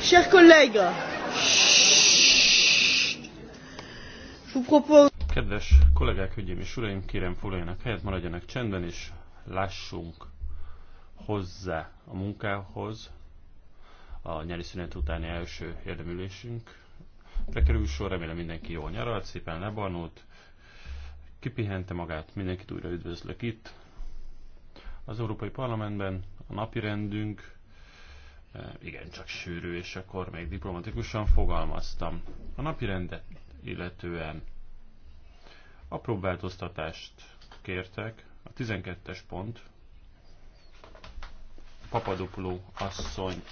Chers collègues, je vous propose... Kedves kollégák, hügyém és uraim, kérem foglaljanak helyet, maradjanak csendben, és lássunk hozzá a munkához a nyári szünet utáni első érdemülésünk kerül sor, remélem mindenki jól nyaralt, szépen lebarnult, kipihente magát, mindenkit újra üdvözlök itt. Az Európai Parlamentben a napi rendünk e, igencsak sűrű, és akkor még diplomatikusan fogalmaztam. A napi rendet illetően apró változtatást kértek, a 12-es pont, Papadopoulou asszony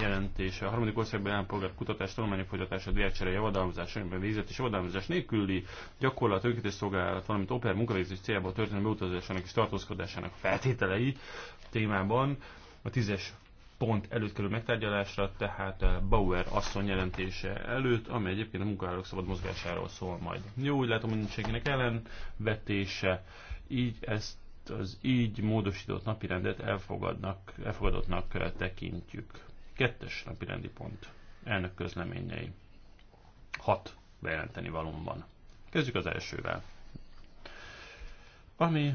jelentése. A harmadik országban állampolgár kutatás, tanulmányok folytatása, diákcsere, javadalmazás, amiben végzett és javadalmazás nélküli gyakorlat, önkéntes szolgálat, valamint oper munkavégzés céljából történő beutazásának és tartózkodásának feltételei témában a tízes pont előtt kerül megtárgyalásra, tehát Bauer asszony jelentése előtt, ami egyébként a munkavállalók szabad mozgásáról szól majd. Jó, úgy látom, hogy nincs senkinek ellenvetése, így ezt az így módosított napirendet elfogadnak, elfogadottnak tekintjük. Kettes napirendi pont. Elnök közleményei. Hat bejelenteni valóban. Kezdjük az elsővel. Ami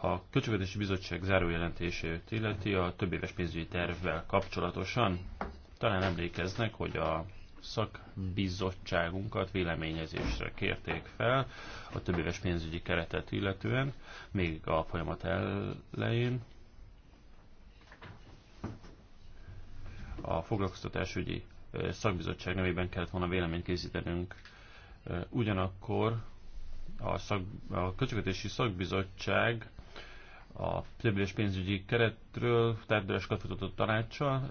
a Költségvetési Bizottság zárójelentését illeti a többéves pénzügyi tervvel kapcsolatosan. Talán emlékeznek, hogy a szakbizottságunkat véleményezésre kérték fel a több éves pénzügyi keretet illetően, még a folyamat elején. A foglalkoztatásügyi szakbizottság nevében kellett volna véleményt készítenünk. Ugyanakkor a, szak, a költségvetési szakbizottság a többéves pénzügyi keretről Tárgyalás futott tanácsa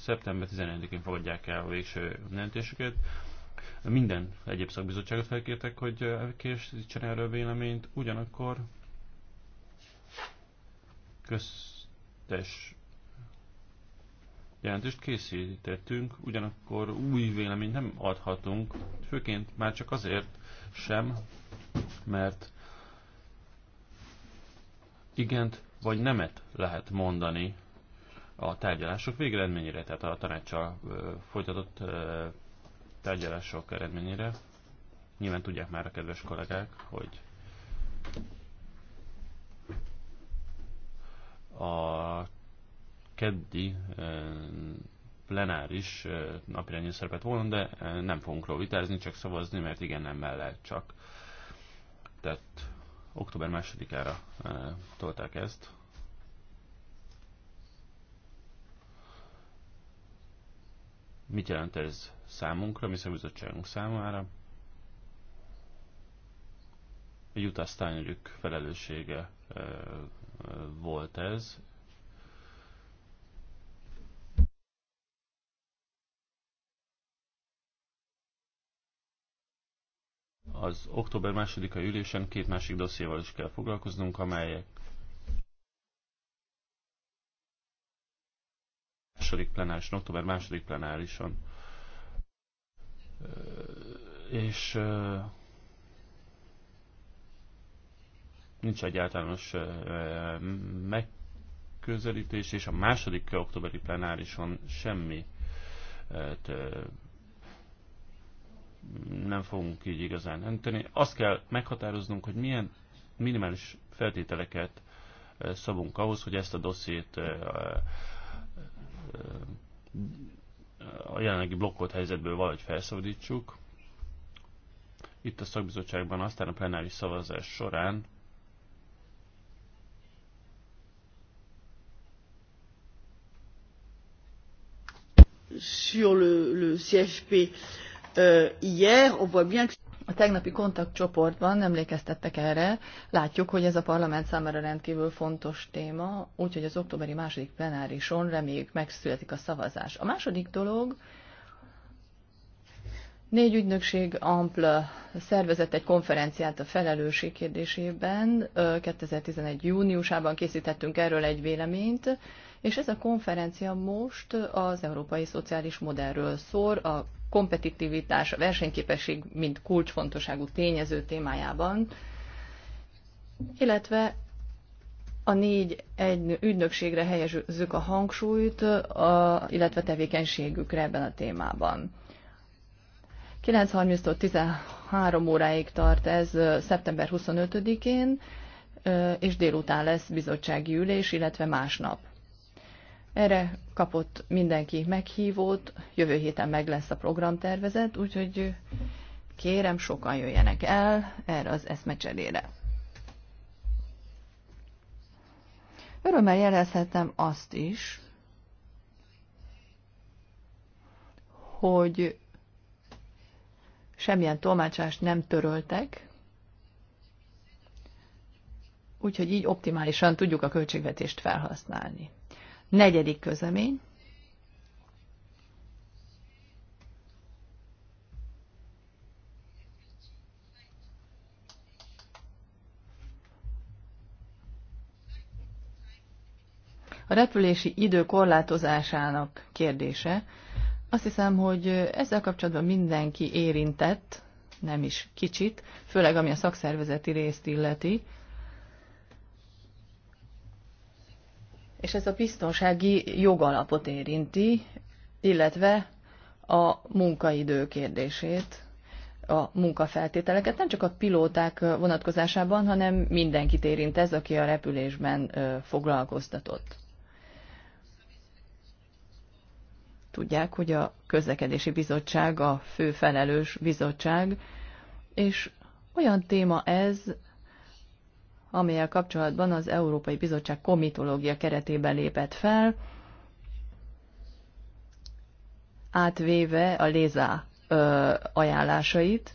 Szeptember 11-én fogadják el a végső jelentésüket. Minden egyéb szakbizottságot felkértek, hogy elkészítsen erről véleményt. Ugyanakkor köztes jelentést készítettünk, ugyanakkor új véleményt nem adhatunk, főként már csak azért sem, mert igent vagy nemet lehet mondani a tárgyalások végeredményére, tehát a tanácssal folytatott tárgyalások eredményére. Nyilván tudják már a kedves kollégák, hogy a keddi plenáris napirányi szerepet volna, de nem fogunk róla vitázni, csak szavazni, mert igen nem mellett csak. Tehát október másodikára eh, tolták ezt. Mit jelent ez számunkra, mi szakbizottságunk számára? Egy utasztányügyük felelőssége eh, volt ez, az október másodikai ülésen két másik dossziéval is kell foglalkoznunk, amelyek második plenáris október második plenárison. És nincs egy általános megközelítés, és a második októberi plenárison semmi nem fogunk így igazán önteni. Azt kell meghatároznunk, hogy milyen minimális feltételeket eh, szabunk ahhoz, hogy ezt a dossziét eh, eh, a jelenlegi blokkolt helyzetből valahogy felszabadítsuk. Itt a szakbizottságban aztán a plenáris szavazás során sur le, le CFP euh, hier, on voit bien que... A tegnapi kontaktcsoportban emlékeztettek erre, látjuk, hogy ez a parlament számára rendkívül fontos téma, úgyhogy az októberi második plenárison reméljük megszületik a szavazás. A második dolog, Négy ügynökség Ample szervezett egy konferenciát a felelősség kérdésében. 2011. júniusában készítettünk erről egy véleményt, és ez a konferencia most az európai szociális modellről szól, a kompetitivitás, a versenyképesség, mint kulcsfontosságú tényező témájában, illetve a négy egy ügynökségre helyezzük a hangsúlyt, a, illetve tevékenységükre ebben a témában. 9.30-tól 13 óráig tart ez szeptember 25-én, és délután lesz bizottsági ülés, illetve másnap. Erre kapott mindenki meghívót, jövő héten meg lesz a programtervezet, úgyhogy kérem, sokan jöjjenek el erre az eszmecserére. Örömmel jelezhetem azt is, hogy semmilyen tolmácsást nem töröltek, úgyhogy így optimálisan tudjuk a költségvetést felhasználni. Negyedik közlemény. A repülési idő korlátozásának kérdése. Azt hiszem, hogy ezzel kapcsolatban mindenki érintett, nem is kicsit, főleg ami a szakszervezeti részt illeti, és ez a biztonsági jogalapot érinti, illetve a munkaidő kérdését, a munkafeltételeket, nem csak a pilóták vonatkozásában, hanem mindenkit érint ez, aki a repülésben foglalkoztatott. Tudják, hogy a közlekedési bizottság a fő felelős bizottság, és olyan téma ez, amelyel kapcsolatban az Európai Bizottság komitológia keretében lépett fel, átvéve a Léza ö, ajánlásait.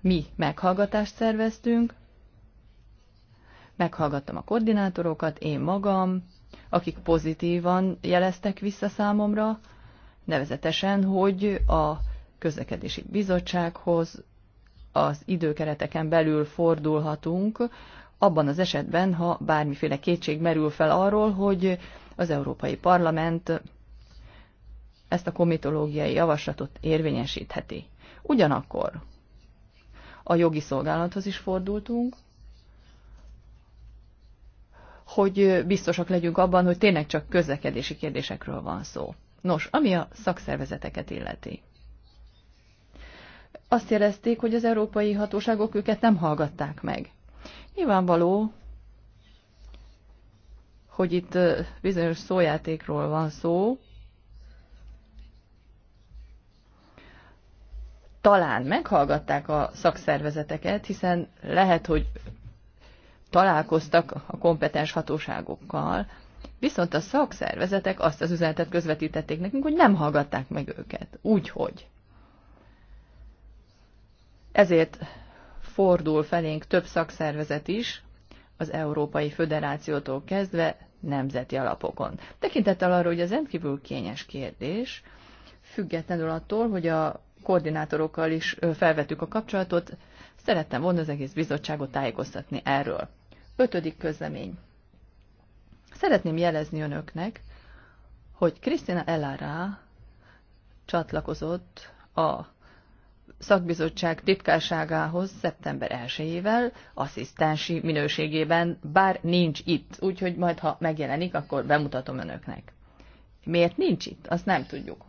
Mi meghallgatást szerveztünk, meghallgattam a koordinátorokat, én magam, akik pozitívan jeleztek vissza számomra, nevezetesen, hogy a közlekedési bizottsághoz az időkereteken belül fordulhatunk abban az esetben, ha bármiféle kétség merül fel arról, hogy az Európai Parlament ezt a komitológiai javaslatot érvényesítheti. Ugyanakkor a jogi szolgálathoz is fordultunk, hogy biztosak legyünk abban, hogy tényleg csak közlekedési kérdésekről van szó. Nos, ami a szakszervezeteket illeti. Azt jelezték, hogy az európai hatóságok őket nem hallgatták meg. Nyilvánvaló, hogy itt bizonyos szójátékról van szó. Talán meghallgatták a szakszervezeteket, hiszen lehet, hogy találkoztak a kompetens hatóságokkal, viszont a szakszervezetek azt az üzenetet közvetítették nekünk, hogy nem hallgatták meg őket. Úgyhogy. Ezért fordul felénk több szakszervezet is, az Európai Föderációtól kezdve nemzeti alapokon. Tekintettel arra, hogy ez rendkívül kényes kérdés, függetlenül attól, hogy a koordinátorokkal is felvettük a kapcsolatot, szerettem volna az egész bizottságot tájékoztatni erről. Ötödik közlemény. Szeretném jelezni önöknek, hogy Krisztina Elára csatlakozott a szakbizottság titkárságához szeptember 1-ével asszisztensi minőségében, bár nincs itt, úgyhogy majd, ha megjelenik, akkor bemutatom önöknek. Miért nincs itt? Azt nem tudjuk.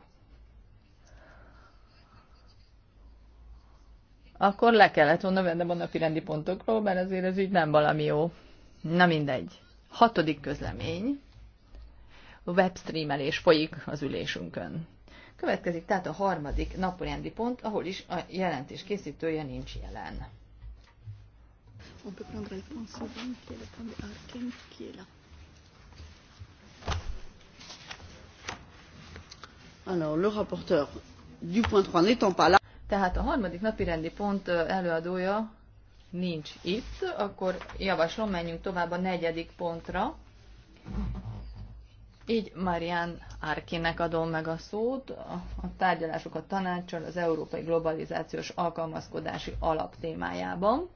Akkor le kellett volna vennem a napi rendi pontokról, mert azért ez így nem valami jó. Na mindegy. Hatodik közlemény. Webstreamelés folyik az ülésünkön. Következik tehát a harmadik napirendi pont, ahol is a jelentés készítője nincs jelen. Alors, le rapporteur du point 3 n'étant pas là. Tehát a harmadik napi rendi pont előadója nincs itt, akkor javaslom, menjünk tovább a negyedik pontra, így Marian Árkinek adom meg a szót a tárgyalások a az Európai Globalizációs Alkalmazkodási Alap témájában.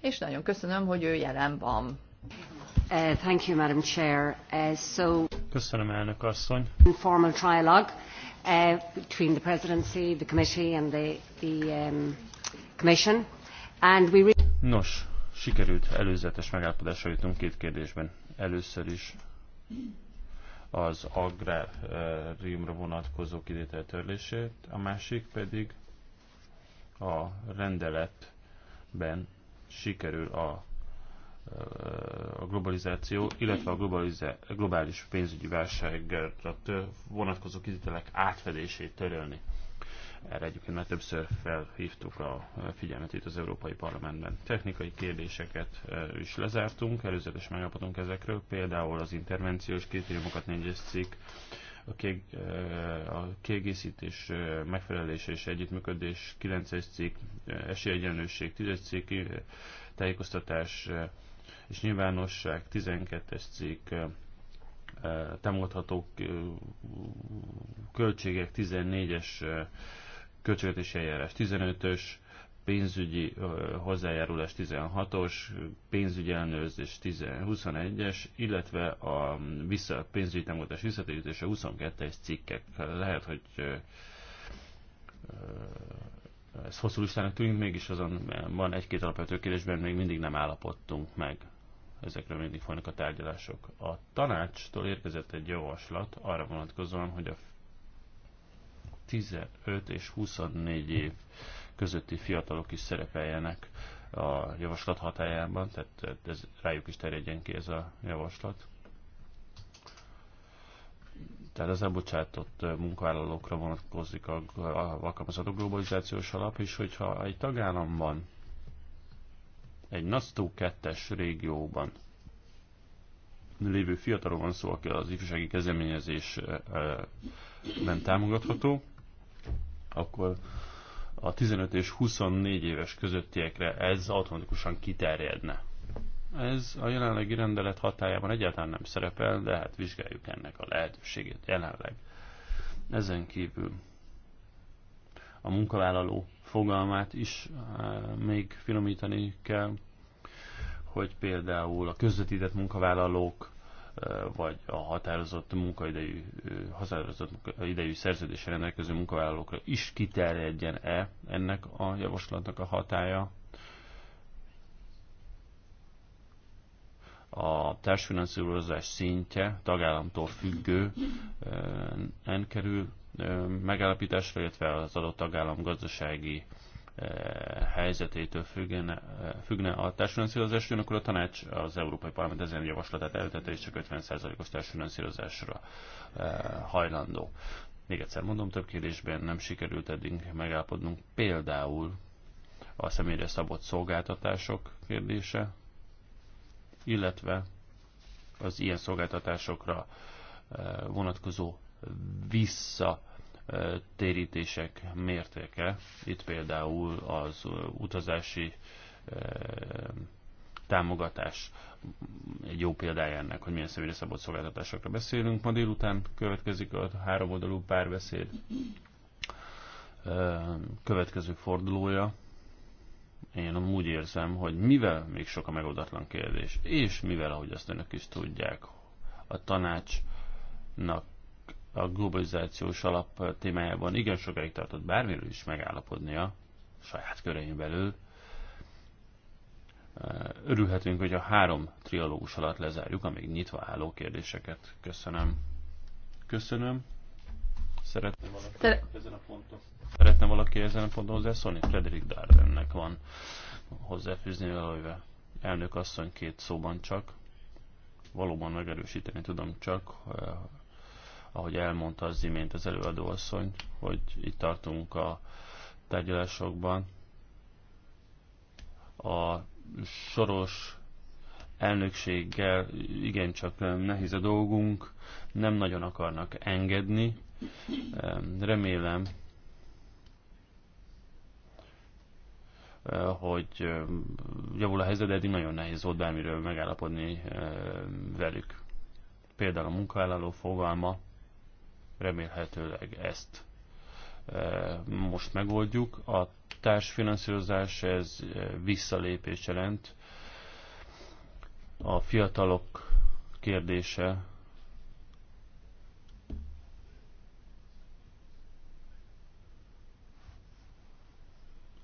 És nagyon köszönöm, hogy ő jelen van. Uh, thank you, Madam Chair. Uh, so Köszönöm, elnök asszony. Informal trialogue uh, between the Presidency, the Committee and the, the um, Commission. And we Nos, sikerült előzetes megállapodásra jutunk két kérdésben Először is az agráriumra vonatkozó kivétel törlését, a másik pedig a rendeletben sikerül a, a globalizáció, illetve a globalizá, globális pénzügyi válságra vonatkozó kivételek átfedését törölni. Erre egyébként már többször felhívtuk a figyelmet itt az Európai Parlamentben. Technikai kérdéseket e, is lezártunk, előzetes megállapodunk ezekről, például az intervenciós kritériumokat négyes cikk, a, kég, e, a kiegészítés e, megfelelése és együttműködés 9-es cikk, esélyegyenlőség 10-es cikk, tájékoztatás és nyilvánosság 12-es cikk, támogatható költségek 14-es költségvetési eljárás 15-ös, pénzügyi hozzájárulás 16-os, pénzügyi ellenőrzés 21-es, illetve a vissza, pénzügyi támogatás visszatérítése 22-es cikkek. Lehet, hogy ez hosszú listának tűnik, mégis azon van egy-két alapvető kérdésben, még mindig nem állapodtunk meg. Ezekről mindig folynak a tárgyalások. A tanácstól érkezett egy javaslat arra vonatkozóan, hogy a 15 és 24 év közötti fiatalok is szerepeljenek a javaslat hatájában, tehát ez, rájuk is terjedjen ki ez a javaslat. Tehát az elbocsátott munkavállalókra vonatkozik a, a alkalmazható globalizációs alap, és hogyha egy tagállamban, egy NASZTO 2-es régióban lévő fiatalról van szó, aki az ifjúsági kezdeményezésben támogatható, akkor a 15 és 24 éves közöttiekre ez automatikusan kiterjedne. Ez a jelenlegi rendelet hatájában egyáltalán nem szerepel, de hát vizsgáljuk ennek a lehetőségét jelenleg. Ezen kívül a munkavállaló fogalmát is eh, még finomítani kell, hogy például a közvetített munkavállalók vagy a határozott munkaidejű, határozott idejű szerződésre rendelkező munkavállalókra is kiterjedjen-e ennek a javaslatnak a hatája. A társfinanszírozás szintje tagállamtól függő en kerül megállapításra, illetve az adott tagállam gazdasági Eh, helyzetétől függne, eh, függne a társfinanszírozás, akkor a tanács az Európai Parlament ezen javaslatát eltette, és csak 50%-os társfinanszírozásra eh, hajlandó. Még egyszer mondom, több kérdésben nem sikerült eddig megállapodnunk, például a személyre szabott szolgáltatások kérdése, illetve az ilyen szolgáltatásokra vonatkozó vissza térítések mértéke. Itt például az utazási támogatás egy jó példája ennek, hogy milyen személyre szabott szolgáltatásokra beszélünk. Ma délután következik a háromoldalú párbeszéd következő fordulója. Én úgy érzem, hogy mivel még sok a megoldatlan kérdés, és mivel, ahogy azt önök is tudják, a tanácsnak a globalizációs alap témájában igen sokáig tartott bármiről is megállapodnia saját körein belül. Örülhetünk, hogy a három trialógus alatt lezárjuk a még nyitva álló kérdéseket. Köszönöm. Köszönöm. Szeretném valaki Te... ezen a ponton. Szeretne valaki ezen a ponton hozzászólni? Frederick Dardennek van hozzáfűzni valójában. Elnök asszony két szóban csak. Valóban megerősíteni tudom csak, ahogy elmondta az imént az előadó asszony, hogy itt tartunk a tárgyalásokban. A soros elnökséggel igencsak nehéz a dolgunk, nem nagyon akarnak engedni. Remélem, hogy javul a helyzet, de eddig nagyon nehéz volt bármiről megállapodni eh, velük. Például a munkavállaló fogalma remélhetőleg ezt e, most megoldjuk. A társfinanszírozás ez e, visszalépés jelent. A fiatalok kérdése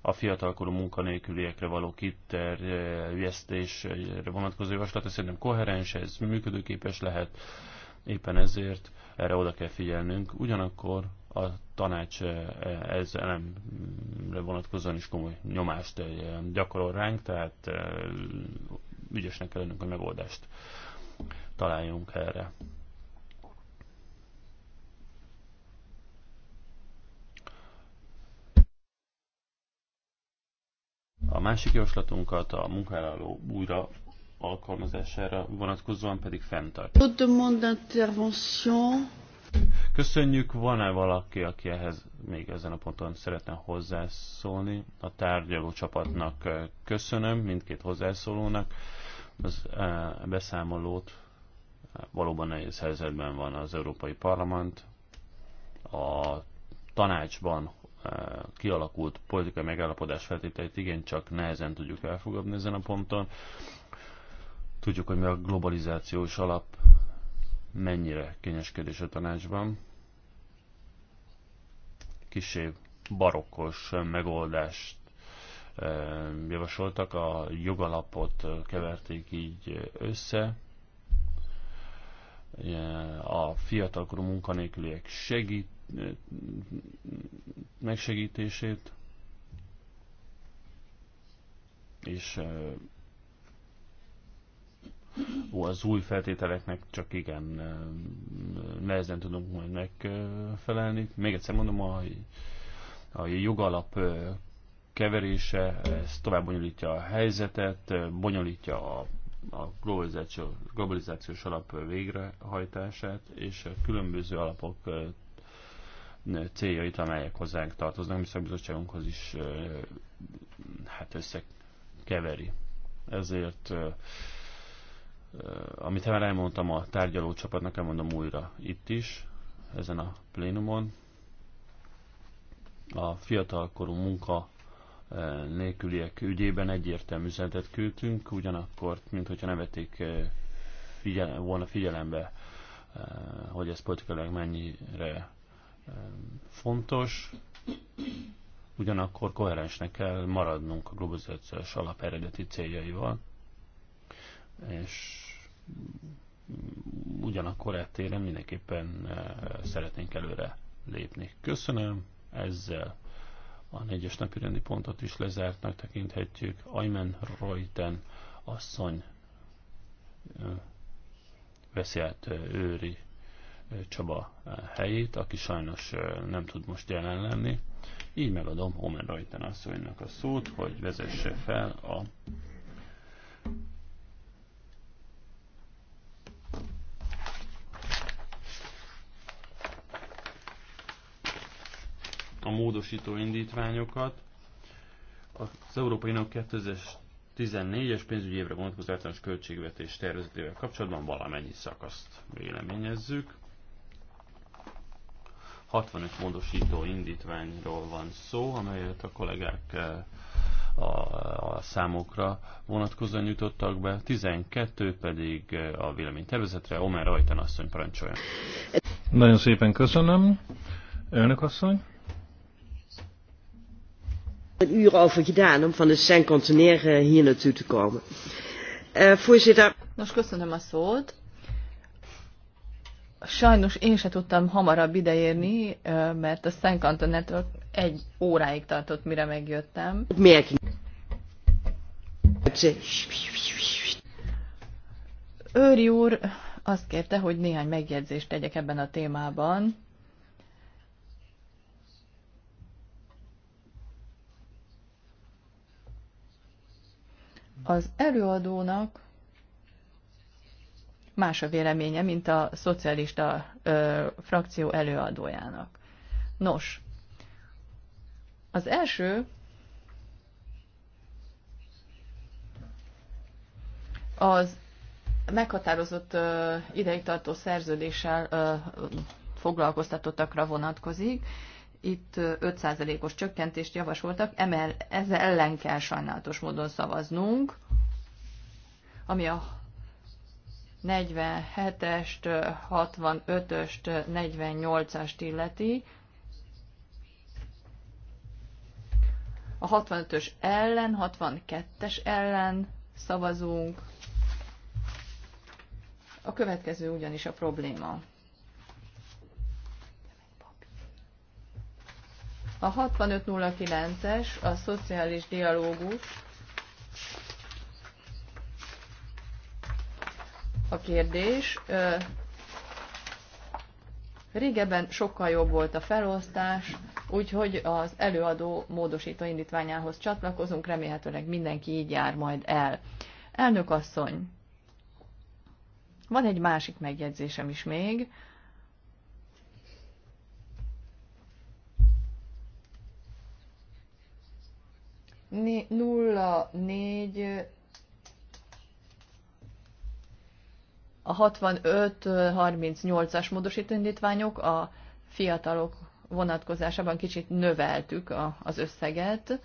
a fiatalkorú munkanélküliekre való kiterjesztésre vonatkozó javaslat, ez szerintem koherens, ez működőképes lehet Éppen ezért erre oda kell figyelnünk, ugyanakkor a tanács eh, ez elemre vonatkozóan is komoly nyomást eh, gyakorol ránk, tehát eh, ügyesnek kell lennünk, a megoldást találjunk erre. A másik javaslatunkat a munkavállaló újra alkalmazására vonatkozóan pedig fenntart. Köszönjük, van-e valaki, aki ehhez még ezen a ponton szeretne hozzászólni? A tárgyaló csapatnak eh, köszönöm, mindkét hozzászólónak. Az eh, beszámolót eh, valóban nehéz helyzetben van az Európai Parlament. A tanácsban kialakult politikai megállapodás feltételeit igencsak nehezen tudjuk elfogadni ezen a ponton. Tudjuk, hogy mi a globalizációs alap mennyire kényeskedés a tanácsban. Kisé barokkos megoldást eh, javasoltak, a jogalapot keverték így össze. A fiatalkorú munkanélküliek segít, megsegítését, és eh, az új feltételeknek csak igen nehezen tudunk majd megfelelni. Még egyszer mondom, a, a jogalap keverése, ez tovább bonyolítja a helyzetet, bonyolítja a, a globalizáció, globalizációs alap végrehajtását, és a különböző alapok céljait, amelyek hozzánk tartoznak, a bizottságunkhoz is hát összekeveri. Ezért amit már elmondtam a tárgyalócsapatnak, elmondom újra itt is, ezen a plénumon. A fiatalkorú munka nélküliek ügyében egyértelmű üzenetet küldtünk, ugyanakkor, mint hogyha nem vették figyelem, volna figyelembe, hogy ez politikailag mennyire fontos, ugyanakkor koherensnek kell maradnunk a globalizációs alap eredeti céljaival, és ugyanakkor ettére mindenképpen e, szeretnénk előre lépni. Köszönöm, ezzel a négyes napi rendi pontot is lezártnak tekinthetjük. Ajmen Reuten asszony e, veszi át e, őri Csaba helyét, aki sajnos nem tud most jelen lenni. Így megadom Homer Reuten asszonynak a szót, hogy vezesse fel a a módosító indítványokat. Az Európai Unió 2014-es pénzügyi évre vonatkozó általános költségvetés tervezetével kapcsolatban valamennyi szakaszt véleményezzük. 65 módosító indítványról van szó, amelyet a kollégák eh, a, a számokra vonatkozóan jutottak be, 12 pedig eh, a véleménytervezetre. Omer Rajtan asszony parancsolja. Nagyon szépen köszönöm. Elnök asszony een uur over gedaan om van de Saint-Contenair eh, hier naartoe te komen. Uh, voorzitter. Nos, köszönöm a szót. Sajnos én se tudtam hamarabb ideérni, eh, mert a Saint Antonettől egy óráig tartott, mire megjöttem. Miért? Őri úr azt kérte, hogy néhány megjegyzést tegyek ebben a témában. Az előadónak más a véleménye, mint a szocialista ö, frakció előadójának. Nos, az első az meghatározott ö, ideig tartó szerződéssel ö, foglalkoztatottakra vonatkozik itt 5%-os csökkentést javasoltak, emel, ezzel ellen kell sajnálatos módon szavaznunk, ami a 47-est, 65-öst, 48-ast illeti. A 65-ös ellen, 62-es ellen szavazunk. A következő ugyanis a probléma. A 6509-es, a szociális dialógus, a kérdés. Régebben sokkal jobb volt a felosztás, úgyhogy az előadó módosító indítványához csatlakozunk, remélhetőleg mindenki így jár majd el. Elnök asszony, van egy másik megjegyzésem is még, 04 a 65-38-as módosítóindítványok a fiatalok vonatkozásában kicsit növeltük a, az összeget.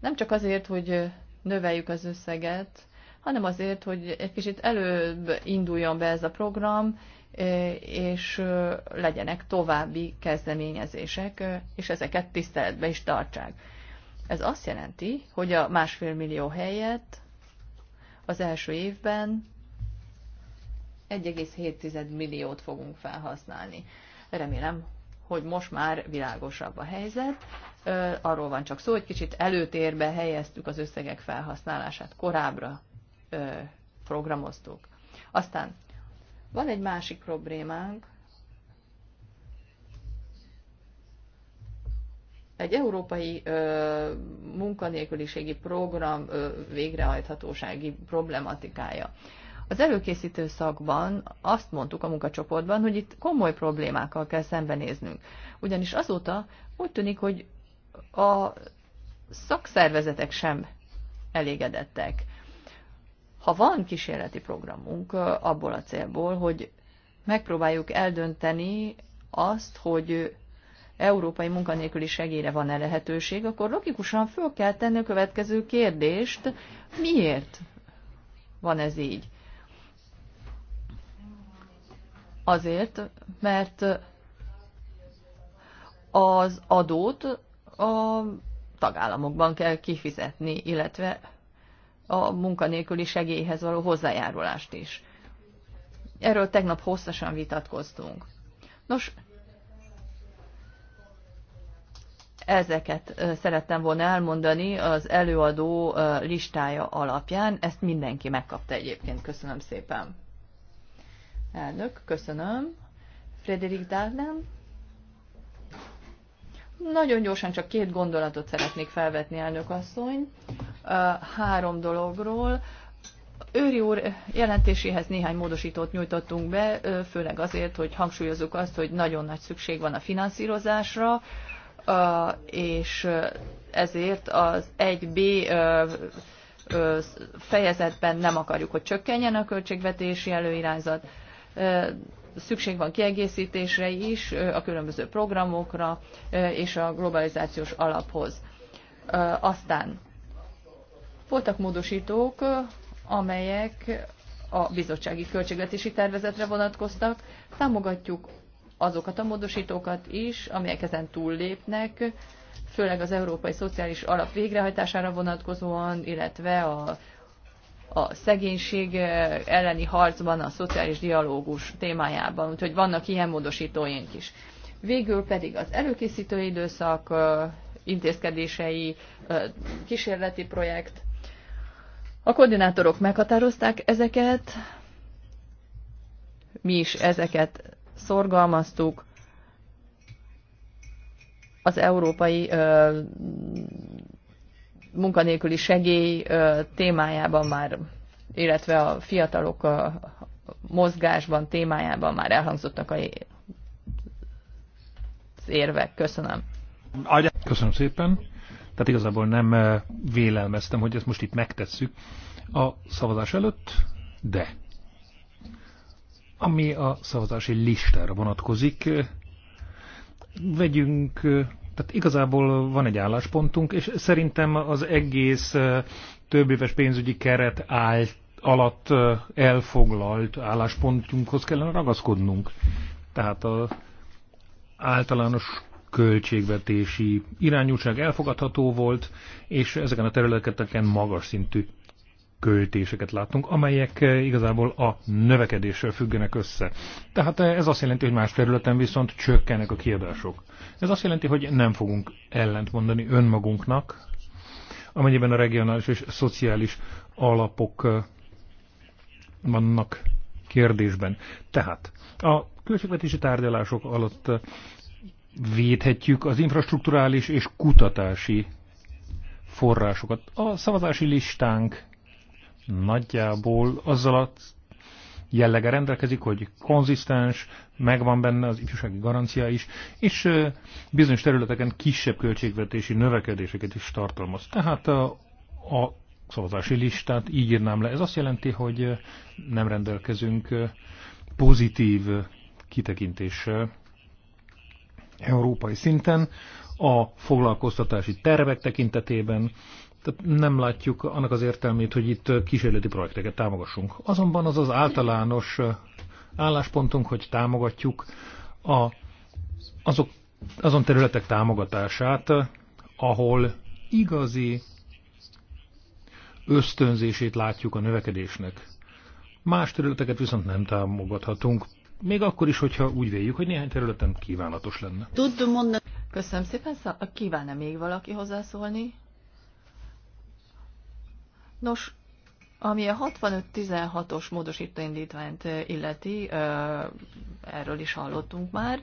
Nem csak azért, hogy növeljük az összeget, hanem azért, hogy egy kicsit előbb induljon be ez a program, és legyenek további kezdeményezések, és ezeket tiszteletbe is tartsák. Ez azt jelenti, hogy a másfél millió helyett az első évben 1,7 milliót fogunk felhasználni. Remélem, hogy most már világosabb a helyzet. Arról van csak szó, hogy kicsit előtérbe helyeztük az összegek felhasználását, korábbra programoztuk. Aztán van egy másik problémánk, egy európai ö, munkanélküliségi program ö, végrehajthatósági problematikája. Az előkészítő szakban azt mondtuk a munkacsoportban, hogy itt komoly problémákkal kell szembenéznünk. Ugyanis azóta úgy tűnik, hogy a szakszervezetek sem elégedettek. Ha van kísérleti programunk abból a célból, hogy megpróbáljuk eldönteni azt, hogy európai munkanélküli segélyre van-e lehetőség, akkor logikusan föl kell tenni a következő kérdést, miért van ez így? Azért, mert az adót a tagállamokban kell kifizetni, illetve a munkanélküli segélyhez való hozzájárulást is. Erről tegnap hosszasan vitatkoztunk. Nos, Ezeket szerettem volna elmondani az előadó listája alapján. Ezt mindenki megkapta egyébként. Köszönöm szépen. Elnök, köszönöm. Frederik Dárden. Nagyon gyorsan csak két gondolatot szeretnék felvetni, elnök asszony. Három dologról. Őri úr jelentéséhez néhány módosítót nyújtottunk be, főleg azért, hogy hangsúlyozzuk azt, hogy nagyon nagy szükség van a finanszírozásra, és ezért az 1B fejezetben nem akarjuk, hogy csökkenjen a költségvetési előirányzat. Szükség van kiegészítésre is, a különböző programokra és a globalizációs alaphoz. Aztán voltak módosítók, amelyek a bizottsági költségvetési tervezetre vonatkoztak. Támogatjuk azokat a módosítókat is, amelyek ezen túllépnek, főleg az Európai Szociális Alap végrehajtására vonatkozóan, illetve a, a szegénység eh, elleni harcban, a szociális dialógus témájában. Úgyhogy vannak ilyen módosítóink is. Végül pedig az előkészítő időszak eh, intézkedései, eh, kísérleti projekt. A koordinátorok meghatározták ezeket, mi is ezeket szorgalmaztuk az európai ö, munkanélküli segély ö, témájában már, illetve a fiatalok a mozgásban témájában már elhangzottak a, érvek. Köszönöm. Köszönöm szépen. Tehát igazából nem vélelmeztem, hogy ezt most itt megtesszük a szavazás előtt, de ami a szavazási listára vonatkozik, vegyünk, tehát igazából van egy álláspontunk, és szerintem az egész több éves pénzügyi keret áll, alatt elfoglalt álláspontunkhoz kellene ragaszkodnunk. Tehát az általános költségvetési irányultság elfogadható volt, és ezeken a területeken magas szintű költéseket látunk, amelyek eh, igazából a növekedéssel függenek össze. Tehát eh, ez azt jelenti, hogy más területen viszont csökkennek a kiadások. Ez azt jelenti, hogy nem fogunk ellentmondani önmagunknak, amennyiben a regionális és szociális alapok eh, vannak kérdésben. Tehát a költségvetési tárgyalások alatt védhetjük az infrastruktúrális és kutatási forrásokat. A szavazási listánk nagyjából azzal a jellege rendelkezik, hogy konzisztens, megvan benne az ifjúsági garancia is, és bizonyos területeken kisebb költségvetési növekedéseket is tartalmaz. Tehát a, a szavazási listát így írnám le. Ez azt jelenti, hogy nem rendelkezünk pozitív kitekintéssel európai szinten, a foglalkoztatási tervek tekintetében, tehát nem látjuk annak az értelmét, hogy itt kísérleti projekteket támogassunk. Azonban az az általános álláspontunk, hogy támogatjuk a, azok, azon területek támogatását, ahol igazi ösztönzését látjuk a növekedésnek. Más területeket viszont nem támogathatunk, még akkor is, hogyha úgy véljük, hogy néhány területen kívánatos lenne. mondani Köszönöm szépen, szóval kívánna még valaki hozzászólni? Nos, ami a 65-16-os módosító indítványt illeti, erről is hallottunk már,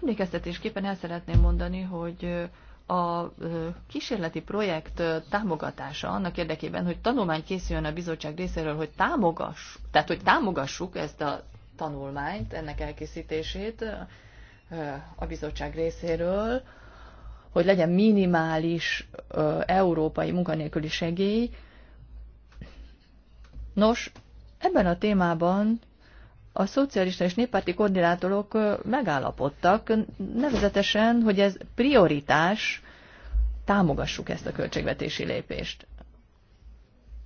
emlékeztetésképpen el szeretném mondani, hogy a kísérleti projekt támogatása annak érdekében, hogy tanulmány készüljön a bizottság részéről, hogy támogass, tehát hogy támogassuk ezt a tanulmányt, ennek elkészítését a bizottság részéről, hogy legyen minimális európai munkanélküli segély, Nos, ebben a témában a szocialista és néppárti koordinátorok megállapodtak, nevezetesen, hogy ez prioritás, támogassuk ezt a költségvetési lépést.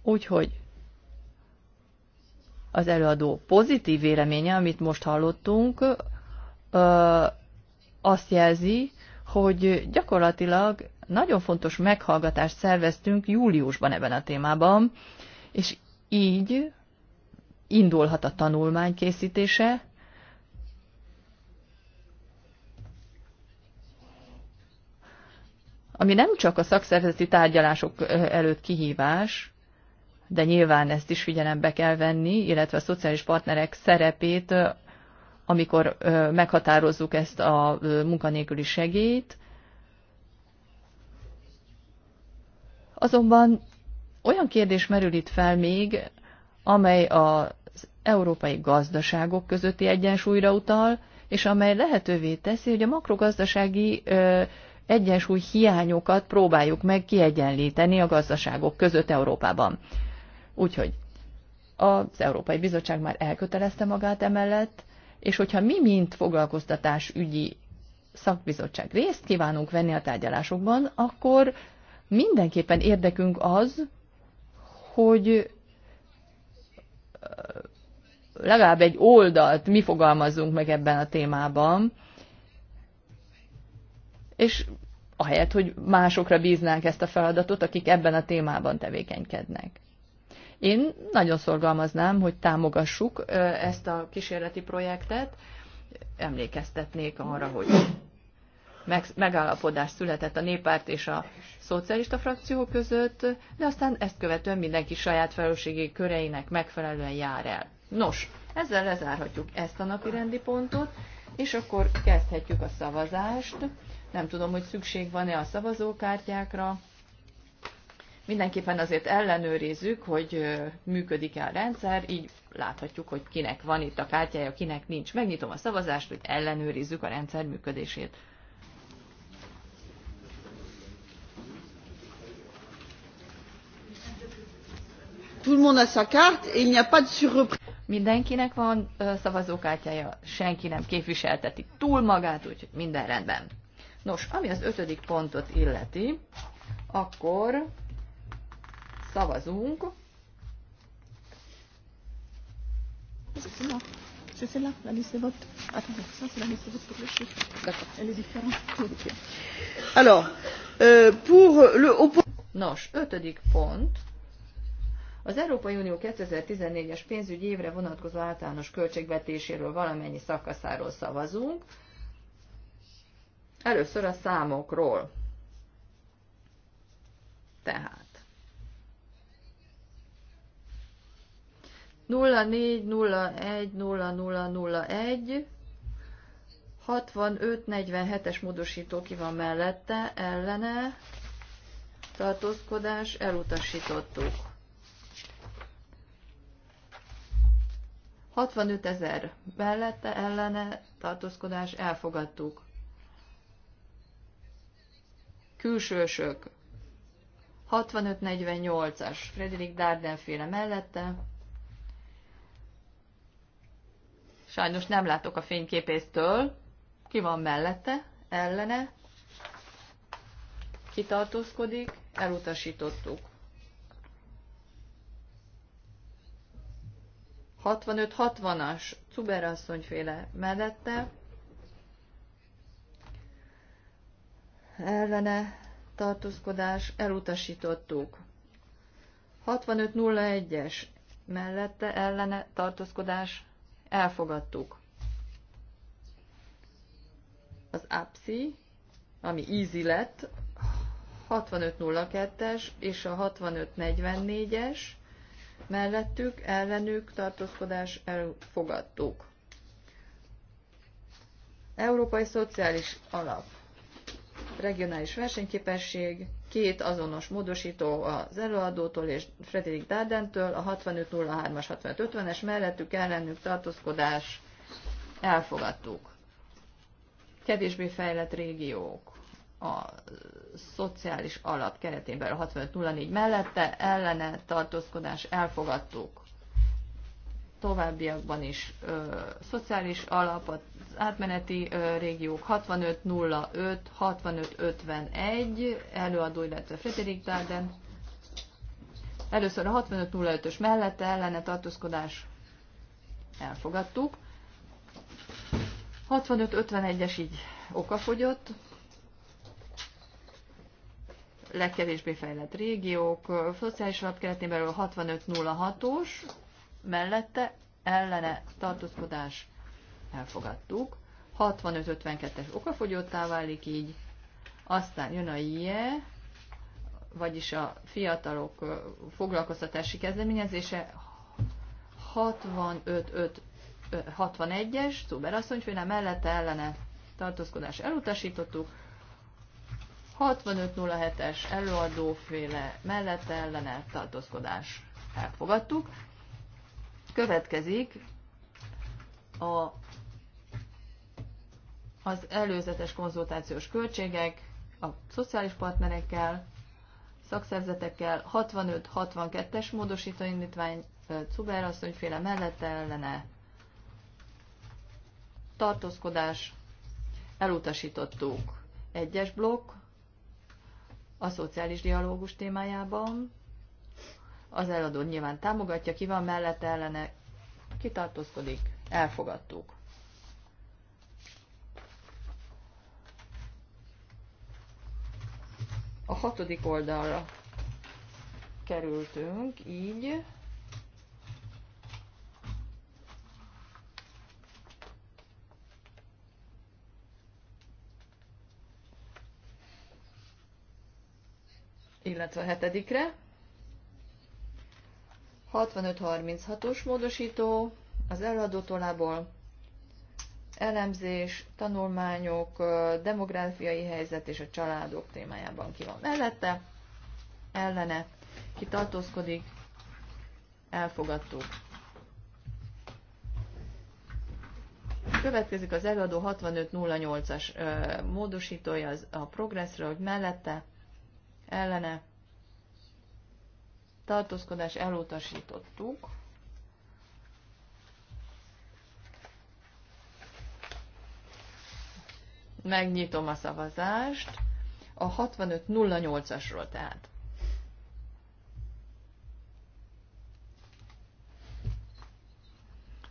Úgyhogy az előadó pozitív véleménye, amit most hallottunk, azt jelzi, hogy gyakorlatilag nagyon fontos meghallgatást szerveztünk júliusban ebben a témában, és így indulhat a tanulmány készítése, ami nem csak a szakszervezeti tárgyalások előtt kihívás, de nyilván ezt is figyelembe kell venni, illetve a szociális partnerek szerepét, amikor meghatározzuk ezt a munkanélküli segélyt. Azonban olyan kérdés merül itt fel még, amely az európai gazdaságok közötti egyensúlyra utal, és amely lehetővé teszi, hogy a makrogazdasági ö, egyensúly hiányokat próbáljuk meg kiegyenlíteni a gazdaságok között Európában. Úgyhogy az Európai Bizottság már elkötelezte magát emellett, és hogyha mi, mint foglalkoztatás ügyi szakbizottság részt kívánunk venni a tárgyalásokban, akkor mindenképpen érdekünk az, hogy legalább egy oldalt mi fogalmazzunk meg ebben a témában, és ahelyett, hogy másokra bíznánk ezt a feladatot, akik ebben a témában tevékenykednek. Én nagyon szorgalmaznám, hogy támogassuk ezt a kísérleti projektet, emlékeztetnék arra, hogy megállapodás született a néppárt és a szocialista frakció között, de aztán ezt követően mindenki saját felelősségi köreinek megfelelően jár el. Nos, ezzel lezárhatjuk ezt a napi rendi pontot, és akkor kezdhetjük a szavazást. Nem tudom, hogy szükség van-e a szavazókártyákra. Mindenképpen azért ellenőrizzük, hogy működik-e a rendszer, így láthatjuk, hogy kinek van itt a kártyája, kinek nincs. Megnyitom a szavazást, hogy ellenőrizzük a rendszer működését. Tout le monde a sa carte et il n'y a pas de Mindenkinek van szavazókártyája, senki nem képviselteti túl magát, úgyhogy minden rendben. Nos, ami az ötödik pontot illeti, akkor szavazunk. Euh, Nos, ötödik pont. Az Európai Unió 2014-es pénzügyi évre vonatkozó általános költségvetéséről valamennyi szakaszáról szavazunk. Először a számokról. Tehát. 04010001 6547-es módosító ki van mellette, ellene, tartózkodás, elutasítottuk. 65 ezer mellette ellene tartózkodás elfogadtuk. Külsősök 65-48-as Frederik Darden féle mellette. Sajnos nem látok a fényképésztől. Ki van mellette? Ellene? Kitartózkodik? Elutasítottuk. 65-60-as Cuber asszonyféle mellette ellene tartózkodás elutasítottuk. 65-01-es mellette ellene tartózkodás elfogadtuk. Az APSI, ami easy lett, 6502-es és a 6544-es mellettük, ellenük tartózkodás elfogadtuk. Európai Szociális Alap, regionális versenyképesség, két azonos módosító az előadótól és Frederik Dárdentől, a 6503-as, 6550-es mellettük, ellenük tartózkodás elfogadtuk. Kevésbé fejlett régiók a szociális alap keretén belül 6504 mellette ellene tartózkodás elfogadtuk. Továbbiakban is ö, szociális alap, az átmeneti ö, régiók 6505, 6551, előadó, illetve Frederik Darden. Először a 6505-ös mellette ellene tartózkodás elfogadtuk. 6551-es így okafogyott, legkevésbé fejlett régiók, szociális alap keretén belül 6506-os, mellette ellene tartózkodás elfogadtuk. 65-52-es okafogyottá válik így, aztán jön a IE, vagyis a fiatalok foglalkoztatási kezdeményezése 65-61-es, Szuber asszonyfőnál mellette ellene tartózkodás elutasítottuk, 6507-es előadóféle mellette ellene tartózkodás elfogadtuk. Következik a, az előzetes konzultációs költségek a szociális partnerekkel, szakszerzetekkel, 65-62-es módosító indítvány Cubár asszonyféle mellette ellene tartózkodás elutasítottuk. Egyes blokk a szociális dialógus témájában. Az eladó nyilván támogatja, ki van mellette ellene, kitartózkodik, elfogadtuk. A hatodik oldalra kerültünk, így a hetedikre. 65 65-36-os módosító az eladó tolából, elemzés, tanulmányok, demográfiai helyzet és a családok témájában ki van mellette, ellene, ki tartózkodik, elfogadtuk. Következik az előadó 6508-as módosítója az, a progresszről, hogy mellette, ellene tartózkodás elutasítottuk. Megnyitom a szavazást a 6508-asról tehát.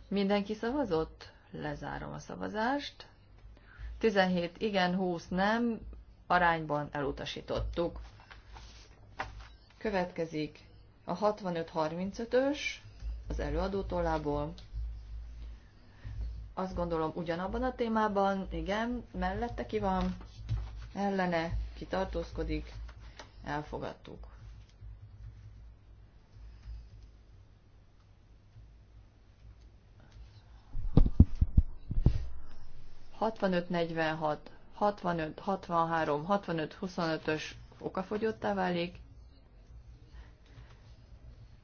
Mindenki szavazott? Lezárom a szavazást. 17 igen, 20 nem, arányban elutasítottuk. Következik a 65-35-ös az előadó tollából. Azt gondolom ugyanabban a témában, igen, mellette ki van, ellene, ki tartózkodik, elfogadtuk. Hatvanöt, negyvenhat, 65, 63, 65, 25-ös okafogyottá válik,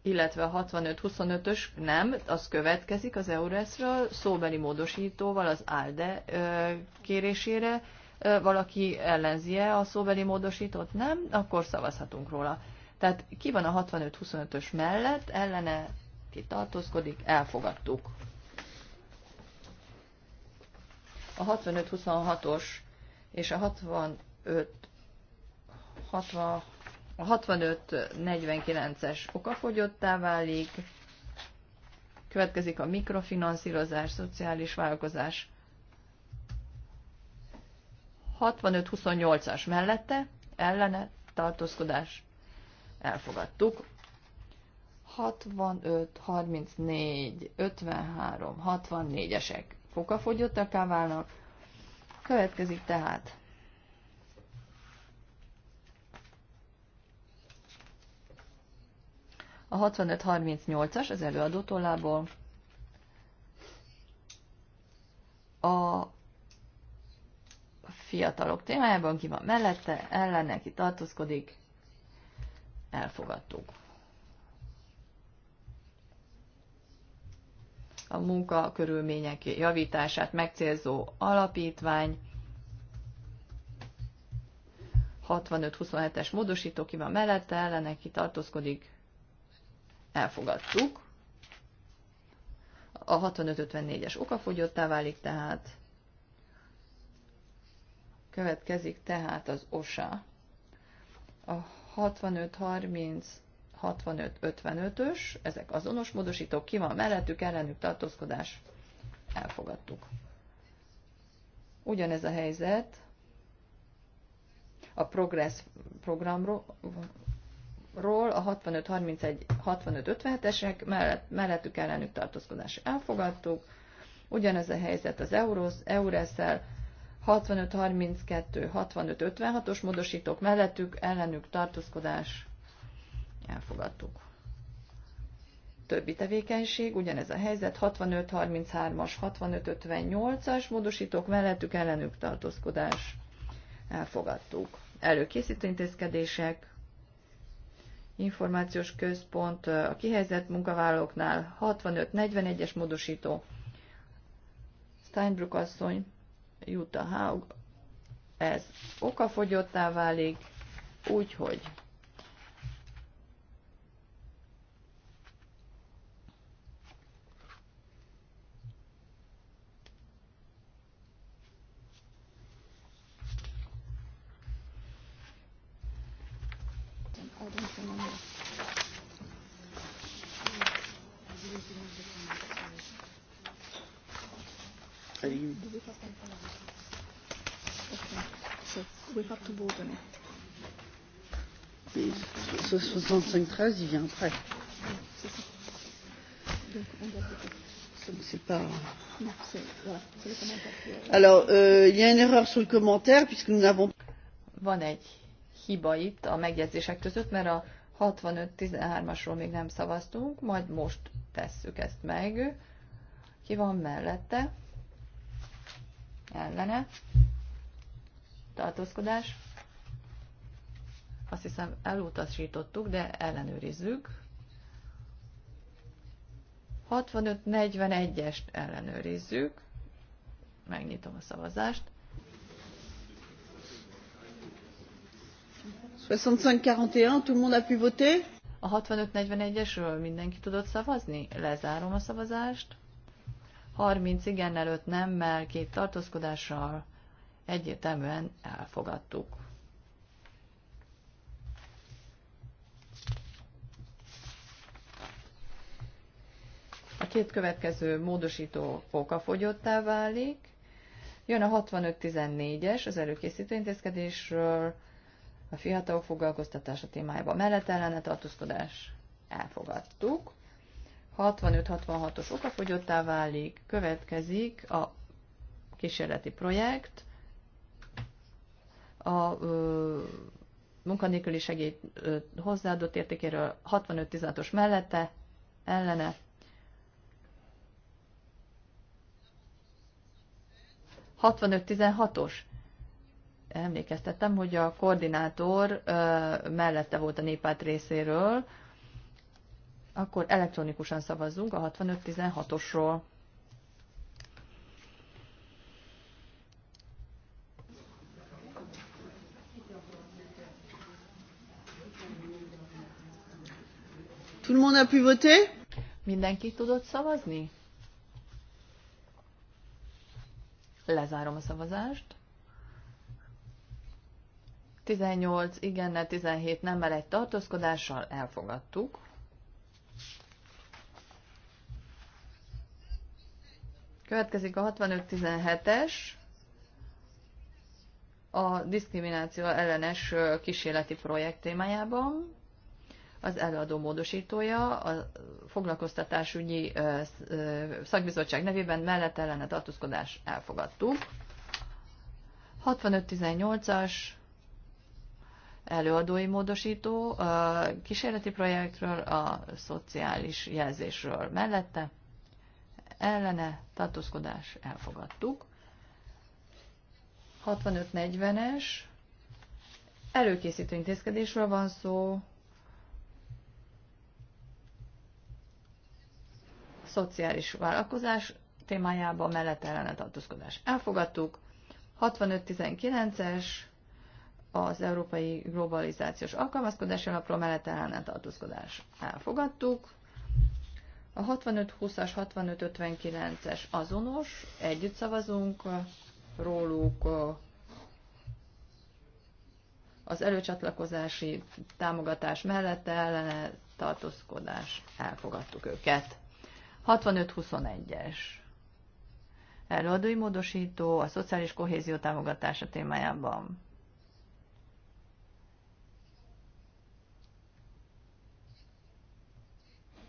illetve a 65-25-ös nem, az következik az EURES-ről, szóbeli módosítóval az ALDE kérésére. Valaki ellenzi-e a szóbeli módosítót? Nem, akkor szavazhatunk róla. Tehát ki van a 65-25-ös mellett, ellene ki tartózkodik, elfogadtuk. A 65-26-os és a 65 60 a 65-49-es okafogyottá válik, következik a mikrofinanszírozás, szociális vállalkozás. 65-28-as mellette, ellene, tartózkodás, elfogadtuk. 65, 34, 53, 64-esek fokafogyottakká válnak. Következik tehát A 65-38-as az előadó tollából. A fiatalok témájában ki van mellette, ellene, ki tartózkodik, elfogadtuk. A munka körülmények javítását megcélzó alapítvány, 65-27-es módosító, ki van mellette, ellene, ki tartózkodik, elfogadtuk. A 65-54-es okafogyottá válik tehát. Következik tehát az OSA. A 65-30 65-55-ös, ezek azonos módosítók, ki van mellettük, ellenük tartózkodás, elfogadtuk. Ugyanez a helyzet a Progress programról, ról a 65-31-65-57-esek mellett, mellettük ellenük tartózkodás elfogadtuk. Ugyanez a helyzet az Eureszel 65-32-65-56-os módosítók mellettük ellenük tartózkodás elfogadtuk. Többi tevékenység, ugyanez a helyzet 65-33-as, 65-58-as módosítók mellettük ellenük tartózkodás elfogadtuk. Előkészítő intézkedések, információs központ a kihelyzett munkavállalóknál 65-41-es módosító. Steinbrück asszony, Jutta Haug, ez okafogyottá válik, úgyhogy Arrive. ce 65-13, il vient après. C'est pas. Alors, euh, il y a une erreur sur le commentaire puisque nous n'avons. Van egy hiba itt a megjegyzések között, mert a 65-13-asról még nem szavaztunk, majd most tesszük ezt meg. Ki van mellette? Ellene. Tartózkodás. Azt hiszem elutasítottuk, de ellenőrizzük. 65-41-est ellenőrizzük. Megnyitom a szavazást. a pu mindenki tudott szavazni? Lezárom a szavazást. 30 igen előtt nemmel, két tartózkodással egyértelműen elfogadtuk. A két következő módosító foka fogyottá válik. Jön a 65 es az előkészítő intézkedésről, a fiatalok foglalkoztatása témájában mellett ellene tartózkodás elfogadtuk. 65-66-os okafogyottá válik, következik a kísérleti projekt, a ö, munkanélküli segély ö, hozzáadott értékéről 65-16-os mellette, ellene. ...65-16-os emlékeztettem, hogy a koordinátor mellette volt a néppárt részéről, akkor elektronikusan szavazzunk a 6516-osról. Tout le monde a pu voter? Mindenki tudott szavazni? Lezárom a szavazást. 18 igennel, 17 nemmel egy tartózkodással elfogadtuk. Következik a 65-17-es, a diszkrimináció ellenes kísérleti projekt témájában. Az eladó módosítója a foglalkoztatásügyi szakbizottság nevében mellett ellene tartózkodás elfogadtuk. 65-18-as előadói módosító a kísérleti projektről, a szociális jelzésről mellette, ellene tartózkodás elfogadtuk. 65-40-es előkészítő intézkedésről van szó, szociális vállalkozás témájában mellett ellene tartózkodás elfogadtuk. 65-19-es az európai globalizációs alkalmazkodási alapról mellett ellen tartózkodás elfogadtuk. A 65-20-as, 65-59-es azonos, együtt szavazunk róluk az előcsatlakozási támogatás mellett ellene tartózkodás elfogadtuk őket. 65-21-es előadói módosító a szociális kohézió támogatása témájában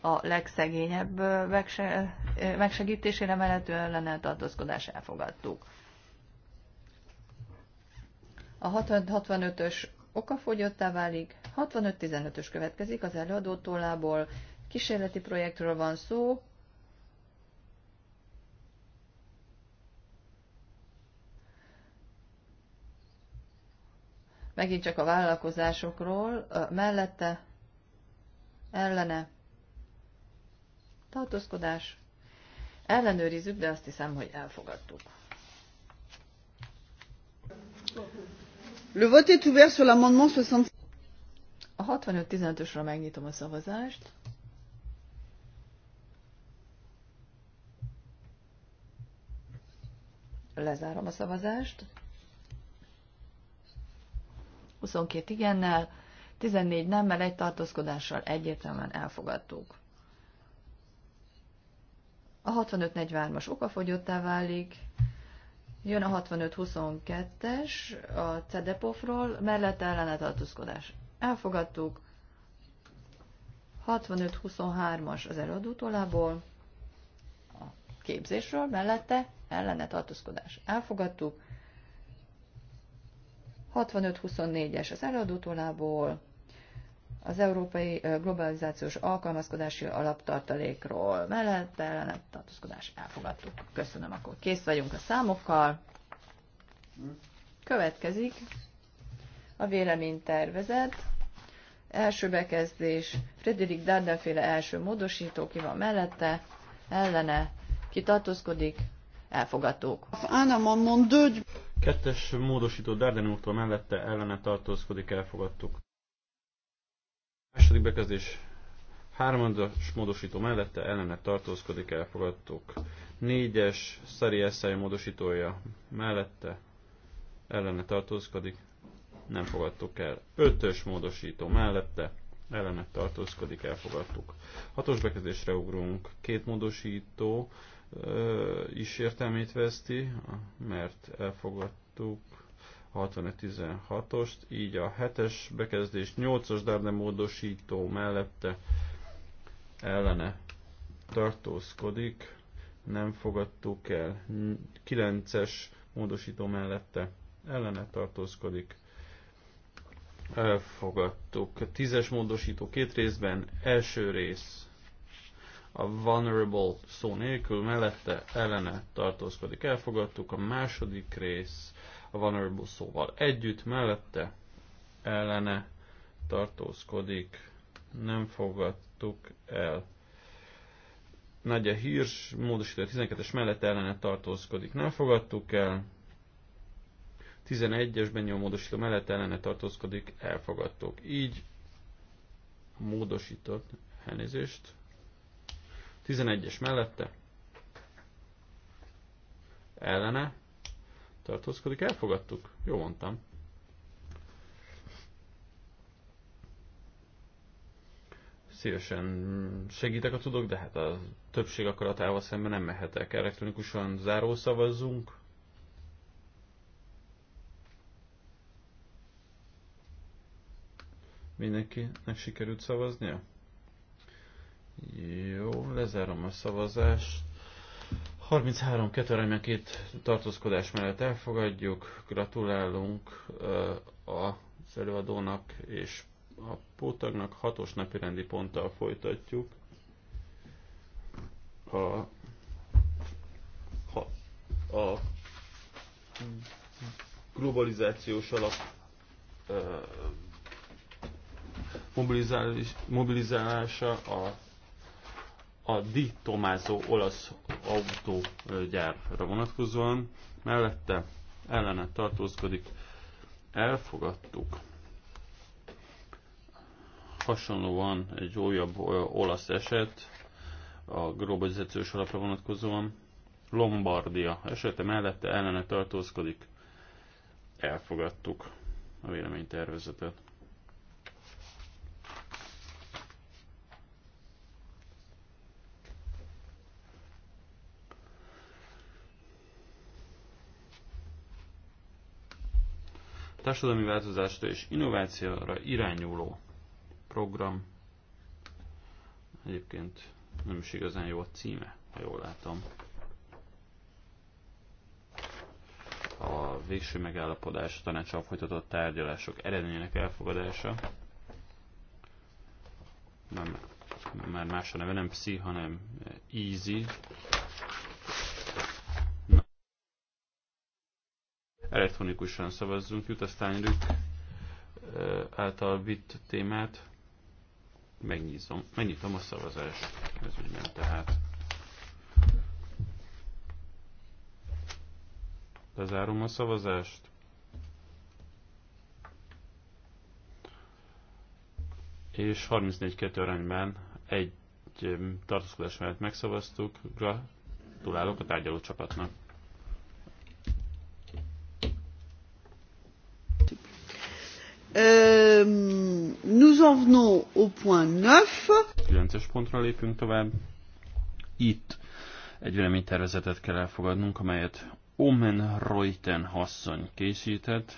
a legszegényebb megsegítésére mellett ellene tartózkodás elfogadtuk. A 65-ös okafogyottá válik, 65-15-ös következik az előadó tollából, kísérleti projektről van szó, megint csak a vállalkozásokról, mellette, ellene, tartózkodás. Ellenőrizzük, de azt hiszem, hogy elfogadtuk. Le vote est ouvert sur l'amendement 65. A 65-15-ösről megnyitom a szavazást. Lezárom a szavazást. 22 igennel, 14 nemmel, egy tartózkodással egyértelműen elfogadtuk a 65-43-as okafogyottá válik, jön a 65-22-es a CEDEPOF-ról, mellette ellenetartózkodás. Elfogadtuk, 65-23-as az előadótólából, a képzésről, mellette ellenetartózkodás. Elfogadtuk, 65-24-es az előadótólából, az Európai Globalizációs Alkalmazkodási Alaptartalékról mellette ellene tartózkodás elfogadtuk. Köszönöm, akkor kész vagyunk a számokkal. Következik a véleménytervezet. Első bekezdés, Frederik Dardenféle első módosító, ki van mellette, ellene, ki tartózkodik, elfogadtuk. Kettes módosító Darden úrtól mellette ellene tartózkodik, elfogadtuk. Második bekezdés hármandas módosító mellette ellenek tartózkodik, elfogadtuk. Négyes Szeri SI módosítója mellette ellene tartózkodik, nem fogadtuk el. Ötös módosító mellette ellene tartózkodik, elfogadtuk. Hatos bekezdésre ugrunk. Két módosító ö, is értelmét veszti, mert elfogadtuk 65-16-ost, így a 7-es bekezdés 8-as Darne módosító mellette ellene tartózkodik, nem fogadtuk el. 9-es módosító mellette ellene tartózkodik, elfogadtuk. 10-es módosító két részben, első rész a vulnerable szó nélkül mellette ellene tartózkodik, elfogadtuk. A második rész a vulnerable szóval együtt, mellette ellene tartózkodik, nem fogadtuk el. Nagyja Hírs módosító 12-es mellett ellene tartózkodik, nem fogadtuk el. 11-es Benyó módosító mellett ellene tartózkodik, elfogadtuk. Így módosított elnézést. 11-es mellette ellene tartózkodik, elfogadtuk. Jó mondtam. Szívesen segítek, a tudok, de hát a többség akaratával szemben nem mehetek. Elektronikusan zárószavazzunk. Mindenkinek sikerült szavaznia? Jó, lezárom a szavazást. 33 2 két tartózkodás mellett elfogadjuk. Gratulálunk az előadónak és a pótagnak hatos napi rendi ponttal folytatjuk. A, a, a globalizációs alap mobilizálása a a Di Tomázó olasz autógyárra vonatkozóan, mellette ellene tartózkodik, elfogadtuk. Hasonlóan egy újabb olasz eset, a globalizációs alapra vonatkozóan, Lombardia esete mellette ellene tartózkodik, elfogadtuk a véleménytervezetet. társadalmi változásra és innovációra irányuló program. Egyébként nem is igazán jó a címe, ha jól látom. A végső megállapodás a tanácsal folytatott tárgyalások eredményének elfogadása. Nem, már más a neve, nem Psi, hanem easy. elektronikusan szavazzunk, jut aztán Rük által vitt témát. Megnyitom, megnyitom a szavazást. Ez úgy ment tehát. Lezárom a szavazást. És 34-2 arányban egy tartózkodás mellett megszavaztuk. Gratulálok a tárgyaló csapatnak. Euh, nous en venons au point 9. 9-es pontra lépünk tovább. Itt egy véleménytervezetet kell elfogadnunk, amelyet Omen Reuten hasszony készített.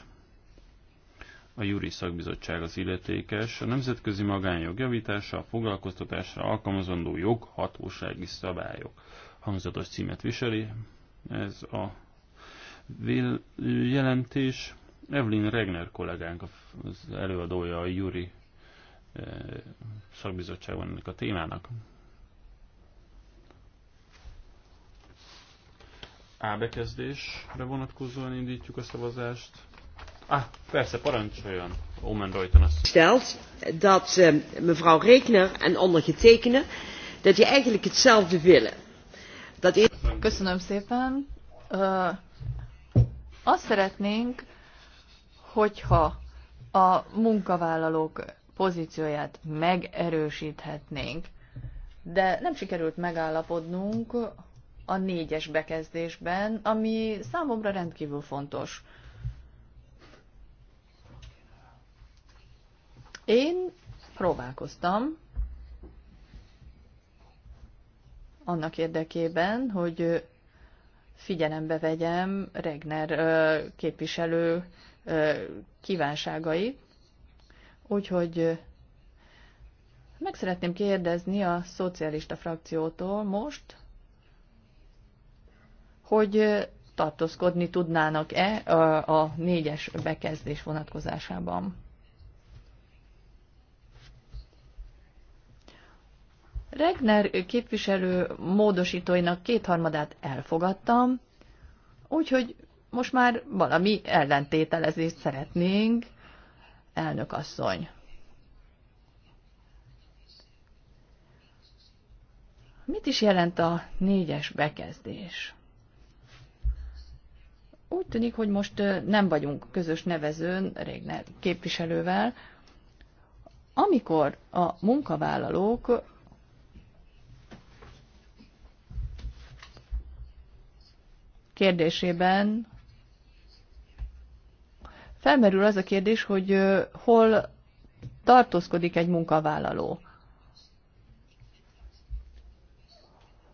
A Júri Szakbizottság az illetékes. A nemzetközi magányjog javítása, a foglalkoztatásra alkalmazandó jog, hatósági szabályok. Hangzatos címet viseli ez a jelentés Evelyn Regner kollégánk az előadója a Juri eh, szakbizottságban ennek a témának. A bekezdésre vonatkozóan indítjuk a szavazást. Ah, persze, parancsoljon, Omen rajtan azt. Stelt dat eh, mevrouw Regner en ondergetekene, dat je eigenlijk hetzelfde willen. Dat is... Köszönöm szépen. Uh, azt szeretnénk, hogyha a munkavállalók pozícióját megerősíthetnénk. De nem sikerült megállapodnunk a négyes bekezdésben, ami számomra rendkívül fontos. Én próbálkoztam annak érdekében, hogy figyelembe vegyem Regner képviselő kívánságai. Úgyhogy meg szeretném kérdezni a szocialista frakciótól most, hogy tartózkodni tudnának-e a négyes bekezdés vonatkozásában. Regner képviselő módosítóinak kétharmadát elfogadtam, úgyhogy most már valami ellentételezést szeretnénk, elnök asszony. Mit is jelent a négyes bekezdés? Úgy tűnik, hogy most nem vagyunk közös nevezőn, ne, képviselővel, amikor a munkavállalók kérdésében felmerül az a kérdés, hogy hol tartózkodik egy munkavállaló.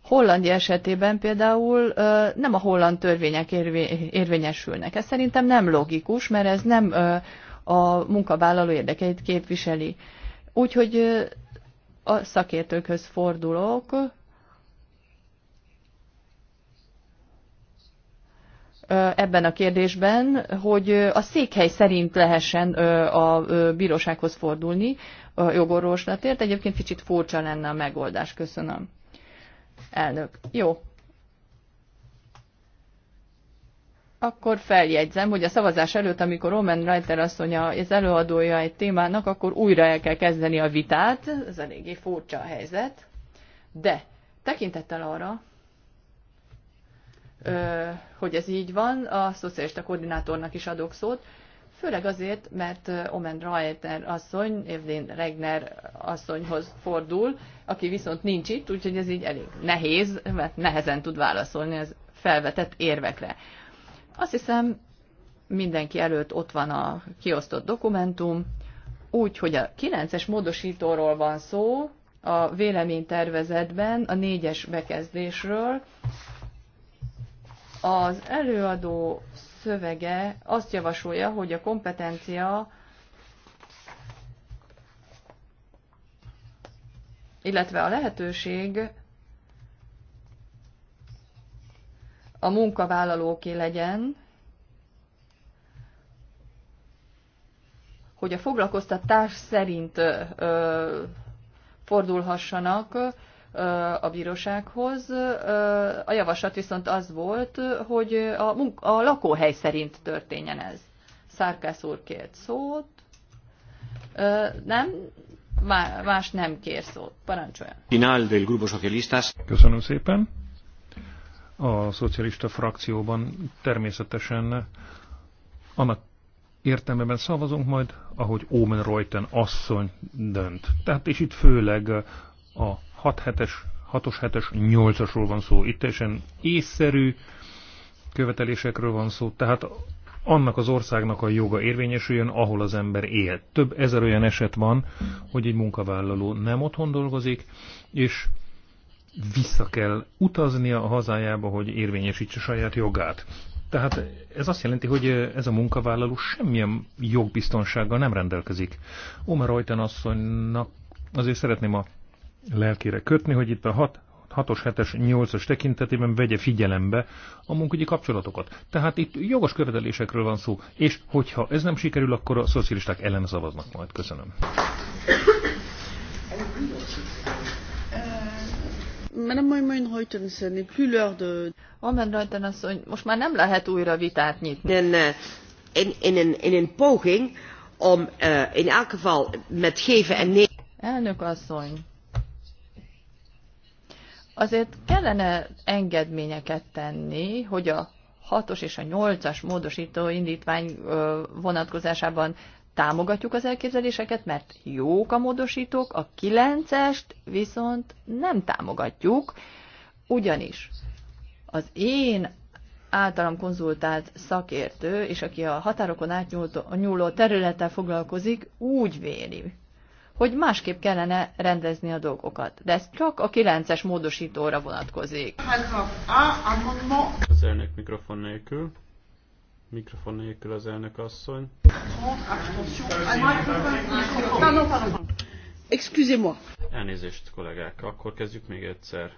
Hollandia esetében például nem a holland törvények érvényesülnek. Ez szerintem nem logikus, mert ez nem a munkavállaló érdekeit képviseli. Úgyhogy a szakértőkhöz fordulok, ebben a kérdésben, hogy a székhely szerint lehessen a bírósághoz fordulni a jogorvoslatért. Egyébként kicsit furcsa lenne a megoldás. Köszönöm. Elnök. Jó. Akkor feljegyzem, hogy a szavazás előtt, amikor Roman Reiter asszony az előadója egy témának, akkor újra el kell kezdeni a vitát. Ez eléggé furcsa a helyzet. De tekintettel arra, hogy ez így van, a szocialista koordinátornak is adok szót, főleg azért, mert Omen Reiter asszony, Évdén Regner asszonyhoz fordul, aki viszont nincs itt, úgyhogy ez így elég nehéz, mert nehezen tud válaszolni az felvetett érvekre. Azt hiszem, mindenki előtt ott van a kiosztott dokumentum, úgy, hogy a 9-es módosítóról van szó, a véleménytervezetben, a négyes bekezdésről, az előadó szövege azt javasolja, hogy a kompetencia, illetve a lehetőség a munkavállalóké legyen, hogy a foglalkoztatás szerint ö, fordulhassanak a bírósághoz. A javaslat viszont az volt, hogy a, munk- a lakóhely szerint történjen ez. Szárkász úr kért szót. Nem, más nem kér szót. Parancsoljon. Final del Grupo Socialistas. Köszönöm szépen. A szocialista frakcióban természetesen annak értelmeben szavazunk majd, ahogy Omen Reuten asszony dönt. Tehát és itt főleg a 6 hetes, 6-os, 7-es, 8-asról van szó. Itt teljesen észszerű követelésekről van szó, tehát annak az országnak a joga érvényesüljön, ahol az ember él. Több ezer olyan eset van, hogy egy munkavállaló nem otthon dolgozik, és vissza kell utaznia a hazájába, hogy érvényesítse saját jogát. Tehát ez azt jelenti, hogy ez a munkavállaló semmilyen jogbiztonsággal nem rendelkezik. Omar Rajten asszonynak azért szeretném a lelkére kötni, hogy itt a 6, os 7-es, 8-as tekintetében vegye figyelembe a munkügyi kapcsolatokat. Tehát itt jogos követelésekről van szó, és hogyha ez nem sikerül, akkor a szocialisták ellen szavaznak majd. Köszönöm. Madame Moymoyen Reuten, ce n'est plus l'heure de... Reuten asszony, most már nem lehet újra vitát nyitni. In, eh, in, in, in poging om uh, in elk geval met geven en nemen... Elnök asszony, azért kellene engedményeket tenni, hogy a 6-os és a 8-as módosító indítvány vonatkozásában támogatjuk az elképzeléseket, mert jók a módosítók, a 9-est viszont nem támogatjuk, ugyanis az én általam konzultált szakértő, és aki a határokon átnyúló területtel foglalkozik, úgy véli, hogy másképp kellene rendezni a dolgokat. De ez csak a 9-es módosítóra vonatkozik. Az elnök mikrofon nélkül. Mikrofon nélkül az elnök asszony. Excusez-moi. Elnézést, kollégák. Akkor kezdjük még egyszer.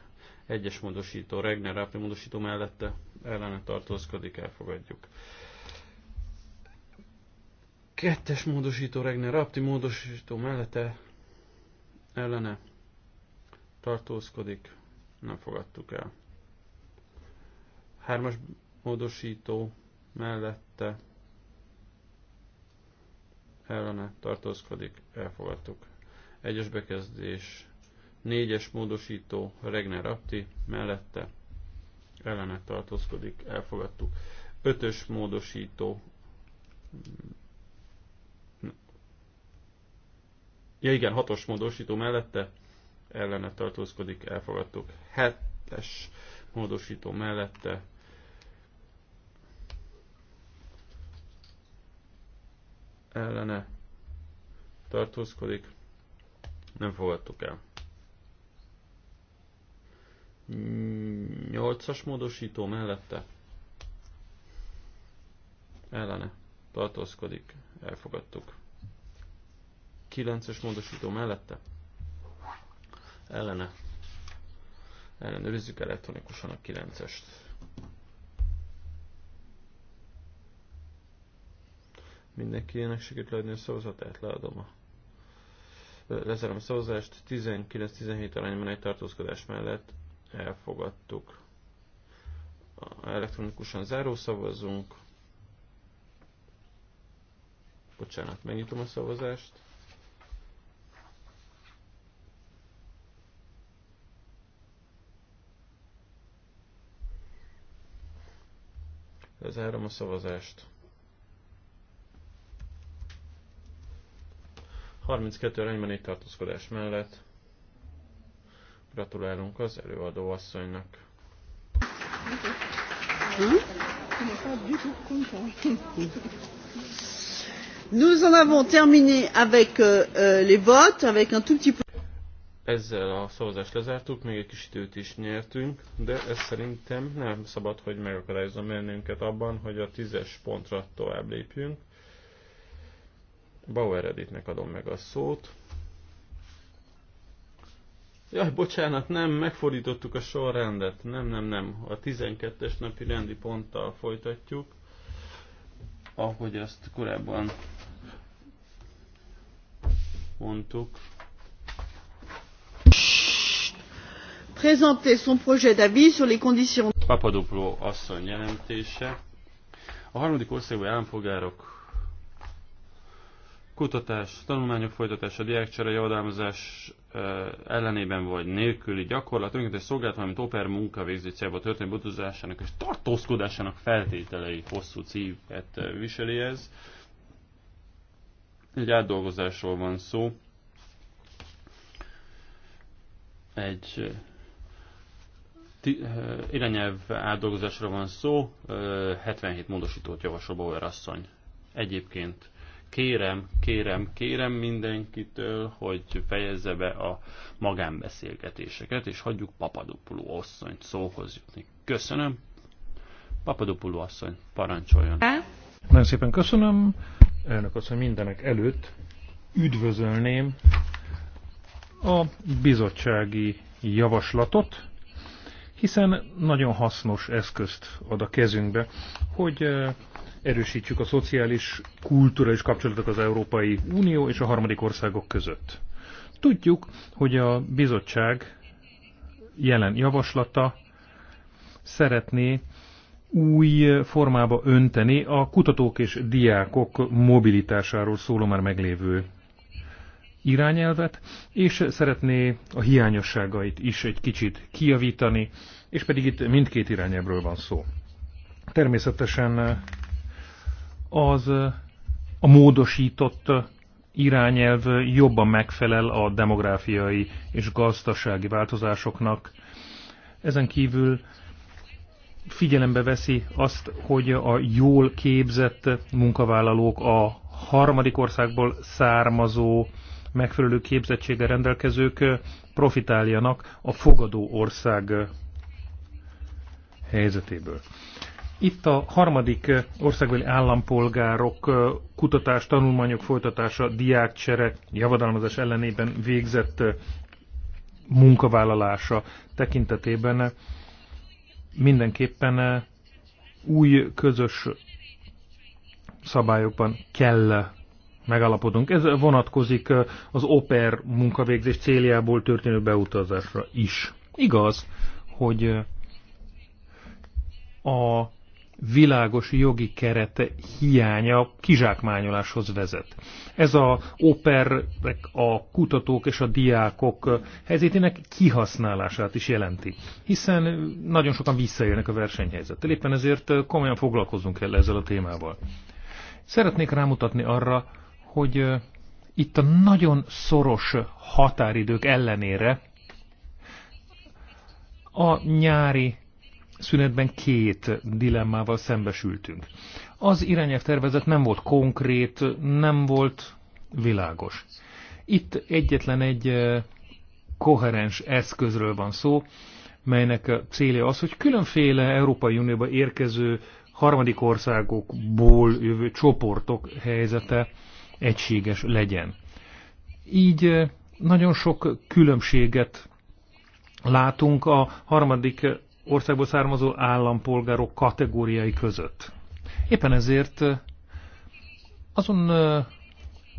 Egyes módosító, Regner Rápti módosító mellette ellene tartózkodik, elfogadjuk. Kettes módosító Regner Rapti módosító mellette ellene tartózkodik, nem fogadtuk el. Hármas módosító mellette ellene tartózkodik, elfogadtuk. Egyes bekezdés, négyes módosító Regner Rapti mellette ellene tartózkodik, elfogadtuk. Ötös módosító Ja igen, hatos módosító mellette ellene tartózkodik, elfogadtuk. Hetes módosító mellette ellene tartózkodik, nem fogadtuk el. 8-as módosító mellette ellene tartózkodik, elfogadtuk. 9-es módosító mellette ellene ellenőrizzük elektronikusan a 9-est. Mindenkinek sikerült leadni a szavazatát, leadom a lezárom a szavazást, 19-17 arányban egy tartózkodás mellett elfogadtuk. Elektronikusan zárószavazzunk. Bocsánat, megnyitom a szavazást. 19-17. Lezárom a szavazást. 32 arányban egy tartózkodás mellett. Gratulálunk az előadó asszonynak. Nous en avons terminé avec euh, euh les votes, avec un tout petit peu. Ezzel a szavazást lezártuk, még egy kis időt is nyertünk, de ez szerintem nem szabad, hogy megakadályozom mennünket abban, hogy a tízes pontra tovább lépjünk. Bauer Editnek adom meg a szót. Jaj, bocsánat, nem, megfordítottuk a sorrendet. Nem, nem, nem. A 12-es napi rendi ponttal folytatjuk, ahogy azt korábban mondtuk. présenter son projet d'avis sur les conditions. Papadopoulou asszony jelentése. A harmadik országú állampolgárok kutatás, tanulmányok folytatása, diákcsere, javadalmazás eh, ellenében vagy nélküli gyakorlat, önkéntes szolgálat, valamint oper munkavégző célba történő butozásának és tartózkodásának feltételei hosszú címet eh, viseli ez. Egy átdolgozásról van szó. Egy eh, Eh, irányelv átdolgozásra van szó, 77 eh, módosítót javasol Bauer asszony. Egyébként kérem, kérem, kérem mindenkitől, hogy fejezze be a magánbeszélgetéseket, és hagyjuk Papadopuló asszonyt szóhoz jutni. Köszönöm. Papadopuló asszony, parancsoljon. Nagyon szépen köszönöm. Elnök asszony, mindenek előtt üdvözölném a bizottsági javaslatot, hiszen nagyon hasznos eszközt ad a kezünkbe, hogy eh, erősítsük a szociális, kulturális kapcsolatot az Európai Unió és a harmadik országok között. Tudjuk, hogy a bizottság jelen javaslata szeretné új formába önteni a kutatók és diákok mobilitásáról szóló már meglévő irányelvet, és szeretné a hiányosságait is egy kicsit kijavítani, és pedig itt mindkét irányelvről van szó. Természetesen az a módosított irányelv jobban megfelel a demográfiai és gazdasági változásoknak. Ezen kívül figyelembe veszi azt, hogy a jól képzett munkavállalók, a harmadik országból származó megfelelő képzettséggel rendelkezők profitáljanak a fogadó ország helyzetéből. Itt a harmadik országbeli állampolgárok kutatás, tanulmányok folytatása, diákcsere, javadalmazás ellenében végzett munkavállalása tekintetében mindenképpen új közös szabályokban kell megállapodunk. Ez vonatkozik az oper munkavégzés céljából történő beutazásra is. Igaz, hogy a világos jogi kerete hiánya kizsákmányoláshoz vezet. Ez a operek, a kutatók és a diákok helyzetének kihasználását is jelenti, hiszen nagyon sokan visszaélnek a versenyhelyzettel. Éppen ezért komolyan foglalkozunk kell ezzel a témával. Szeretnék rámutatni arra, hogy itt a nagyon szoros határidők ellenére a nyári szünetben két dilemmával szembesültünk. Az irányelvtervezet nem volt konkrét, nem volt világos. Itt egyetlen egy koherens eszközről van szó, melynek célja az, hogy különféle Európai Unióba érkező harmadik országokból jövő csoportok helyzete egységes legyen. Így eh, nagyon sok különbséget látunk a harmadik eh, országból származó állampolgárok kategóriái között. Éppen ezért eh, azon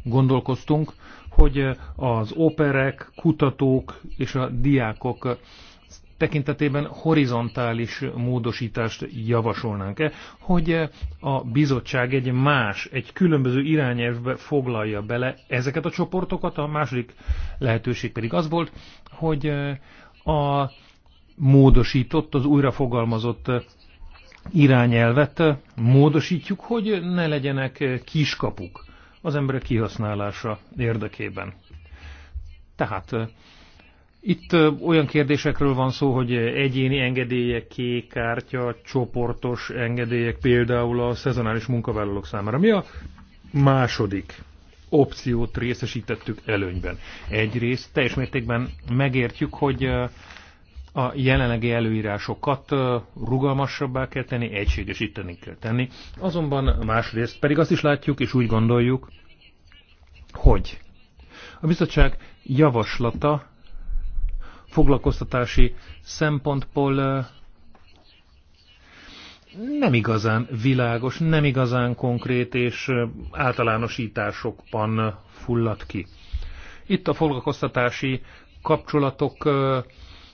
gondolkoztunk, hogy az operek, kutatók és a diákok tekintetében horizontális módosítást javasolnánk-e, hogy a bizottság egy más, egy különböző irányelvbe foglalja bele ezeket a csoportokat, a második lehetőség pedig az volt, hogy a módosított, az újrafogalmazott irányelvet módosítjuk, hogy ne legyenek kiskapuk az emberek kihasználása érdekében. Tehát itt olyan kérdésekről van szó, hogy egyéni engedélyek, kék kártya, csoportos engedélyek például a szezonális munkavállalók számára. Mi a második opciót részesítettük előnyben? Egyrészt teljes mértékben megértjük, hogy a jelenlegi előírásokat rugalmasabbá kell tenni, egységesíteni kell tenni. Azonban másrészt pedig azt is látjuk, és úgy gondoljuk, hogy a bizottság javaslata foglalkoztatási szempontból nem igazán világos, nem igazán konkrét és általánosításokban fullad ki. Itt a foglalkoztatási kapcsolatok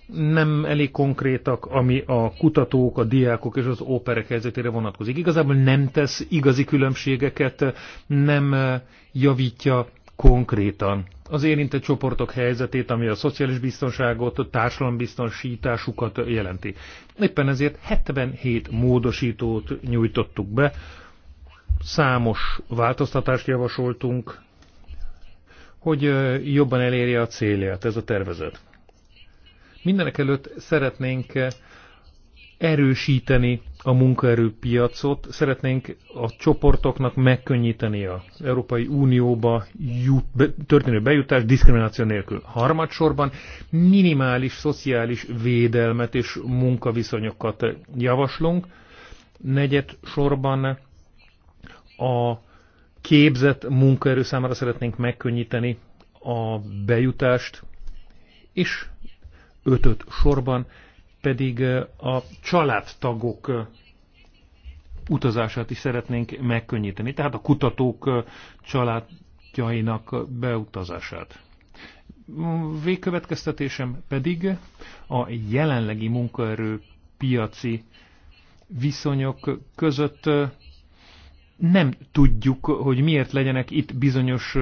nem elég konkrétak, ami a kutatók, a diákok és az óperek helyzetére vonatkozik. Igazából nem tesz igazi különbségeket, nem javítja konkrétan az érintett csoportok helyzetét, ami a szociális biztonságot, társadalombiztonsításukat jelenti. Éppen ezért 77 módosítót nyújtottuk be, számos változtatást javasoltunk, hogy jobban elérje a célját ez a tervezet. Mindenek előtt szeretnénk erősíteni a munkaerőpiacot, szeretnénk a csoportoknak megkönnyíteni a Európai Unióba jut, be, történő bejutás diszkrimináció nélkül. Harmadsorban minimális szociális védelmet és munkaviszonyokat javaslunk. Negyed sorban a képzett munkaerő számára szeretnénk megkönnyíteni a bejutást, és ötöt sorban pedig a családtagok utazását is szeretnénk megkönnyíteni, tehát a kutatók családjainak beutazását. Mm, végkövetkeztetésem pedig a jelenlegi munkaerő piaci viszonyok között nem tudjuk, hogy miért legyenek itt bizonyos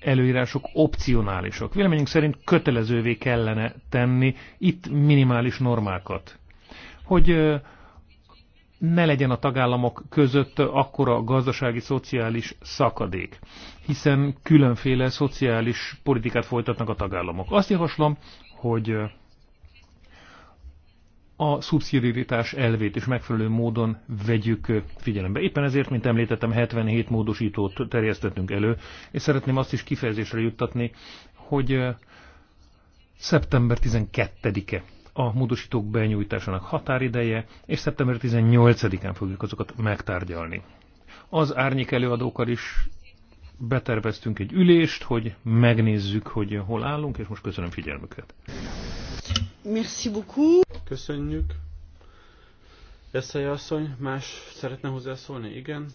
előírások opcionálisak. Véleményünk szerint kötelezővé kellene tenni itt minimális normákat. Hogy ne legyen a tagállamok között akkora gazdasági-szociális szakadék, hiszen különféle szociális politikát folytatnak a tagállamok. Azt javaslom, hogy a szubszidiaritás elvét is megfelelő módon vegyük figyelembe. Éppen ezért, mint említettem, 77 módosítót terjesztettünk elő, és szeretném azt is kifejezésre juttatni, hogy szeptember 12-e a módosítók benyújtásának határideje, és szeptember 18-án fogjuk azokat megtárgyalni. Az árnyék előadókkal is beterveztünk egy ülést, hogy megnézzük, hogy hol állunk, és most köszönöm figyelmüket. Merci beaucoup. Köszönjük. Eszei asszony, más szeretne hozzászólni? Igen.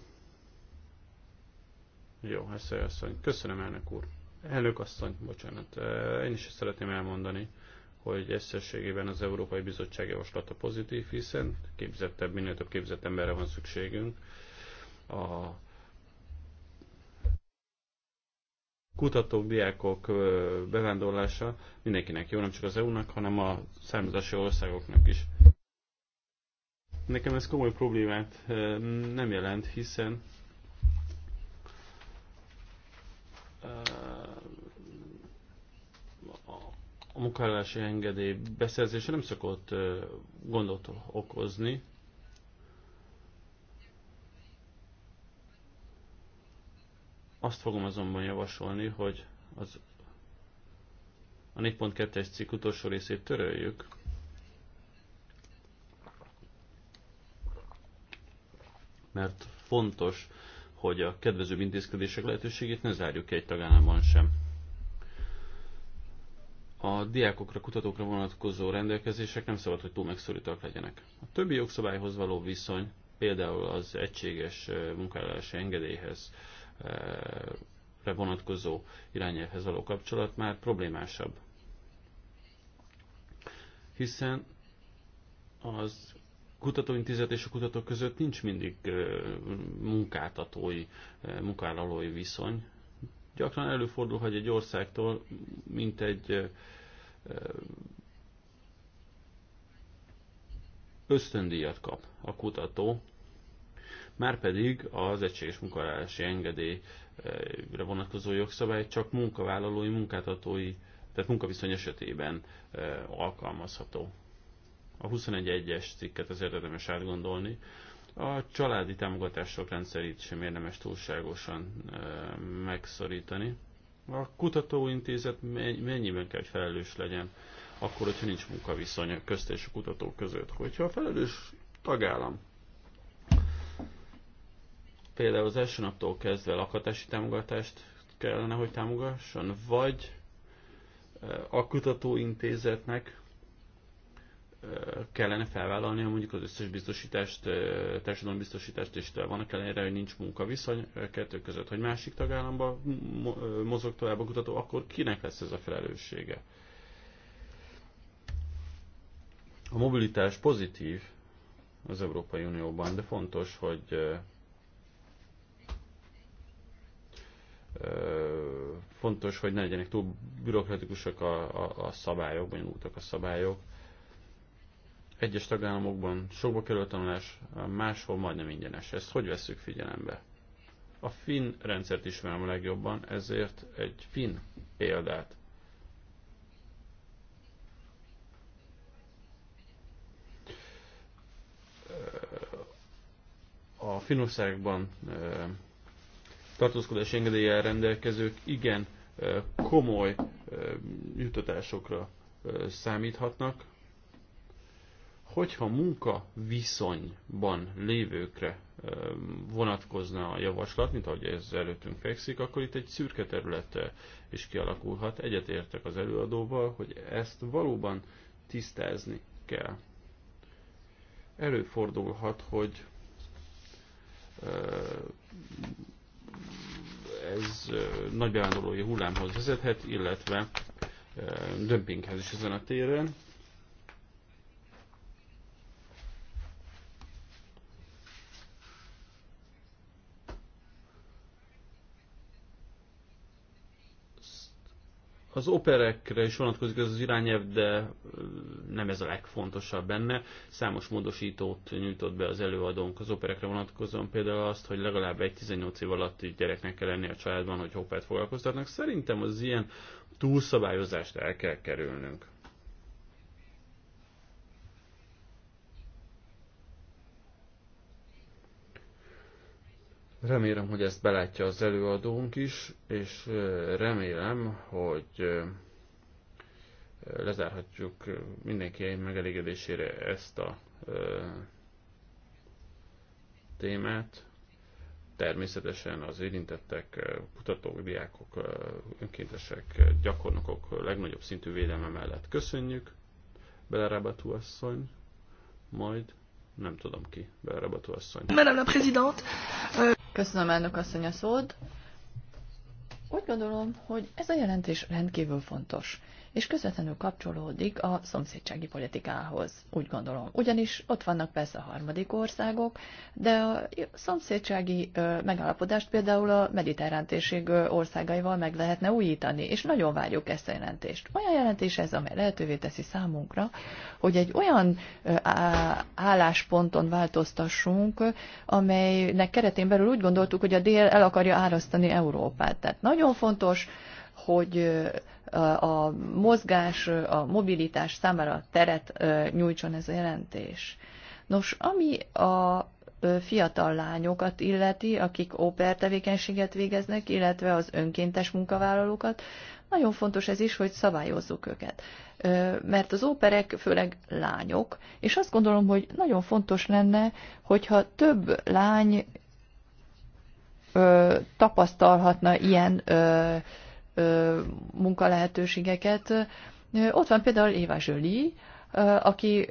Jó, Eszei asszony. Köszönöm, elnök úr. Elnök asszony, bocsánat. Én is szeretném elmondani, hogy összességében az Európai Bizottság javaslata pozitív, hiszen képzettebb, minél több képzett emberre van szükségünk. A kutatók, diákok bevándorlása mindenkinek jó, nem csak az EU-nak, hanem a származási országoknak is. Nekem ez komoly problémát nem jelent, hiszen a munkállási engedély beszerzése nem szokott gondot okozni, Azt fogom azonban javasolni, hogy az a 4.2-es cikk utolsó részét töröljük. Mert fontos, hogy a kedvező intézkedések lehetőségét ne zárjuk egy tagállamban sem. A diákokra, kutatókra vonatkozó rendelkezések nem szabad, hogy túl megszorítóak legyenek. A többi jogszabályhoz való viszony, például az egységes eh, munkállási engedélyhez, Eh, vonatkozó irányelvhez való kapcsolat már problémásabb. Hiszen az kutatóintézet és a kutatók között nincs mindig eh, munkáltatói, eh, munkállalói viszony. Gyakran előfordul, hogy egy országtól mint egy ösztöndíjat kap a kutató, Márpedig az egységes munkavállalási engedélyre vonatkozó jogszabály csak munkavállalói, munkáltatói, tehát munkaviszony esetében alkalmazható. A 21.1-es cikket azért érdemes átgondolni. A családi támogatások rendszerét sem érdemes túlságosan megszorítani. A kutatóintézet mennyiben kell, hogy felelős legyen, akkor, hogyha nincs munkaviszony közt és a kutatók között. Hogyha a felelős tagállam például az első naptól kezdve lakhatási támogatást kellene, hogy támogasson, vagy a kutatóintézetnek kellene felvállalnia mondjuk az összes biztosítást, társadalmi biztosítást, és vannak ellenére, hogy nincs munkaviszony kettő között, hogy másik tagállamban mozog tovább a kutató, akkor kinek lesz ez a felelőssége? A mobilitás pozitív az Európai Unióban, de fontos, hogy fontos, hogy ne legyenek túl bürokratikusak a, a, a szabályok, bonyolultak a szabályok. Egyes tagállamokban sokba kerül a tanulás, máshol majdnem ingyenes. Ezt hogy veszük figyelembe? A finn rendszert ismerem a legjobban, ezért egy finn példát a finnországban tartózkodás engedéllyel rendelkezők igen komoly jutatásokra számíthatnak, hogyha munka viszonyban lévőkre vonatkozna a javaslat, mint ahogy ez előttünk fekszik, akkor itt egy szürke terület is kialakulhat. Egyetértek az előadóval, hogy ezt valóban tisztázni kell. Előfordulhat, hogy ez nagy bevándorlói hullámhoz vezethet, illetve dömpinghez is ezen a téren. Az operekre is vonatkozik ez az irányelv, de nem ez a legfontosabb benne. Számos módosítót nyújtott be az előadónk az operekre vonatkozóan, például azt, hogy legalább egy 18 év alatti gyereknek kell lenni a családban, hogy hoppát foglalkoztatnak. Szerintem az ilyen túlszabályozást el kell kerülnünk. Remélem, hogy ezt belátja az előadónk is, és remélem, hogy lezárhatjuk mindenki megelégedésére ezt a témát. Természetesen az érintettek, kutatók, diákok, önkéntesek, gyakornokok legnagyobb szintű védelme mellett köszönjük. Belerabatú asszony, majd nem tudom ki, Belrabató asszony. Madame la Présidente! Euh, Köszönöm elnök asszony a szót. Úgy gondolom, hogy ez a jelentés rendkívül fontos és közvetlenül kapcsolódik a szomszédsági politikához, úgy gondolom. Ugyanis ott vannak persze a harmadik országok, de a szomszédsági megállapodást például a mediterrán térség országaival meg lehetne újítani, és nagyon várjuk ezt a jelentést. Olyan jelentés ez, amely lehetővé teszi számunkra, hogy egy olyan állásponton változtassunk, amelynek keretén belül úgy gondoltuk, hogy a dél el akarja árasztani Európát. Tehát nagyon fontos, hogy a mozgás, a mobilitás számára teret nyújtson ez a jelentés. Nos, ami a fiatal lányokat illeti, akik óper tevékenységet végeznek, illetve az önkéntes munkavállalókat, nagyon fontos ez is, hogy szabályozzuk őket. Mert az óperek főleg lányok, és azt gondolom, hogy nagyon fontos lenne, hogyha több lány tapasztalhatna ilyen munkalehetőségeket. Ott van például Éva Zsöli, aki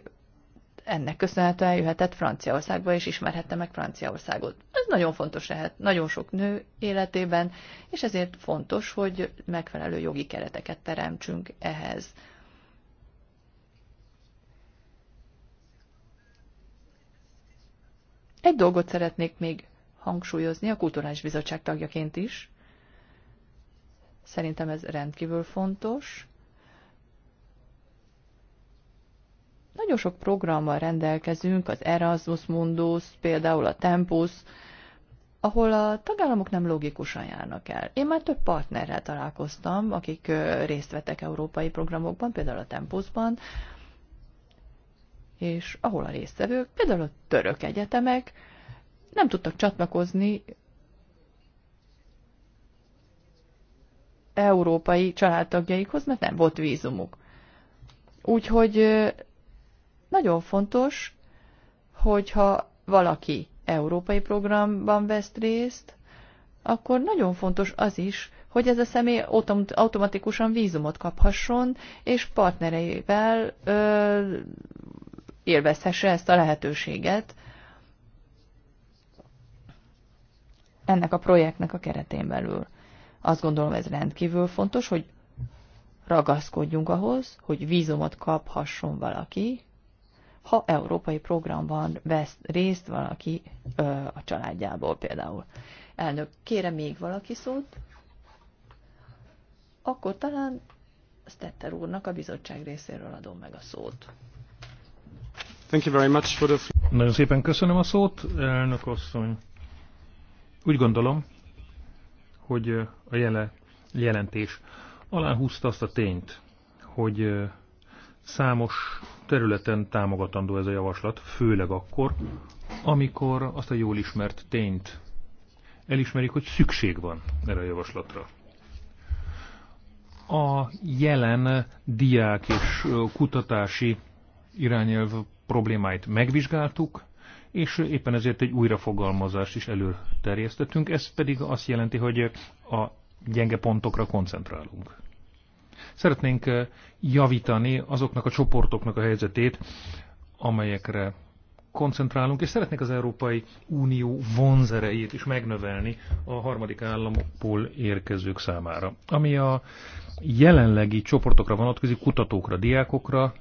ennek köszönhetően jöhetett Franciaországba, és ismerhette meg Franciaországot. Ez nagyon fontos lehet nagyon sok nő életében, és ezért fontos, hogy megfelelő jogi kereteket teremtsünk ehhez. Egy dolgot szeretnék még hangsúlyozni a Kulturális Bizottság tagjaként is. Szerintem ez rendkívül fontos. Nagyon sok programmal rendelkezünk, az Erasmus Mundus, például a Tempus, ahol a tagállamok nem logikusan járnak el. Én már több partnerrel találkoztam, akik részt vettek európai programokban, például a Tempusban, és ahol a résztvevők, például a török egyetemek nem tudtak csatlakozni európai családtagjaikhoz, mert nem volt vízumuk. Úgyhogy nagyon fontos, hogyha valaki európai programban vesz részt, akkor nagyon fontos az is, hogy ez a személy automatikusan vízumot kaphasson, és partnereivel ö, élvezhesse ezt a lehetőséget ennek a projektnek a keretén belül. Azt gondolom ez rendkívül fontos, hogy ragaszkodjunk ahhoz, hogy vízumot kaphasson valaki, ha európai programban vesz részt valaki ö, a családjából például. Elnök, kére még valaki szót? Akkor talán Stetter úrnak a bizottság részéről adom meg a szót. Thank you very much for the... Nagyon szépen köszönöm a szót, elnök asszony. Úgy gondolom, hogy a jele, jelentés aláhúzta azt a tényt, hogy számos területen támogatandó ez a javaslat, főleg akkor, amikor azt a jól ismert tényt elismerik, hogy szükség van erre a javaslatra. A jelen diák és kutatási irányelv problémáit megvizsgáltuk, és éppen ezért egy újrafogalmazást is előterjesztettünk, ez pedig azt jelenti, hogy a gyenge pontokra koncentrálunk. Szeretnénk eh, javítani azoknak a csoportoknak a helyzetét, amelyekre koncentrálunk, és szeretnék az Európai Unió vonzerejét is megnövelni a harmadik államokból érkezők számára. Ami a jelenlegi csoportokra vonatkozik, kutatókra, diákokra,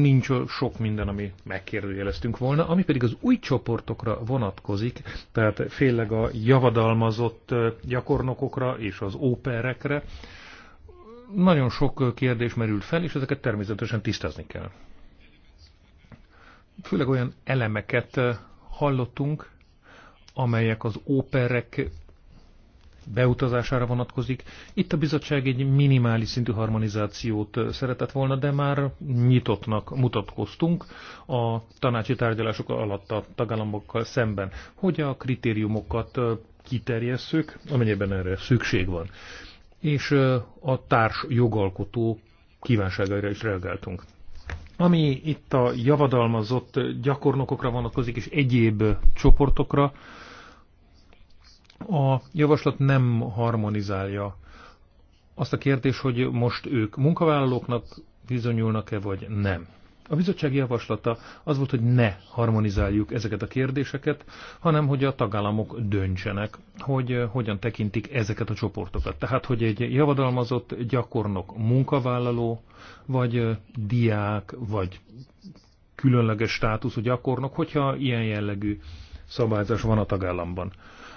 nincs sok minden, ami megkérdőjeleztünk volna, ami pedig az új csoportokra vonatkozik, tehát főleg a javadalmazott gyakornokokra és az óperekre. Nagyon sok kérdés merült fel, és ezeket természetesen tisztázni kell. Főleg olyan elemeket hallottunk, amelyek az óperek beutazására vonatkozik. Itt a bizottság egy minimális szintű harmonizációt szeretett volna, de már nyitottnak mutatkoztunk a tanácsi tárgyalások alatt a tagállamokkal szemben, hogy a kritériumokat kiterjesszük, amennyiben erre szükség van. És a társ jogalkotó kívánságaira is reagáltunk. Ami itt a javadalmazott gyakornokokra vonatkozik, és egyéb csoportokra, a javaslat nem harmonizálja azt a kérdés, hogy most ők munkavállalóknak bizonyulnak-e, vagy nem. A bizottsági javaslata az volt, hogy ne harmonizáljuk ezeket a kérdéseket, hanem hogy a tagállamok döntsenek, hogy eh, hogyan tekintik ezeket a csoportokat. Tehát, hogy egy javadalmazott gyakornok munkavállaló, vagy eh, diák, vagy különleges státuszú gyakornok, hogyha ilyen jellegű szabályzás van a tagállamban.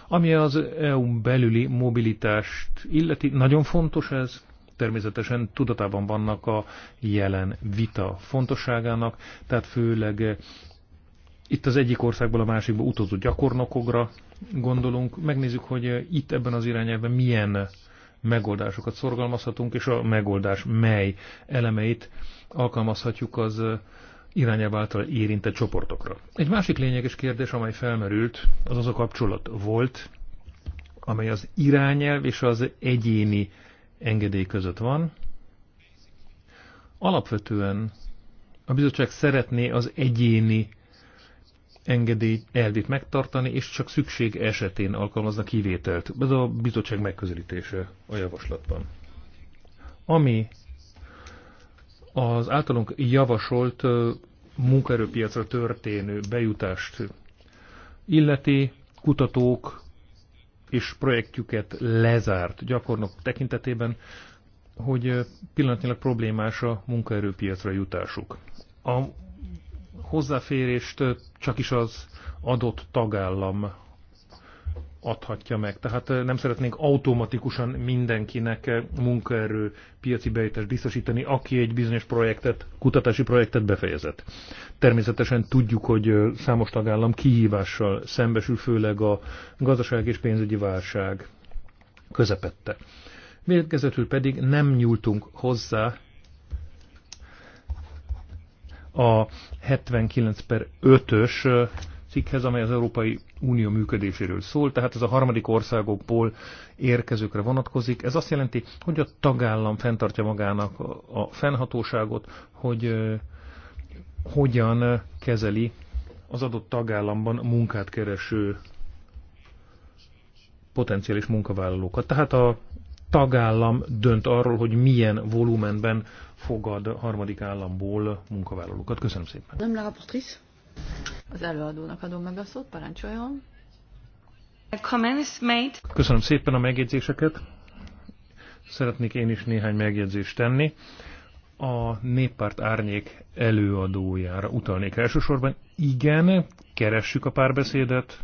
Ami az EU-n belüli mobilitást illeti, nagyon fontos ez, természetesen tudatában vannak a jelen vita fontosságának, tehát főleg eh, itt az egyik országból a másikba utazó gyakornokokra gondolunk. Megnézzük, hogy eh, itt ebben az irányában milyen megoldásokat szorgalmazhatunk, és a megoldás mely elemeit alkalmazhatjuk az eh, irányába által érintett csoportokra. Egy másik lényeges kérdés, amely felmerült, az az a kapcsolat volt, amely az irányelv és az egyéni engedély között van. Alapvetően a bizottság szeretné az egyéni engedély elvét megtartani, és csak szükség esetén alkalmazna kivételt. Ez a bizottság megközelítése a javaslatban. Ami az általunk javasolt munkaerőpiacra történő bejutást illeti, kutatók és projektjüket lezárt gyakornok tekintetében, hogy pillanatnyilag problémás a munkaerőpiacra jutásuk. A hozzáférést csak is az adott tagállam adhatja meg. Tehát nem szeretnénk automatikusan mindenkinek munkaerő piaci bejutást biztosítani, aki egy bizonyos projektet, kutatási projektet befejezett. Természetesen tudjuk, hogy számos tagállam kihívással szembesül, főleg a gazdaság és pénzügyi válság közepette. Végezetül pedig nem nyúltunk hozzá a 79 per 5-ös cikkhez, amely az Európai Unió működéséről szól, tehát ez a harmadik országokból érkezőkre vonatkozik. Ez azt jelenti, hogy a tagállam fenntartja magának a fennhatóságot, hogy hogyan kezeli az adott tagállamban munkát kereső potenciális munkavállalókat. Tehát a tagállam dönt arról, hogy milyen volumenben fogad harmadik államból munkavállalókat. Köszönöm szépen. Nem la rapportrice. Az előadónak adom meg a szót, parancsoljon. Köszönöm szépen a megjegyzéseket. Szeretnék én is néhány megjegyzést tenni. A néppárt árnyék előadójára utalnék elsősorban. Igen, keressük a párbeszédet.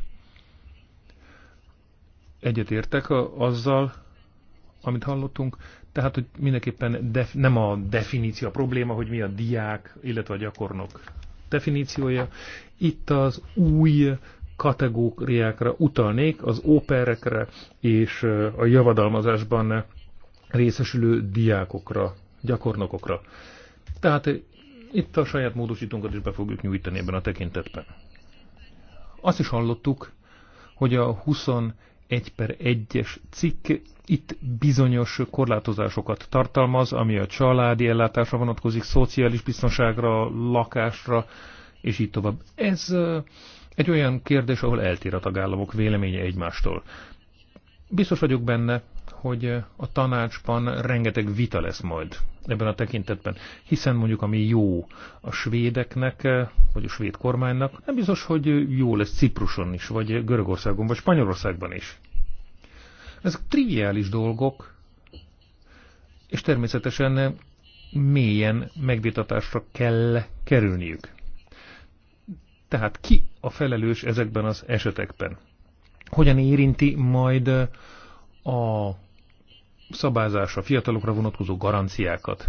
Egyetértek azzal, amit hallottunk. Tehát, hogy mindenképpen def- nem a definíció a probléma, hogy mi a diák, illetve a gyakornok definíciója. Itt az új kategóriákra utalnék, az óperekre és a javadalmazásban részesülő diákokra, gyakornokokra. Tehát itt a saját módosítónkat is be fogjuk nyújtani ebben a tekintetben. Azt is hallottuk, hogy a 21 per 1-es cikk itt bizonyos korlátozásokat tartalmaz, ami a családi ellátásra vonatkozik, szociális biztonságra, lakásra, és így tovább. Ez egy olyan kérdés, ahol eltér a tagállamok véleménye egymástól. Biztos vagyok benne, hogy a tanácsban rengeteg vita lesz majd ebben a tekintetben, hiszen mondjuk ami jó a svédeknek, vagy a svéd kormánynak, nem biztos, hogy jó lesz Cipruson is, vagy Görögországon, vagy Spanyolországban is. Ezek triviális dolgok, és természetesen mélyen megvitatásra kell kerülniük. Tehát ki a felelős ezekben az esetekben? Hogyan érinti majd a szabázás a fiatalokra vonatkozó garanciákat?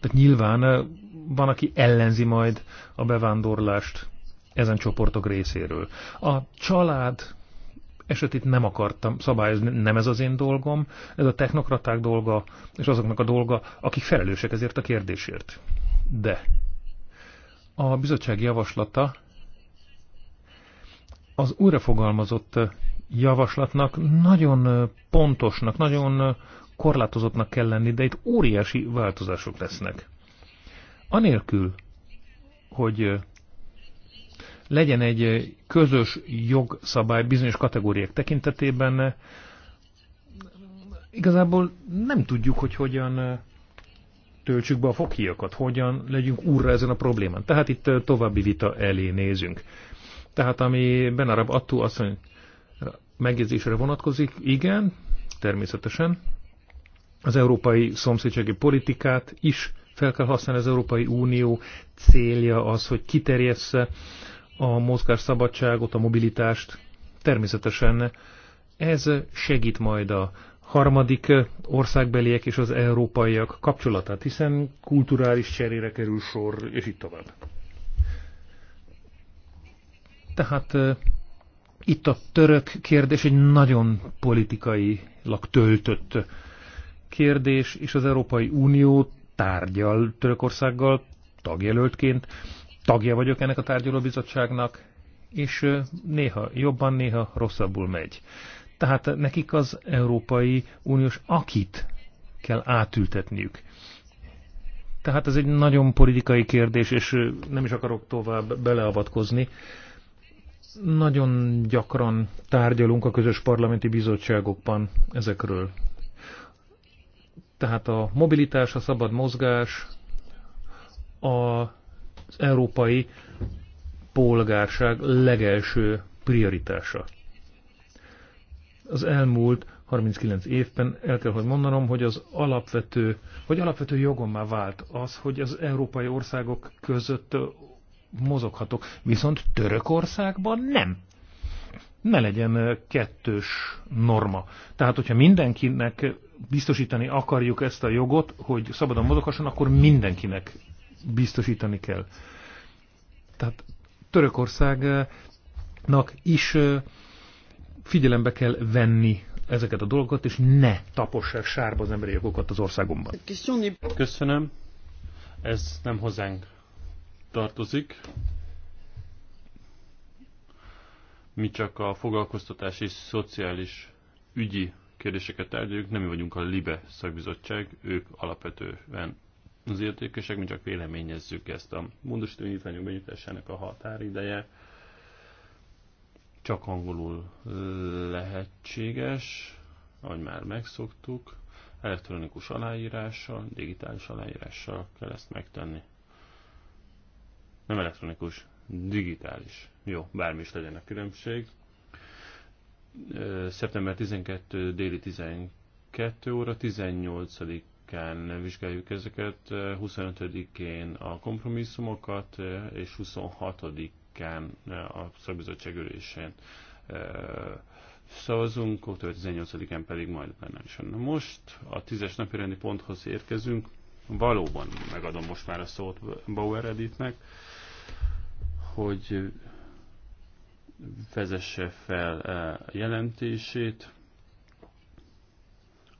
Tehát nyilván eh, van, aki ellenzi majd a bevándorlást ezen csoportok részéről. A család esetét nem akartam szabályozni, nem ez az én dolgom, ez a technokraták dolga, és azoknak a dolga, akik felelősek ezért a kérdésért. De a bizottság javaslata az újrafogalmazott javaslatnak nagyon pontosnak, nagyon korlátozottnak kell lenni, de itt óriási változások lesznek. Anélkül, hogy legyen egy közös jogszabály bizonyos kategóriák tekintetében. Igazából nem tudjuk, hogy hogyan töltsük be a fokhíjakat, hogyan legyünk úrra ezen a problémán. Tehát itt további vita elé nézünk. Tehát ami Benarab Attu asszony megjegyzésre vonatkozik, igen, természetesen. Az európai szomszédsági politikát is fel kell használni az Európai Unió célja az, hogy kiterjessze a mozgás szabadságot, a mobilitást. Természetesen ez segít majd a harmadik országbeliek és az európaiak kapcsolatát, hiszen kulturális cserére kerül sor, és itt tovább. Tehát itt a török kérdés egy nagyon politikailag töltött kérdés, és az Európai Unió tárgyal Törökországgal tagjelöltként, tagja vagyok ennek a tárgyalóbizottságnak, és néha jobban, néha rosszabbul megy. Tehát nekik az Európai Uniós akit kell átültetniük. Tehát ez egy nagyon politikai kérdés, és nem is akarok tovább beleavatkozni. Nagyon gyakran tárgyalunk a közös parlamenti bizottságokban ezekről. Tehát a mobilitás, a szabad mozgás, a az európai polgárság legelső prioritása. Az elmúlt 39 évben el kell, hogy mondanom, hogy az alapvető, hogy alapvető jogom már vált az, hogy az európai országok között mozoghatok, viszont Törökországban nem. Ne legyen kettős norma. Tehát, hogyha mindenkinek biztosítani akarjuk ezt a jogot, hogy szabadon mozoghasson, akkor mindenkinek biztosítani kell. Tehát Törökországnak is figyelembe kell venni ezeket a dolgokat, és ne tapossák sárba az emberi jogokat az országomban. Köszönöm. Ez nem hozzánk tartozik. Mi csak a foglalkoztatási szociális ügyi kérdéseket tárgyaljuk, nem mi vagyunk a LIBE szakbizottság, ők alapvetően az értékesek, mi csak véleményezzük ezt a módosító indítványok benyújtásának a határideje. Csak angolul lehetséges, ahogy már megszoktuk, elektronikus aláírással, digitális aláírással kell ezt megtenni. Nem elektronikus, digitális. Jó, bármi is legyen a különbség. Szeptember 12 déli 12 óra, 18 alapján vizsgáljuk ezeket. 25-én a kompromisszumokat, és 26-án a szakbizottság ülésén e, szavazunk, ott 18-án pedig majd plenárisan. Most a tízes napi rendi ponthoz érkezünk. Valóban megadom most már a szót Bauer Editnek, hogy vezesse fel e, jelentését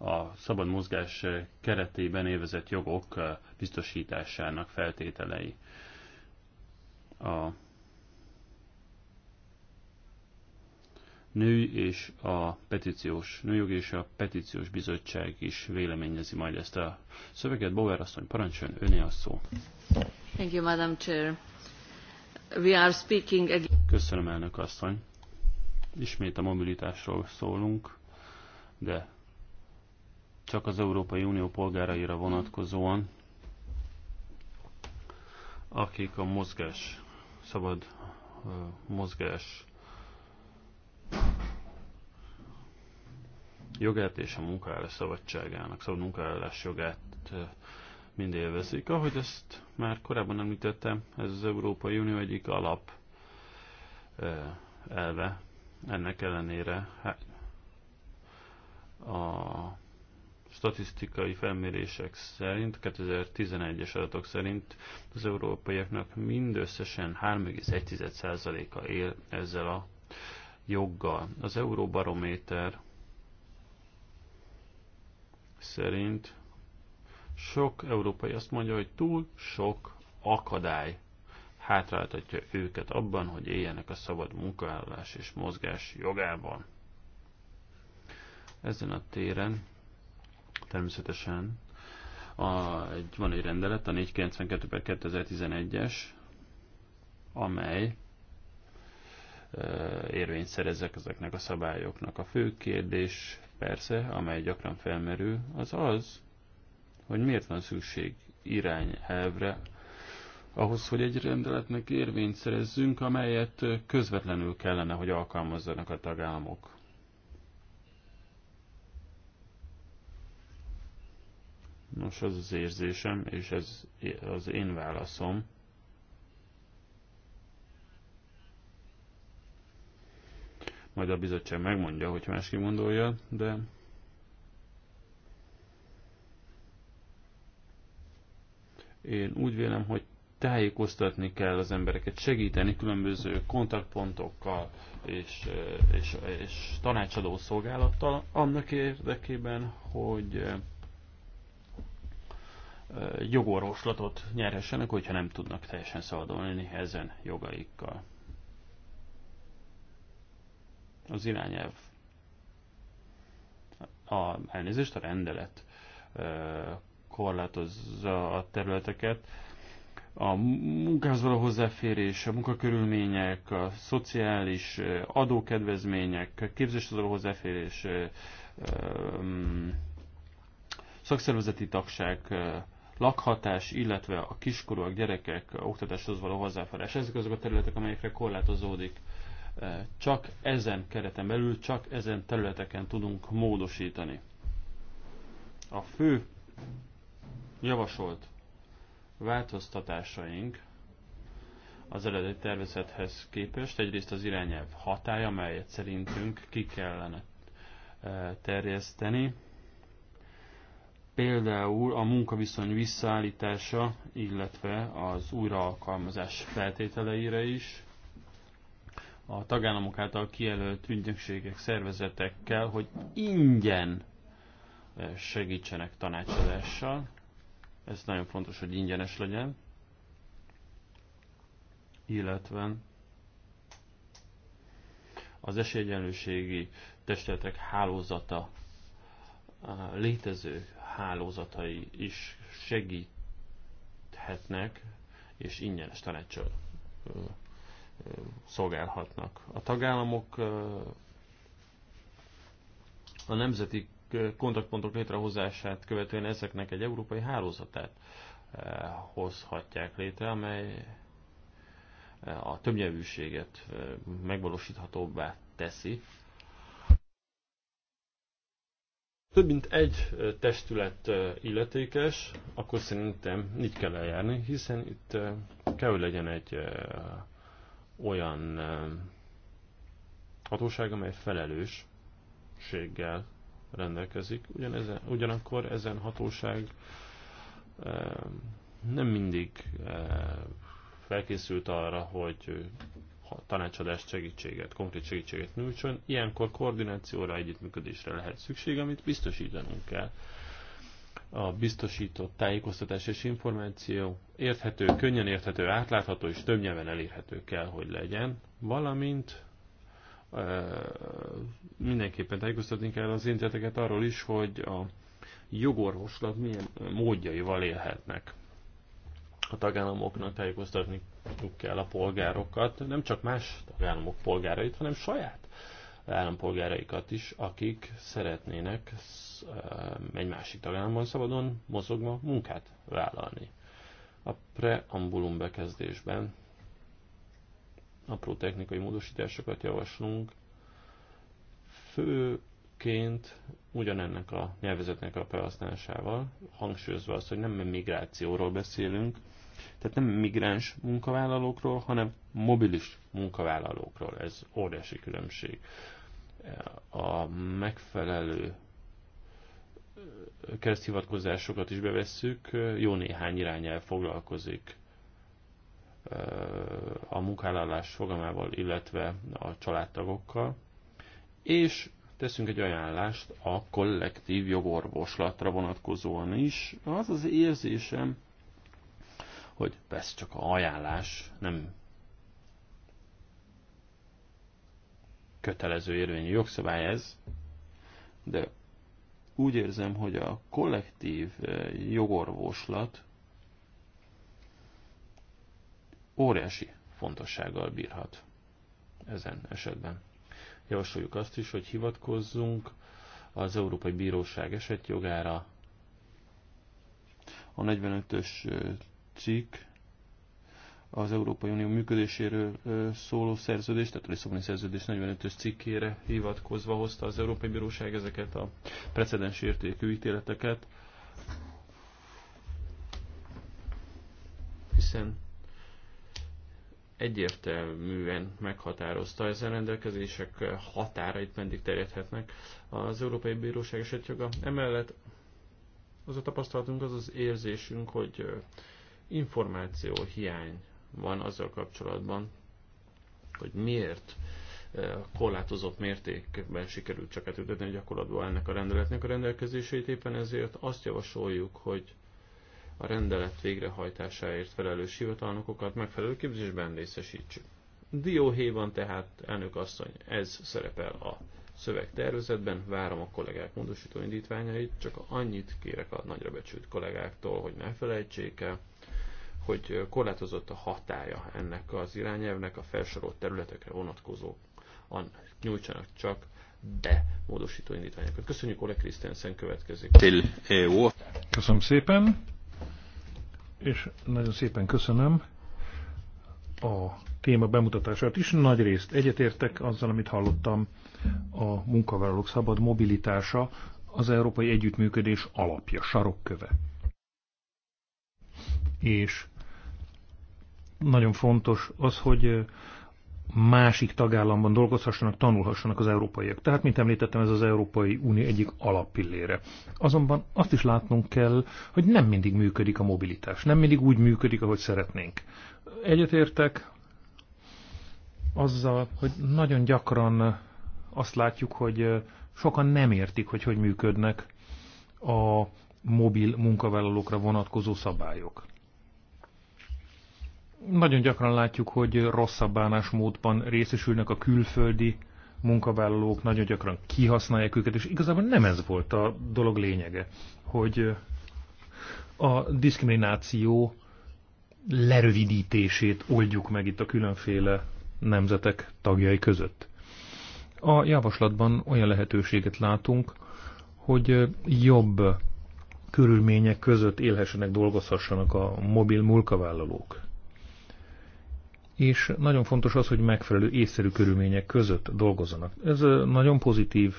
a szabad mozgás keretében élvezett jogok eh, biztosításának feltételei. A nő és a petíciós, nőjog és a petíciós bizottság is véleményezi majd ezt a szöveget. Bauer asszony, parancsoljon, öné a szó. Thank you, Madam Chair. We are speaking again. Köszönöm, elnök asszony. Ismét a mobilitásról szólunk, de csak az Európai Unió polgáraira vonatkozóan, akik a mozgás, szabad mozgás jogát és a munkaállás szabadságának, szabad munkaállás jogát mind élvezik. Ahogy ezt már korábban említettem, ez az Európai Unió egyik alap elve. Ennek ellenére hát, a statisztikai felmérések szerint, 2011-es adatok szerint az európaiaknak mindösszesen 3,1%-a él ezzel a joggal. Az Euróbarométer szerint sok európai azt mondja, hogy túl sok akadály hátráltatja őket abban, hogy éljenek a szabad munkaállás és mozgás jogában. Ezen a téren természetesen a, egy, van egy rendelet, a 492 per 2011-es, amely érvényt szerezek ezeknek a szabályoknak. A fő kérdés persze, amely gyakran felmerül, az az, hogy miért van szükség irányelvre, ahhoz, hogy egy rendeletnek érvényt szerezzünk, amelyet közvetlenül kellene, hogy alkalmazzanak a tagállamok. Nos, az az érzésem, és ez az én válaszom, majd a bizottság megmondja, hogy más gondolja, de én úgy vélem, hogy tájékoztatni kell az embereket, segíteni különböző kontaktpontokkal és, és, és tanácsadó szolgálattal annak érdekében, hogy jogorvoslatot nyerhessenek, hogyha nem tudnak teljesen szabadulni ezen jogaikkal. Az irányelv, a, elnézést, a rendelet korlátozza a területeket, a munkához való hozzáférés, a munkakörülmények, a szociális adókedvezmények, képzéshez való hozzáférés, szakszervezeti tagság, lakhatás, illetve a kiskorúak, gyerekek oktatáshoz való hozzáférés. Ezek azok a területek, amelyekre korlátozódik. E, csak ezen kereten belül, csak ezen területeken tudunk módosítani. A fő javasolt változtatásaink az eredeti tervezethez képest egyrészt az irányelv hatája, amelyet szerintünk ki kellene e, terjeszteni, például a munkaviszony visszaállítása, illetve az újraalkalmazás feltételeire is, a tagállamok által kijelölt ügynökségek, szervezetekkel, hogy ingyen eh, segítsenek tanácsadással. Ez nagyon fontos, hogy ingyenes legyen. Illetve az esélyegyenlőségi testületek hálózata a létező hálózatai is segíthetnek, és ingyenes tanácsot szolgálhatnak. A tagállamok a nemzeti kontaktpontok létrehozását követően ezeknek egy európai hálózatát hozhatják létre, amely a többnyelvűséget megvalósíthatóbbá teszi, több mint egy testület illetékes, akkor szerintem így kell eljárni, hiszen itt kell, hogy legyen egy olyan hatóság, amely felelősséggel rendelkezik. Ugyanezen, ugyanakkor ezen hatóság nem mindig felkészült arra, hogy tanácsadást, segítséget, konkrét segítséget nyújtson. Ilyenkor koordinációra, együttműködésre lehet szükség, amit biztosítanunk kell. A biztosított tájékoztatás és információ érthető, könnyen érthető, átlátható és több nyelven elérhető kell, hogy legyen, valamint mindenképpen tájékoztatni kell az interneteket arról is, hogy a jogorvoslat milyen módjaival élhetnek a tagállamoknak tájékoztatni kell a polgárokat, nem csak más tagállamok polgárait, hanem saját állampolgáraikat is, akik szeretnének egy másik tagállamban szabadon mozogva munkát vállalni. A preambulum bekezdésben apró technikai módosításokat javaslunk, főként ugyanennek a nyelvezetnek a felhasználásával, hangsúlyozva azt, hogy nem migrációról beszélünk, tehát nem migráns munkavállalókról, hanem mobilis munkavállalókról. Ez óriási különbség. A megfelelő kereszthivatkozásokat is bevesszük, jó néhány irányel foglalkozik a munkálállás fogamával, illetve a családtagokkal, és teszünk egy ajánlást a kollektív jogorvoslatra vonatkozóan is. Az az érzésem, hogy persze csak a ajánlás, nem kötelező érvényű jogszabály ez, de úgy érzem, hogy a kollektív eh, jogorvoslat óriási fontossággal bírhat ezen esetben. Javasoljuk azt is, hogy hivatkozzunk az Európai Bíróság esetjogára, a 45-ös cikk az Európai Unió működéséről szóló szerződés, tehát a Lisszaboni szerződés 45-ös cikkére hivatkozva hozta az Európai Bíróság ezeket a precedens értékű ítéleteket, hiszen egyértelműen meghatározta ezen rendelkezések határait meddig terjedhetnek az Európai Bíróság esetjoga. Emellett az a tapasztalatunk, az az érzésünk, hogy információ hiány van azzal kapcsolatban, hogy miért eh, korlátozott mértékben sikerült csak átültetni gyakorlatban ennek a rendeletnek a rendelkezését. Éppen ezért azt javasoljuk, hogy a rendelet végrehajtásáért felelős hivatalnokokat megfelelő képzésben részesítsük. Dióhéjban tehát, elnök asszony, ez szerepel a szövegtervezetben, várom a kollégák módosító indítványait, csak annyit kérek a nagyra becsült kollégáktól, hogy ne felejtsék el, hogy korlátozott a hatája ennek az irányelvnek a felsorolt területekre vonatkozóan nyújtsanak csak de módosító indítványokat. Köszönjük, Ole Krisztensen következik. EU. Köszönöm szépen, és nagyon szépen köszönöm a téma bemutatását is. Nagy részt egyetértek azzal, amit hallottam, a munkavállalók szabad mobilitása az európai együttműködés alapja, sarokköve. És nagyon fontos az, hogy másik tagállamban dolgozhassanak, tanulhassanak az európaiak. Tehát, mint említettem, ez az Európai Unió egyik alappillére. Azonban azt is látnunk kell, hogy nem mindig működik a mobilitás. Nem mindig úgy működik, ahogy szeretnénk. Egyetértek azzal, hogy nagyon gyakran azt látjuk, hogy sokan nem értik, hogy hogy működnek a mobil munkavállalókra vonatkozó szabályok. Nagyon gyakran látjuk, hogy rosszabb bánásmódban részesülnek a külföldi munkavállalók, nagyon gyakran kihasználják őket, és igazából nem ez volt a dolog lényege, hogy a diszkrimináció lerövidítését oldjuk meg itt a különféle nemzetek tagjai között. A javaslatban olyan lehetőséget látunk, hogy jobb körülmények között élhessenek, dolgozhassanak a mobil munkavállalók és nagyon fontos az, hogy megfelelő észszerű körülmények között dolgozzanak. Ez nagyon pozitív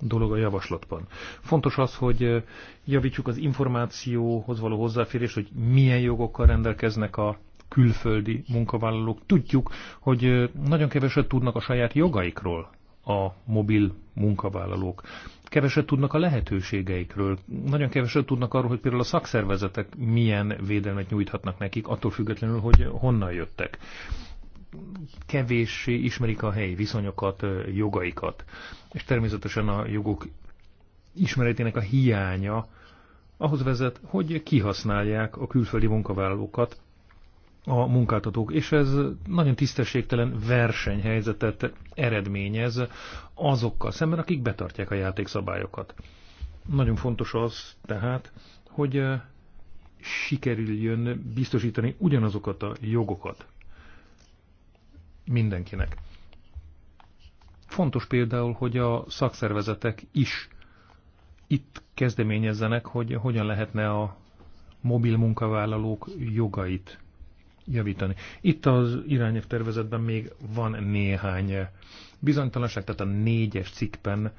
dolog a javaslatban. Fontos az, hogy javítsuk az információhoz való hozzáférést, hogy milyen jogokkal rendelkeznek a külföldi munkavállalók. Tudjuk, hogy nagyon keveset tudnak a saját jogaikról a mobil munkavállalók keveset tudnak a lehetőségeikről, nagyon keveset tudnak arról, hogy például a szakszervezetek milyen védelmet nyújthatnak nekik, attól függetlenül, hogy honnan jöttek. Kevéssé ismerik a helyi viszonyokat, jogaikat, és természetesen a jogok ismeretének a hiánya ahhoz vezet, hogy kihasználják a külföldi munkavállalókat a munkáltatók, és ez nagyon tisztességtelen versenyhelyzetet eredményez azokkal szemben, akik betartják a játékszabályokat. Nagyon fontos az tehát, hogy eh, sikerüljön biztosítani ugyanazokat a jogokat mindenkinek. Fontos például, hogy a szakszervezetek is itt kezdeményezzenek, hogy hogyan lehetne a mobil munkavállalók jogait javítani. Itt az irányelv tervezetben még van néhány bizonytalanság, tehát a négyes cikkben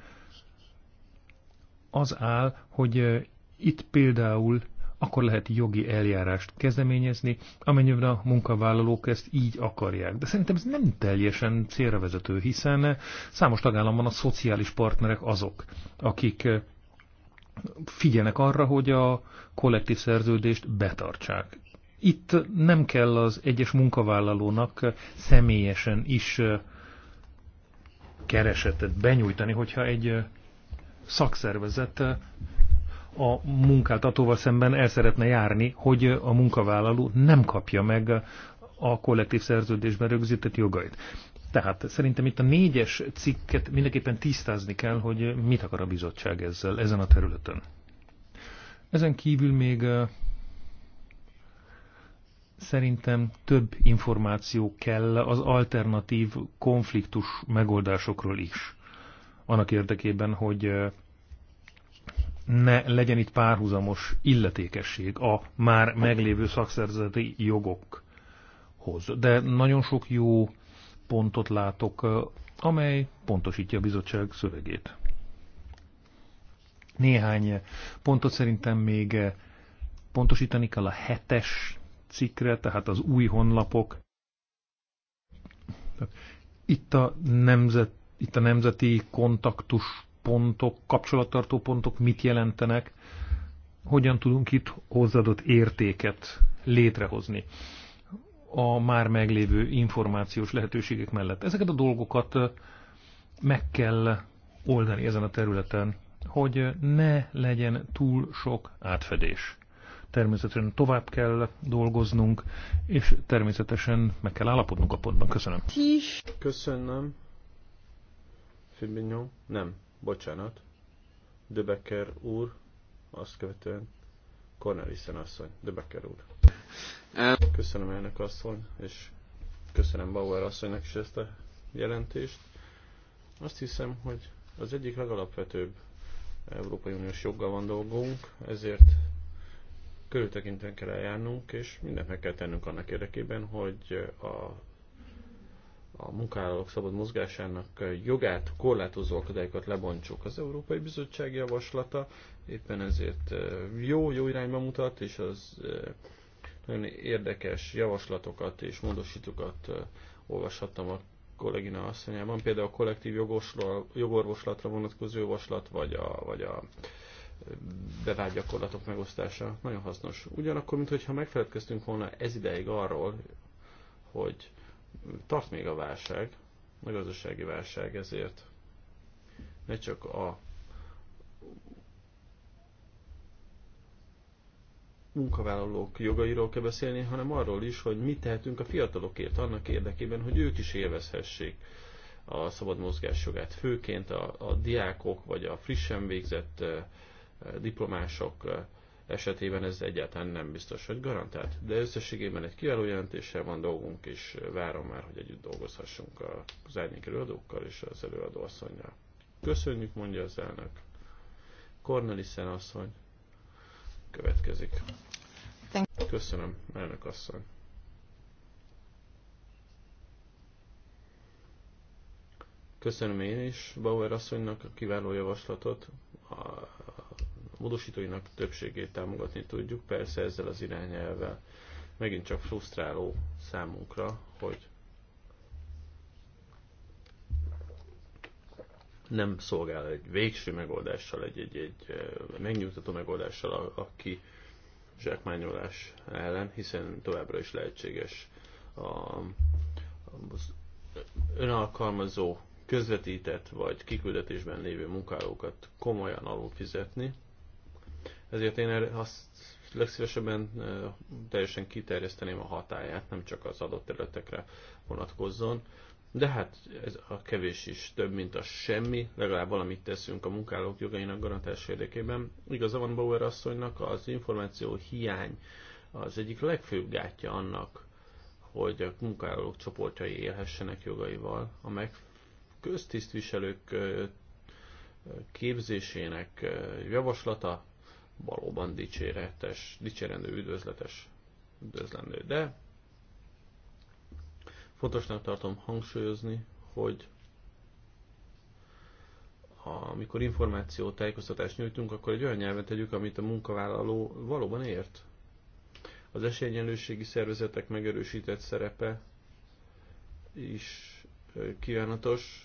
az áll, hogy itt például akkor lehet jogi eljárást kezdeményezni, amennyiben a munkavállalók ezt így akarják. De szerintem ez nem teljesen célra vezető, hiszen számos tagállamban a szociális partnerek azok, akik figyelnek arra, hogy a kollektív szerződést betartsák. Itt nem kell az egyes munkavállalónak személyesen is keresetet benyújtani, hogyha egy szakszervezet a munkáltatóval szemben el szeretne járni, hogy a munkavállaló nem kapja meg a kollektív szerződésben rögzített jogait. Tehát szerintem itt a négyes cikket mindenképpen tisztázni kell, hogy mit akar a bizottság ezzel, ezen a területen. Ezen kívül még Szerintem több információ kell az alternatív konfliktus megoldásokról is. Annak érdekében, hogy ne legyen itt párhuzamos illetékesség a már meglévő szakszerzeti jogokhoz. De nagyon sok jó pontot látok, amely pontosítja a bizottság szövegét. Néhány pontot szerintem még pontosítani kell a hetes cikkre, tehát az új honlapok. Itt a, nemzet, itt a nemzeti kontaktus pontok, kapcsolattartó pontok mit jelentenek, hogyan tudunk itt hozzáadott értéket létrehozni a már meglévő információs lehetőségek mellett. Ezeket a dolgokat meg kell oldani ezen a területen, hogy ne legyen túl sok átfedés természetesen tovább kell dolgoznunk, és természetesen meg kell állapodnunk a pontban. Köszönöm. Köszönöm. Fibignon. Nem, bocsánat. Döbeker úr, azt követően Cornelissen asszony, Döbeker úr. Köszönöm elnök asszony, és köszönöm Bauer asszonynak is ezt a jelentést. Azt hiszem, hogy az egyik legalapvetőbb Európai Uniós joggal van dolgunk, ezért körültekintően kell eljárnunk, és mindent meg kell tennünk annak érdekében, hogy a, a munkállalók szabad mozgásának jogát korlátozó akadályokat lebontsuk. Az Európai Bizottság javaslata éppen ezért eh, jó, jó irányba mutat, és az eh, nagyon érdekes javaslatokat és módosítókat eh, olvashattam a kollégina asszonyában, például a kollektív jogosról, jogorvoslatra vonatkozó javaslat, vagy a, vagy a bevált gyakorlatok megosztása nagyon hasznos. Ugyanakkor, mintha megfeledkeztünk volna ez ideig arról, hogy tart még a válság, a gazdasági válság ezért ne csak a munkavállalók jogairól kell beszélni, hanem arról is, hogy mit tehetünk a fiatalokért annak érdekében, hogy ők is élvezhessék a szabad mozgás jogát, főként a, a diákok vagy a frissen végzett uh, diplomások eh, esetében ez egyáltalán nem biztos, hogy garantált. De összességében egy kiváló jelentéssel van dolgunk, és várom már, hogy együtt dolgozhassunk az árnyék előadókkal és az előadó Köszönjük, mondja az elnök. Cornelissen asszony következik. Köszönöm, elnök asszony. Köszönöm én is Bauer asszonynak a kiváló javaslatot. A módosítóinak többségét támogatni tudjuk, persze ezzel az irányelvel. Megint csak frusztráló számunkra, hogy nem szolgál egy végső megoldással, egy, egy, egy megnyugtató megoldással a, a ki zsákmányolás ellen, hiszen továbbra is lehetséges a, az önalkalmazó közvetített vagy kiküldetésben lévő munkálókat komolyan alul fizetni. Ezért én azt legszívesebben teljesen kiterjeszteném a hatáját, nem csak az adott területekre vonatkozzon. De hát ez a kevés is több, mint a semmi, legalább valamit teszünk a munkálók jogainak garantás érdekében. Igaza van Bauer asszonynak, az információ hiány az egyik legfőbb gátja annak, hogy a munkálók csoportjai élhessenek jogaival, amelyek köztisztviselők képzésének javaslata valóban dicséretes, dicsérendő, üdvözletes, üdvözlendő. De fontosnak tartom hangsúlyozni, hogy amikor információ, tájékoztatást nyújtunk, akkor egy olyan nyelvet tegyük, amit a munkavállaló valóban ért. Az esélyegyenlőségi szervezetek megerősített szerepe is kívánatos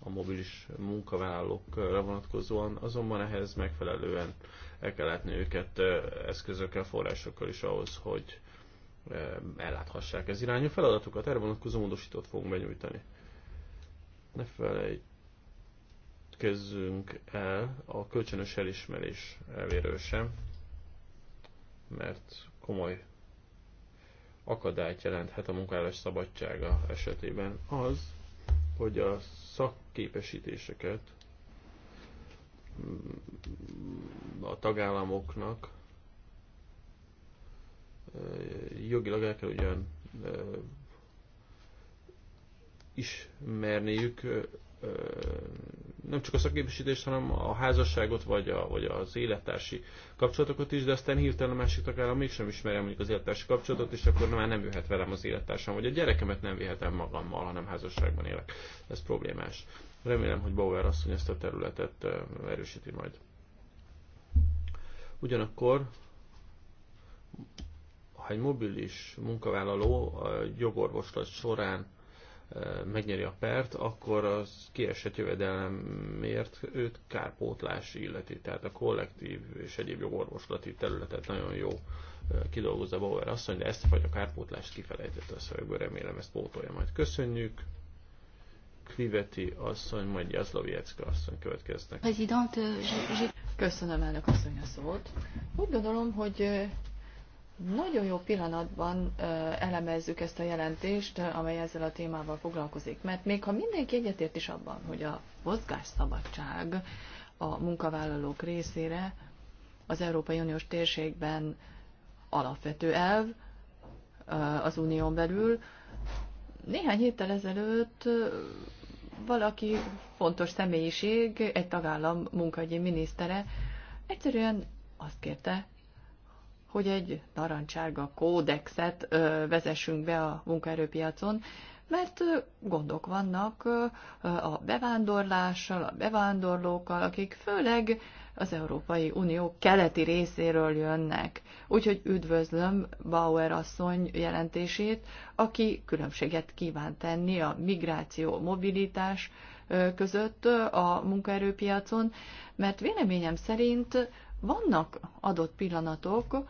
a mobilis munkavállalókra vonatkozóan, azonban ehhez megfelelően el kell látni őket eszközökkel, forrásokkal is ahhoz, hogy elláthassák ez irányú feladatukat. Erre vonatkozó módosítót fogunk benyújtani. Ne felejtkezzünk el a kölcsönös elismerés elvéről sem, mert komoly akadályt jelenthet a munkállás szabadsága esetében az, hogy a szakképesítéseket a tagállamoknak jogilag el kell ugyan ismerniük nem csak a szakképesítést, hanem a házasságot, vagy, a, vagy az élettársi kapcsolatokat is, de aztán hirtelen a másik tagállam mégsem ismerem mondjuk az élettársi kapcsolatot, és akkor már nem jöhet velem az élettársam, vagy a gyerekemet nem vihetem magammal, hanem házasságban élek. Ez problémás. Remélem, hogy Bauer asszony ezt a területet erősíti majd. Ugyanakkor, ha egy mobilis munkavállaló a jogorvoslat során megnyeri a pert, akkor az kiesett jövedelemért őt kárpótlás illeti. Tehát a kollektív és egyéb jogorvoslati területet nagyon jó kidolgozza Bauer asszony, de ezt a fajta kárpótlást kifelejtette a szövegből, remélem ezt pótolja majd. Köszönjük! Kriveti asszony, majd Jazlovjecka asszony következnek. Köszönöm elnök asszony a szót. Úgy gondolom, hogy nagyon jó pillanatban elemezzük ezt a jelentést, amely ezzel a témával foglalkozik. Mert még ha mindenki egyetért is abban, hogy a mozgásszabadság a munkavállalók részére az Európai Uniós térségben alapvető elv az unión belül, néhány héttel ezelőtt valaki fontos személyiség, egy tagállam munkahogyi minisztere egyszerűen azt kérte, hogy egy narancsárga kódexet ö, vezessünk be a munkaerőpiacon, mert gondok vannak a bevándorlással, a bevándorlókkal, akik főleg az Európai Unió keleti részéről jönnek. Úgyhogy üdvözlöm Bauer asszony jelentését, aki különbséget kíván tenni a migráció, mobilitás között a munkaerőpiacon, mert véleményem szerint vannak adott pillanatok,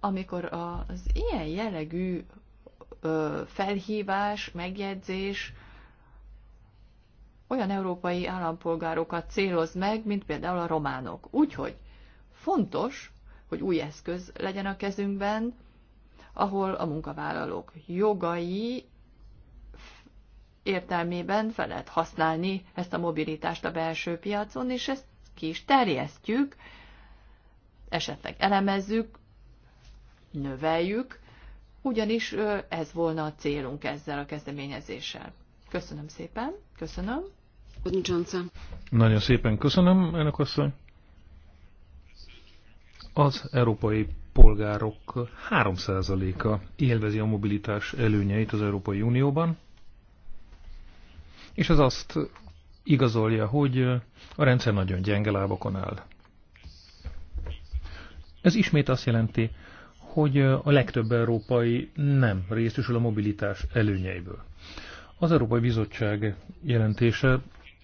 amikor az ilyen jellegű felhívás, megjegyzés, olyan európai állampolgárokat céloz meg, mint például a románok. Úgyhogy fontos, hogy új eszköz legyen a kezünkben, ahol a munkavállalók jogai értelmében fel lehet használni ezt a mobilitást a belső piacon, és ezt ki is terjesztjük, esetleg elemezzük, növeljük, ugyanis ez volna a célunk ezzel a kezdeményezéssel. Köszönöm szépen, köszönöm. Nagyon szépen köszönöm, elnök asszony. Az európai polgárok 3%-a élvezi a mobilitás előnyeit az Európai Unióban, és ez azt igazolja, hogy a rendszer nagyon gyenge lábakon áll. Ez ismét azt jelenti, hogy a legtöbb európai nem részesül a mobilitás előnyeiből. Az Európai Bizottság jelentése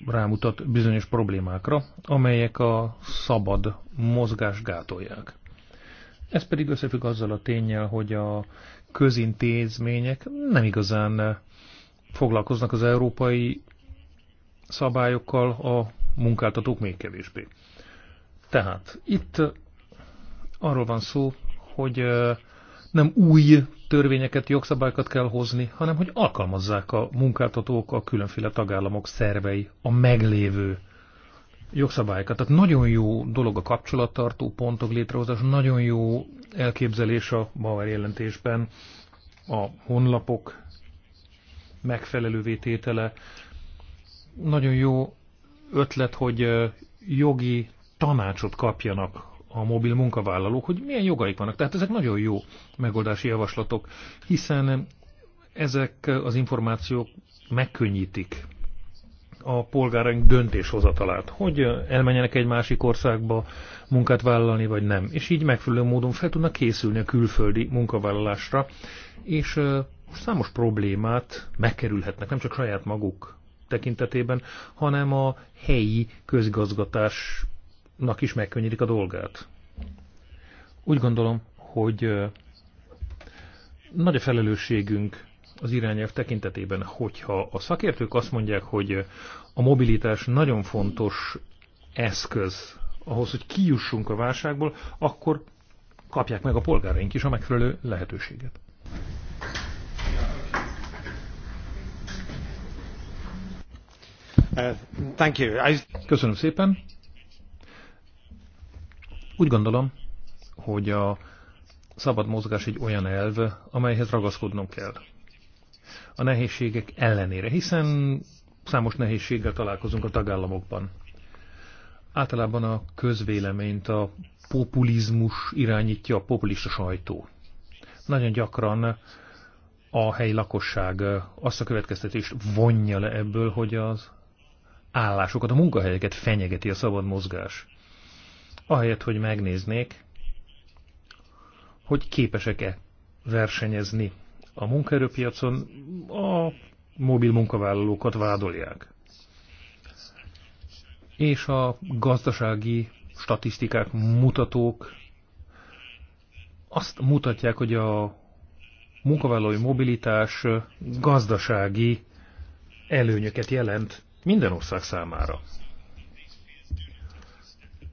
rámutat bizonyos problémákra, amelyek a szabad mozgás gátolják. Ez pedig összefügg azzal a tényel, hogy a közintézmények nem igazán foglalkoznak az európai szabályokkal, a munkáltatók még kevésbé. Tehát itt arról van szó, hogy nem új törvényeket, jogszabályokat kell hozni, hanem hogy alkalmazzák a munkáltatók, a különféle tagállamok szervei a meglévő jogszabályokat. Tehát nagyon jó dolog a kapcsolattartó pontok létrehozás, nagyon jó elképzelés a Bauer jelentésben, a honlapok megfelelő vététele. Nagyon jó ötlet, hogy jogi tanácsot kapjanak a mobil munkavállalók, hogy milyen jogaik vannak. Tehát ezek nagyon jó megoldási javaslatok, hiszen ezek az információk megkönnyítik a polgáraink döntéshozatalát, hogy elmenjenek egy másik országba munkát vállalni, vagy nem. És így megfelelő módon fel tudnak készülni a külföldi munkavállalásra, és számos problémát megkerülhetnek, nem csak saját maguk tekintetében, hanem a helyi közgazgatás nak is megkönnyítik a dolgát. Úgy gondolom, hogy nagy a felelősségünk az irányelv tekintetében, hogyha a szakértők azt mondják, hogy a mobilitás nagyon fontos eszköz ahhoz, hogy kijussunk a válságból, akkor kapják meg a polgáraink is a megfelelő lehetőséget. Uh, Köszönöm szépen. Úgy gondolom, hogy a szabad mozgás egy olyan elv, amelyhez ragaszkodnunk kell. A nehézségek ellenére, hiszen számos nehézséggel találkozunk a tagállamokban. Általában a közvéleményt a populizmus irányítja, a populista sajtó. Nagyon gyakran a helyi lakosság azt a következtetést vonja le ebből, hogy az állásokat, a munkahelyeket fenyegeti a szabad mozgás ahelyett, hogy megnéznék, hogy képesek-e versenyezni a munkaerőpiacon, a mobil munkavállalókat vádolják. És a gazdasági statisztikák, mutatók azt mutatják, hogy a munkavállalói mobilitás gazdasági előnyöket jelent minden ország számára.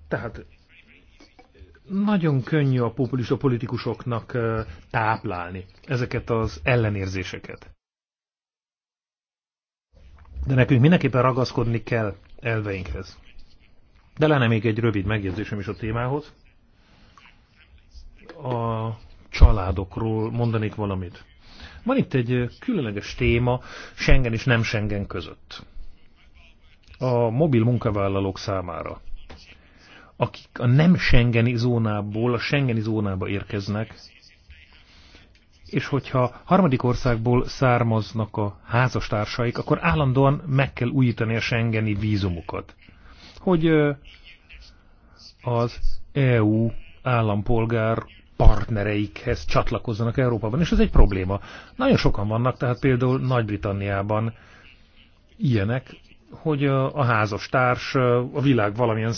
Tehát nagyon könnyű a populista politikusoknak táplálni ezeket az ellenérzéseket. De nekünk mindenképpen ragaszkodni kell elveinkhez. De lenne még egy rövid megjegyzésem is a témához. A családokról mondanék valamit. Van itt egy különleges téma Schengen és nem Schengen között. A mobil munkavállalók számára akik a nem Schengeni zónából a Schengeni zónába érkeznek, és hogyha harmadik országból származnak a házastársaik, akkor állandóan meg kell újítani a Schengeni vízumokat. Hogy az EU állampolgár partnereikhez csatlakozzanak Európában, és ez egy probléma. Nagyon sokan vannak, tehát például Nagy-Britanniában ilyenek, hogy a házastárs a világ valamilyen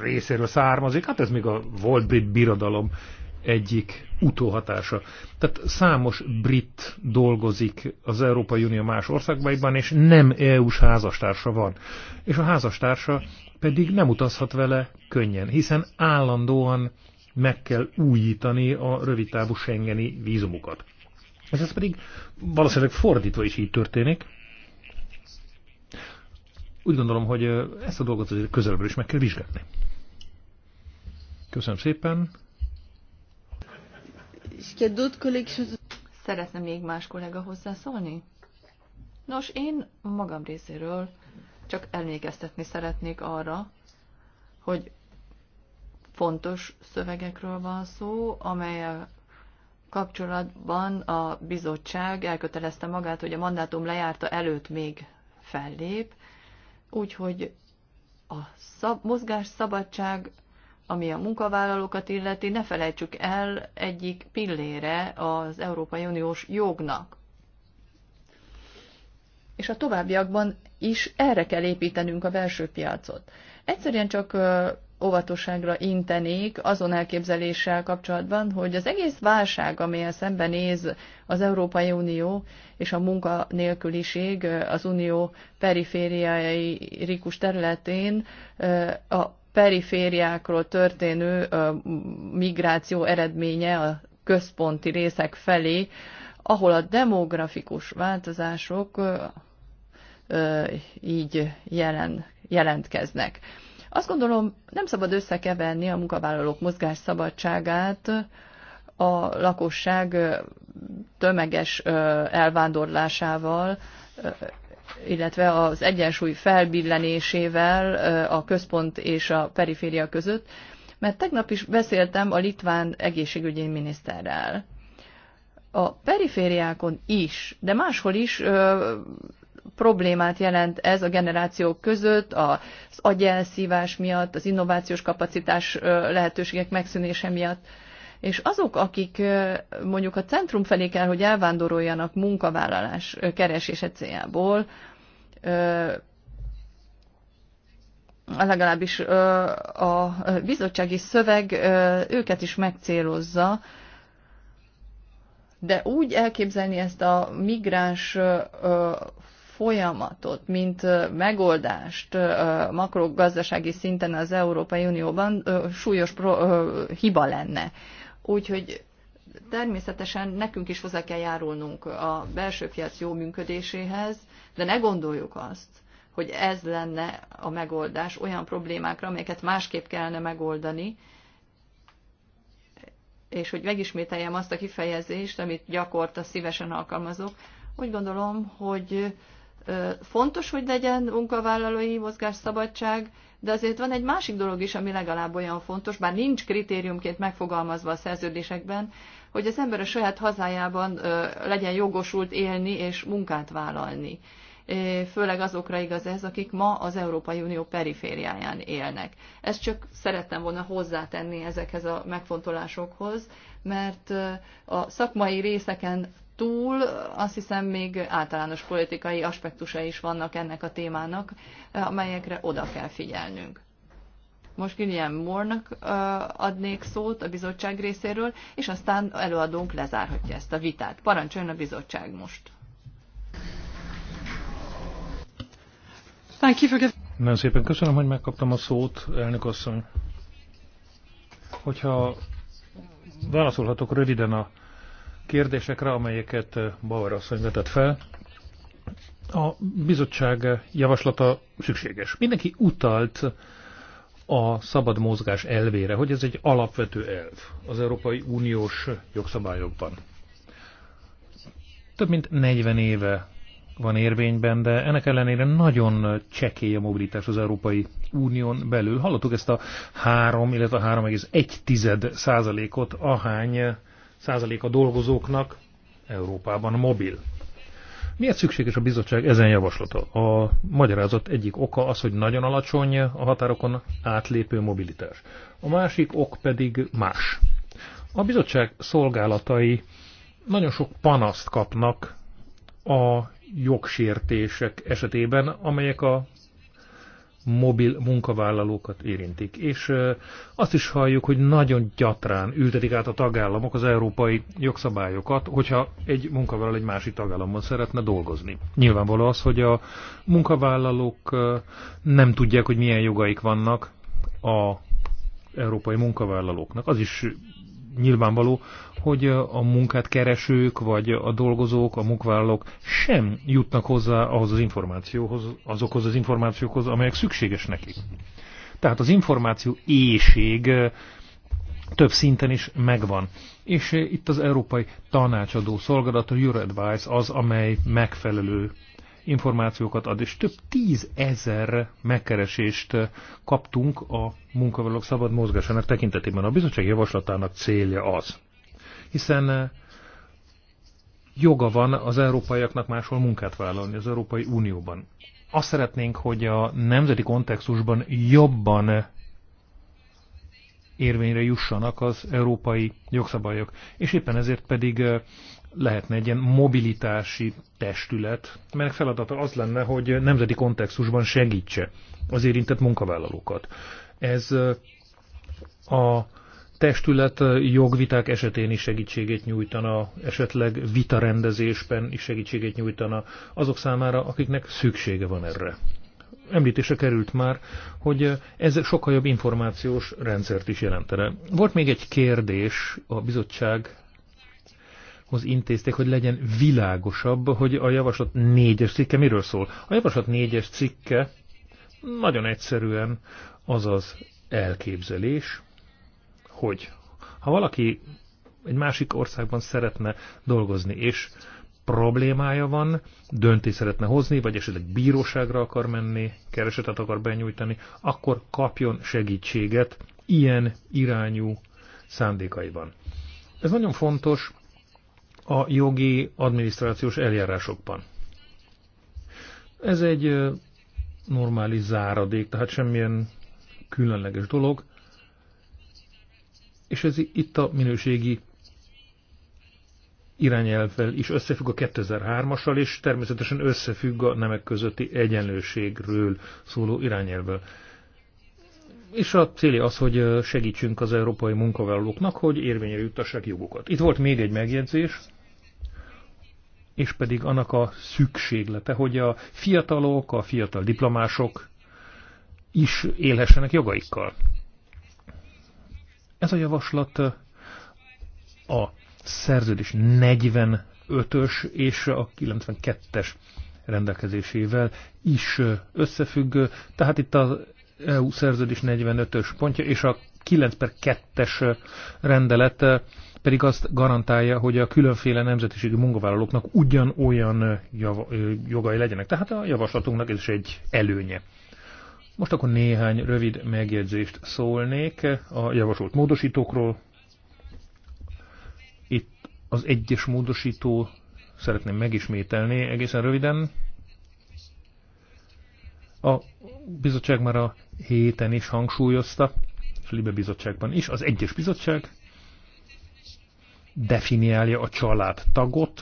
részéről származik, hát ez még a volt brit birodalom egyik utóhatása. Tehát számos brit dolgozik az Európai Unió más országaiban, és nem EU-s házastársa van. És a házastársa pedig nem utazhat vele könnyen, hiszen állandóan meg kell újítani a rövidtávú Schengeni vízumukat. ez pedig valószínűleg fordítva is így történik, úgy gondolom, hogy ezt a dolgot azért közelebbről is meg kell vizsgálni. Köszönöm szépen. Szeretne még más kollega hozzászólni? Nos, én magam részéről csak emlékeztetni szeretnék arra, hogy fontos szövegekről van szó, amelyek kapcsolatban a bizottság elkötelezte magát, hogy a mandátum lejárta előtt még fellép, Úgyhogy a szab- mozgás szabadság, ami a munkavállalókat illeti, ne felejtsük el egyik pillére az Európai Uniós jognak. És a továbbiakban is erre kell építenünk a belső piacot. Egyszerűen csak óvatosságra intenék azon elképzeléssel kapcsolatban, hogy az egész válság, amelyel szembenéz az Európai Unió és a munkanélküliség az Unió perifériai rikus területén a perifériákról történő migráció eredménye a központi részek felé, ahol a demografikus változások így jelen, jelentkeznek. Azt gondolom, nem szabad összekeverni a munkavállalók mozgásszabadságát a lakosság tömeges elvándorlásával, illetve az egyensúly felbillenésével a központ és a periféria között, mert tegnap is beszéltem a litván egészségügyi miniszterrel. A perifériákon is, de máshol is problémát jelent ez a generációk között, az agyelszívás miatt, az innovációs kapacitás lehetőségek megszűnése miatt. És azok, akik mondjuk a centrum felé kell, hogy elvándoroljanak munkavállalás keresése céljából, legalábbis a bizottsági szöveg őket is megcélozza, de úgy elképzelni ezt a migráns folyamatot, mint megoldást makrogazdasági szinten az Európai Unióban súlyos hiba lenne. Úgyhogy természetesen nekünk is hozzá kell járulnunk a belső piac jó működéséhez, de ne gondoljuk azt, hogy ez lenne a megoldás olyan problémákra, amelyeket másképp kellene megoldani, és hogy megismételjem azt a kifejezést, amit gyakorta szívesen alkalmazok, úgy gondolom, hogy Fontos, hogy legyen munkavállalói mozgásszabadság, de azért van egy másik dolog is, ami legalább olyan fontos, bár nincs kritériumként megfogalmazva a szerződésekben, hogy az ember a saját hazájában legyen jogosult élni és munkát vállalni. Főleg azokra igaz ez, akik ma az Európai Unió perifériáján élnek. Ezt csak szerettem volna hozzátenni ezekhez a megfontolásokhoz, mert a szakmai részeken túl azt hiszem még általános politikai aspektusa is vannak ennek a témának, amelyekre oda kell figyelnünk. Most Gillian Moore-nak adnék szót a bizottság részéről, és aztán előadónk lezárhatja ezt a vitát. Parancsoljon a bizottság most. Thank you for giving... Nagyon szépen köszönöm, hogy megkaptam a szót, elnök asszony. Hogyha válaszolhatok röviden a kérdésekre, amelyeket eh, Bauer asszony vetett fel. A bizottság javaslata szükséges. Mindenki utalt a szabad mozgás elvére, hogy ez egy alapvető elv az Európai Uniós jogszabályokban. Több mint 40 éve van érvényben, de ennek ellenére nagyon csekély a mobilitás az Európai Unión belül. Hallottuk ezt a 3, illetve 3,1 százalékot, ahány százalék a dolgozóknak Európában mobil. Miért szükséges a bizottság ezen javaslata? A magyarázat egyik oka az, hogy nagyon alacsony a határokon átlépő mobilitás. A másik ok pedig más. A bizottság szolgálatai nagyon sok panaszt kapnak a jogsértések esetében, amelyek a mobil munkavállalókat érintik. És azt is halljuk, hogy nagyon gyatrán ültetik át a tagállamok az európai jogszabályokat, hogyha egy munkavállaló egy másik tagállamban szeretne dolgozni. Nyilvánvaló az, hogy a munkavállalók nem tudják, hogy milyen jogaik vannak a európai munkavállalóknak. Az is nyilvánvaló, hogy a munkát keresők, vagy a dolgozók, a munkavállalók sem jutnak hozzá ahhoz az információhoz, azokhoz az információkhoz, amelyek szükséges nekik. Tehát az információ éjség eh, több szinten is megvan. És eh, itt az Európai Tanácsadó Szolgálat, a Your Advice az, amely megfelelő információkat ad, és több tízezer megkeresést kaptunk a munkavállalók szabad mozgásának tekintetében. A bizottság javaslatának célja az, hiszen eh, joga van az európaiaknak máshol munkát vállalni az Európai Unióban. Azt szeretnénk, hogy a nemzeti kontextusban jobban érvényre jussanak az európai jogszabályok. És éppen ezért pedig eh, lehetne egy ilyen mobilitási testület, melynek feladata az lenne, hogy nemzeti kontextusban segítse az érintett munkavállalókat. Ez a testület jogviták esetén is segítséget nyújtana, esetleg vitarendezésben is segítséget nyújtana azok számára, akiknek szüksége van erre. Említése került már, hogy ez sokkal jobb információs rendszert is jelentene. Volt még egy kérdés a bizottság az intézték, hogy legyen világosabb, hogy a javaslat négyes cikke miről szól. A javaslat négyes cikke nagyon egyszerűen az az elképzelés, hogy ha valaki egy másik országban szeretne dolgozni, és problémája van, döntés szeretne hozni, vagy esetleg bíróságra akar menni, keresetet akar benyújtani, akkor kapjon segítséget ilyen irányú szándékaiban. Ez nagyon fontos, a jogi adminisztrációs eljárásokban. Ez egy normális záradék, tehát semmilyen különleges dolog, és ez itt a minőségi irányelvvel is összefügg a 2003-assal, és természetesen összefügg a nemek közötti egyenlőségről szóló irányelvvel. És a célja az, hogy segítsünk az európai munkavállalóknak, hogy érvényre juttassák jogukat. Itt volt még egy megjegyzés, és pedig annak a szükséglete, hogy a fiatalok, a fiatal diplomások is élhessenek jogaikkal. Ez a javaslat a szerződés 45-ös és a 92-es rendelkezésével is összefügg. Tehát itt az EU szerződés 45-ös pontja és a 9 per 2-es rendelet pedig azt garantálja, hogy a különféle nemzetiségű munkavállalóknak ugyanolyan java, jogai legyenek. Tehát a javaslatunknak ez is egy előnye. Most akkor néhány rövid megjegyzést szólnék a javasolt módosítókról. Itt az egyes módosító szeretném megismételni egészen röviden. A bizottság már a héten is hangsúlyozta, és a Libe bizottságban is, az egyes bizottság definiálja a család tagot,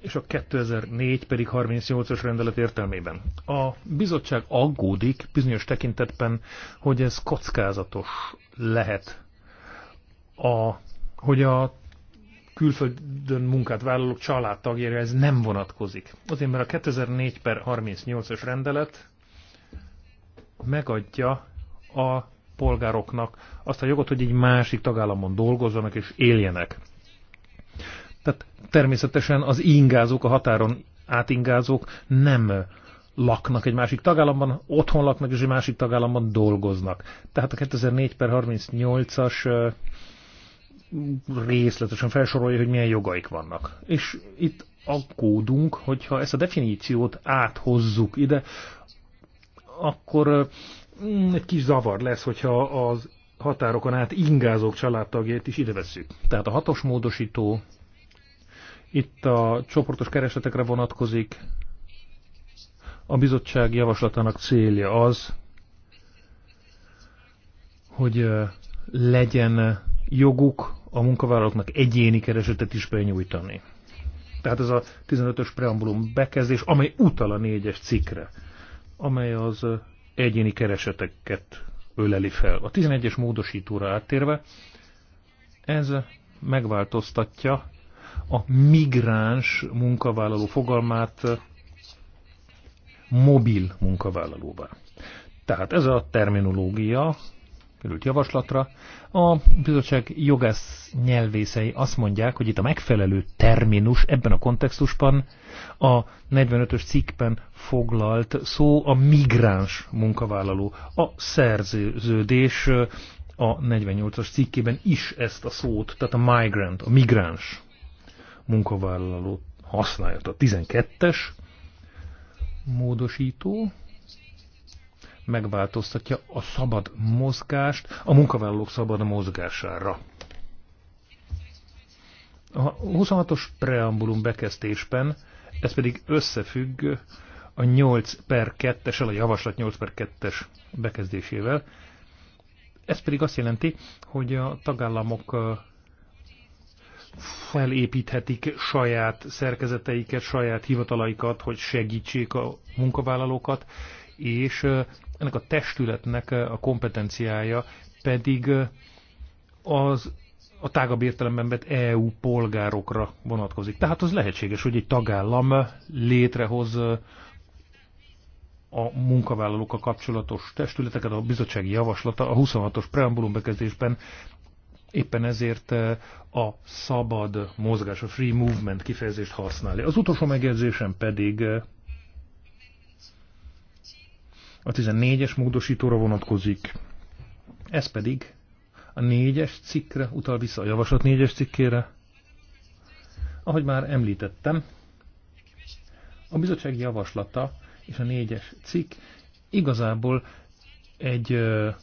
és a 2004 pedig 38-as rendelet értelmében. A bizottság aggódik bizonyos tekintetben, hogy ez kockázatos lehet, a, hogy a külföldön munkát vállalók családtagjára ez nem vonatkozik. Azért, mert a 2004 per 38-as rendelet megadja a polgároknak azt a jogot, hogy egy másik tagállamon dolgozzanak és éljenek. Tehát természetesen az ingázók, a határon átingázók nem laknak egy másik tagállamban, otthon laknak, és egy másik tagállamban dolgoznak. Tehát a 2004 per 38-as részletesen felsorolja, hogy milyen jogaik vannak. És itt aggódunk, hogyha ezt a definíciót áthozzuk ide, akkor mm, egy kis zavar lesz, hogyha az határokon át ingázók családtagjait is ide veszük. Tehát a hatos módosító itt a csoportos keresetekre vonatkozik. A bizottság javaslatának célja az, hogy legyen joguk a munkavállalóknak egyéni keresetet is benyújtani. Tehát ez a 15-ös preambulum bekezdés, amely utal a 4-es cikkre, amely az egyéni kereseteket öleli fel. A 11-es módosítóra áttérve, ez megváltoztatja a migráns munkavállaló fogalmát mobil munkavállalóvá. Tehát ez a terminológia került javaslatra. A bizottság jogász nyelvészei azt mondják, hogy itt a megfelelő terminus ebben a kontextusban a 45-ös cikkben foglalt szó a migráns munkavállaló. A szerződés a 48-as cikkében is ezt a szót, tehát a migrant, a migráns munkavállaló használja. A 12-es módosító megváltoztatja a szabad mozgást a munkavállalók szabad mozgására. A 26-os preambulum bekezdésben ez pedig összefügg a 8 per 2-esel, a javaslat 8 per 2-es bekezdésével. Ez pedig azt jelenti, hogy a tagállamok felépíthetik saját szerkezeteiket, saját hivatalaikat, hogy segítsék a munkavállalókat, és ennek a testületnek a kompetenciája pedig az a tágabb értelemben vett EU polgárokra vonatkozik. Tehát az lehetséges, hogy egy tagállam létrehoz a munkavállalókkal kapcsolatos testületeket, a bizottsági javaslata a 26-os preambulum bekezdésben Éppen ezért eh, a szabad mozgás, a free movement kifejezést használni. Az utolsó megjegyzésem pedig eh, a 14-es módosítóra vonatkozik. Ez pedig a 4-es cikkre utal vissza a javaslat 4-es cikkére. Ahogy már említettem, a bizottság javaslata és a 4-es cikk igazából egy eh,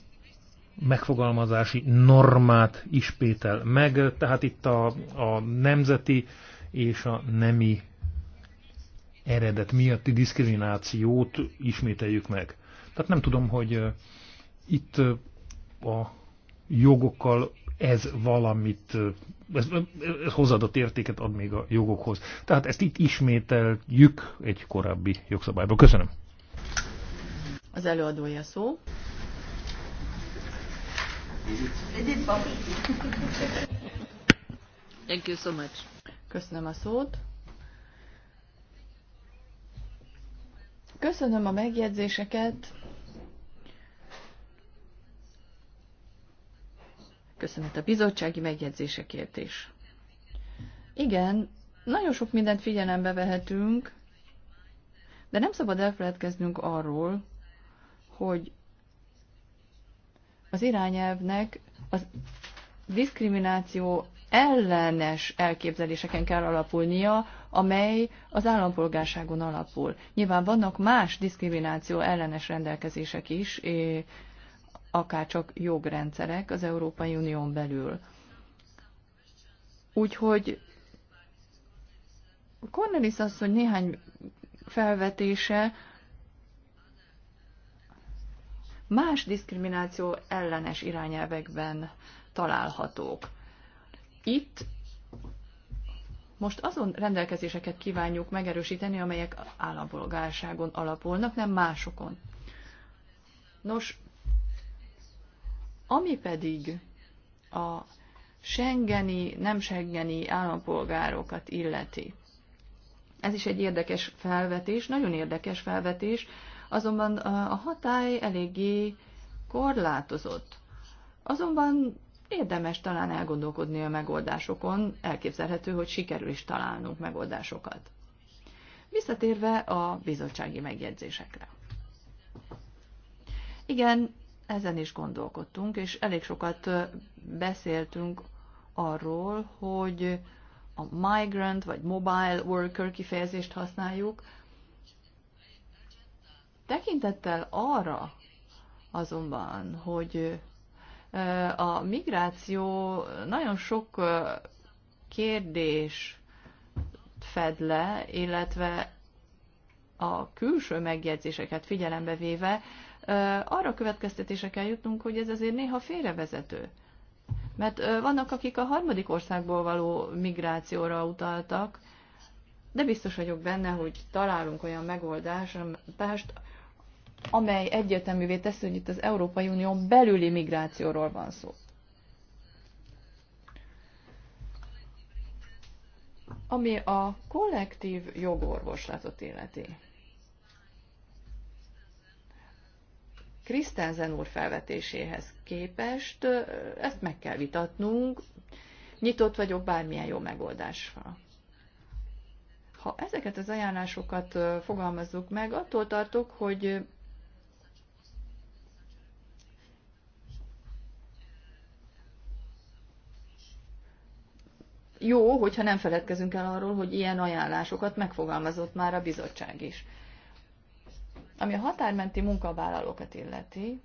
megfogalmazási normát ispétel meg, tehát itt a, a nemzeti és a nemi eredet miatti diszkriminációt ismételjük meg. Tehát nem tudom, hogy eh, itt eh, a jogokkal ez valamit, eh, ez, ez hozzáadott értéket ad még a jogokhoz. Tehát ezt itt ismételjük egy korábbi jogszabályba. Köszönöm. Az előadója szó. Thank you so much. Köszönöm a szót. Köszönöm a megjegyzéseket. Köszönet a bizottsági megjegyzésekért is. Igen, nagyon sok mindent figyelembe vehetünk, de nem szabad elfeledkeznünk arról, hogy az irányelvnek az diszkrimináció ellenes elképzeléseken kell alapulnia, amely az állampolgárságon alapul. Nyilván vannak más diszkrimináció ellenes rendelkezések is, akárcsak jogrendszerek az Európai Unión belül. Úgyhogy Cornelis asszony néhány felvetése más diszkrimináció ellenes irányelvekben találhatók. Itt most azon rendelkezéseket kívánjuk megerősíteni, amelyek állampolgárságon alapulnak, nem másokon. Nos, ami pedig a Schengeni, nem Schengeni állampolgárokat illeti. Ez is egy érdekes felvetés, nagyon érdekes felvetés, azonban a hatály eléggé korlátozott. Azonban érdemes talán elgondolkodni a megoldásokon, elképzelhető, hogy sikerül is találnunk megoldásokat. Visszatérve a bizottsági megjegyzésekre. Igen, ezen is gondolkodtunk, és elég sokat beszéltünk arról, hogy a migrant vagy mobile worker kifejezést használjuk, Tekintettel arra azonban, hogy a migráció nagyon sok kérdés fed le, illetve a külső megjegyzéseket figyelembe véve, arra következtetése kell jutnunk, hogy ez azért néha félrevezető. Mert vannak, akik a harmadik országból való migrációra utaltak, de biztos vagyok benne, hogy találunk olyan megoldást, amely egyértelművé teszi, hogy itt az Európai Unión belüli migrációról van szó. Ami a kollektív jogorvoslatot illeti. Krisztenzen úr felvetéséhez képest ezt meg kell vitatnunk, nyitott vagyok bármilyen jó megoldásra. Ha ezeket az ajánlásokat fogalmazzuk meg, attól tartok, hogy jó, hogyha nem feledkezünk el arról, hogy ilyen ajánlásokat megfogalmazott már a bizottság is. Ami a határmenti munkavállalókat illeti,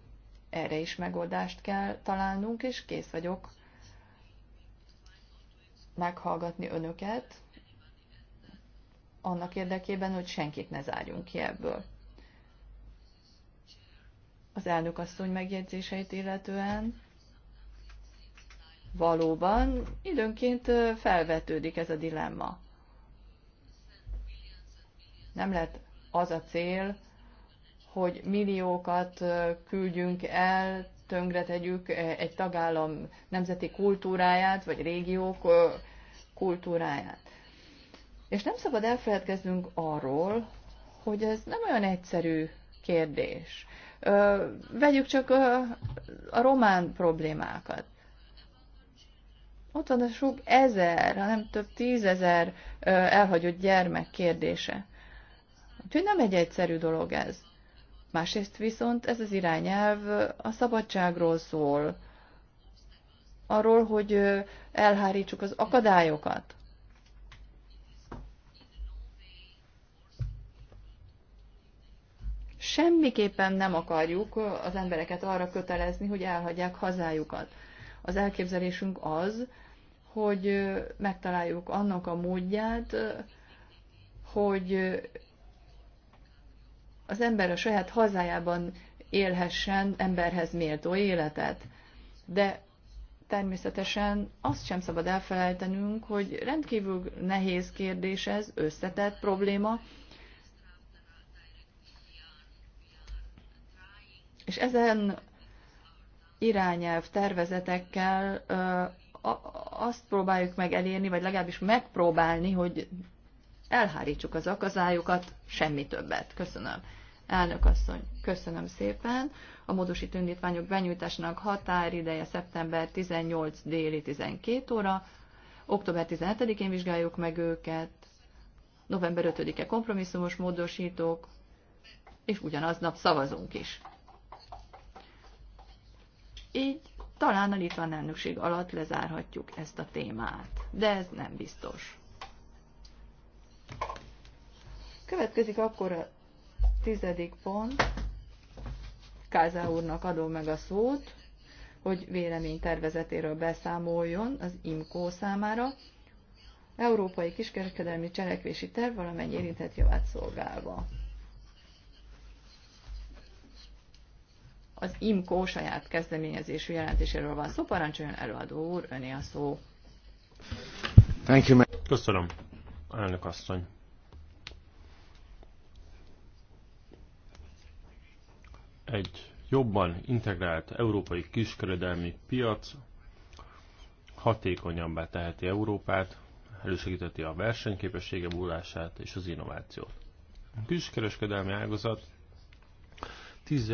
erre is megoldást kell találnunk, és kész vagyok meghallgatni önöket, annak érdekében, hogy senkit ne zárjunk ki ebből. Az elnök asszony megjegyzéseit illetően valóban időnként felvetődik ez a dilemma. Nem lehet az a cél, hogy milliókat küldjünk el, tönkretegyük egy tagállam nemzeti kultúráját, vagy régiók kultúráját. És nem szabad elfeledkeznünk arról, hogy ez nem olyan egyszerű kérdés. Vegyük csak a román problémákat ott van a sok ezer, hanem több tízezer elhagyott gyermek kérdése. Úgyhogy nem egy egyszerű dolog ez. Másrészt viszont ez az irányelv a szabadságról szól, arról, hogy elhárítsuk az akadályokat. Semmiképpen nem akarjuk az embereket arra kötelezni, hogy elhagyják hazájukat. Az elképzelésünk az, hogy megtaláljuk annak a módját, hogy az ember a saját hazájában élhessen emberhez méltó életet. De természetesen azt sem szabad elfelejtenünk, hogy rendkívül nehéz kérdés ez, összetett probléma, és ezen irányelv tervezetekkel azt próbáljuk meg elérni, vagy legalábbis megpróbálni, hogy elhárítsuk az akazályokat, semmi többet. Köszönöm. Elnök asszony, köszönöm szépen. A módosító indítványok benyújtásnak határideje szeptember 18 déli 12 óra. Október 17-én vizsgáljuk meg őket. November 5-e kompromisszumos módosítók, és ugyanaznap szavazunk is. Így talán a litván elnökség alatt lezárhatjuk ezt a témát, de ez nem biztos. Következik akkor a tizedik pont. Kázá úrnak adom meg a szót, hogy tervezetéről beszámoljon az IMKO számára. Európai Kiskereskedelmi Cselekvési Terv valamennyi érintett javát szolgálva. az IMKO saját kezdeményezésű jelentéséről van szó. Parancsoljon előadó úr, öné a szó. Thank you, Köszönöm, elnök asszony. Egy jobban integrált európai kiskeredelmi piac hatékonyabbá teheti Európát, elősegíteti a versenyképessége múlását és az innovációt. A kiskereskedelmi ágazat 10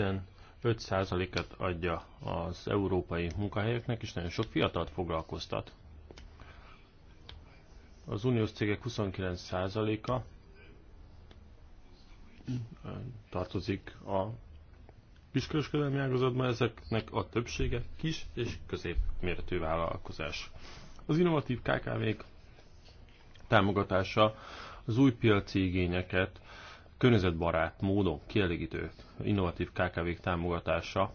5%-et adja az európai munkahelyeknek, és nagyon sok fiatalt foglalkoztat. Az uniós cégek 29%-a tartozik a kiskereskedelmi ágazatban, ezeknek a többsége kis és középméretű vállalkozás. Az innovatív KKV-k támogatása az új piaci igényeket környezetbarát módon kielégítő innovatív KKV-k támogatása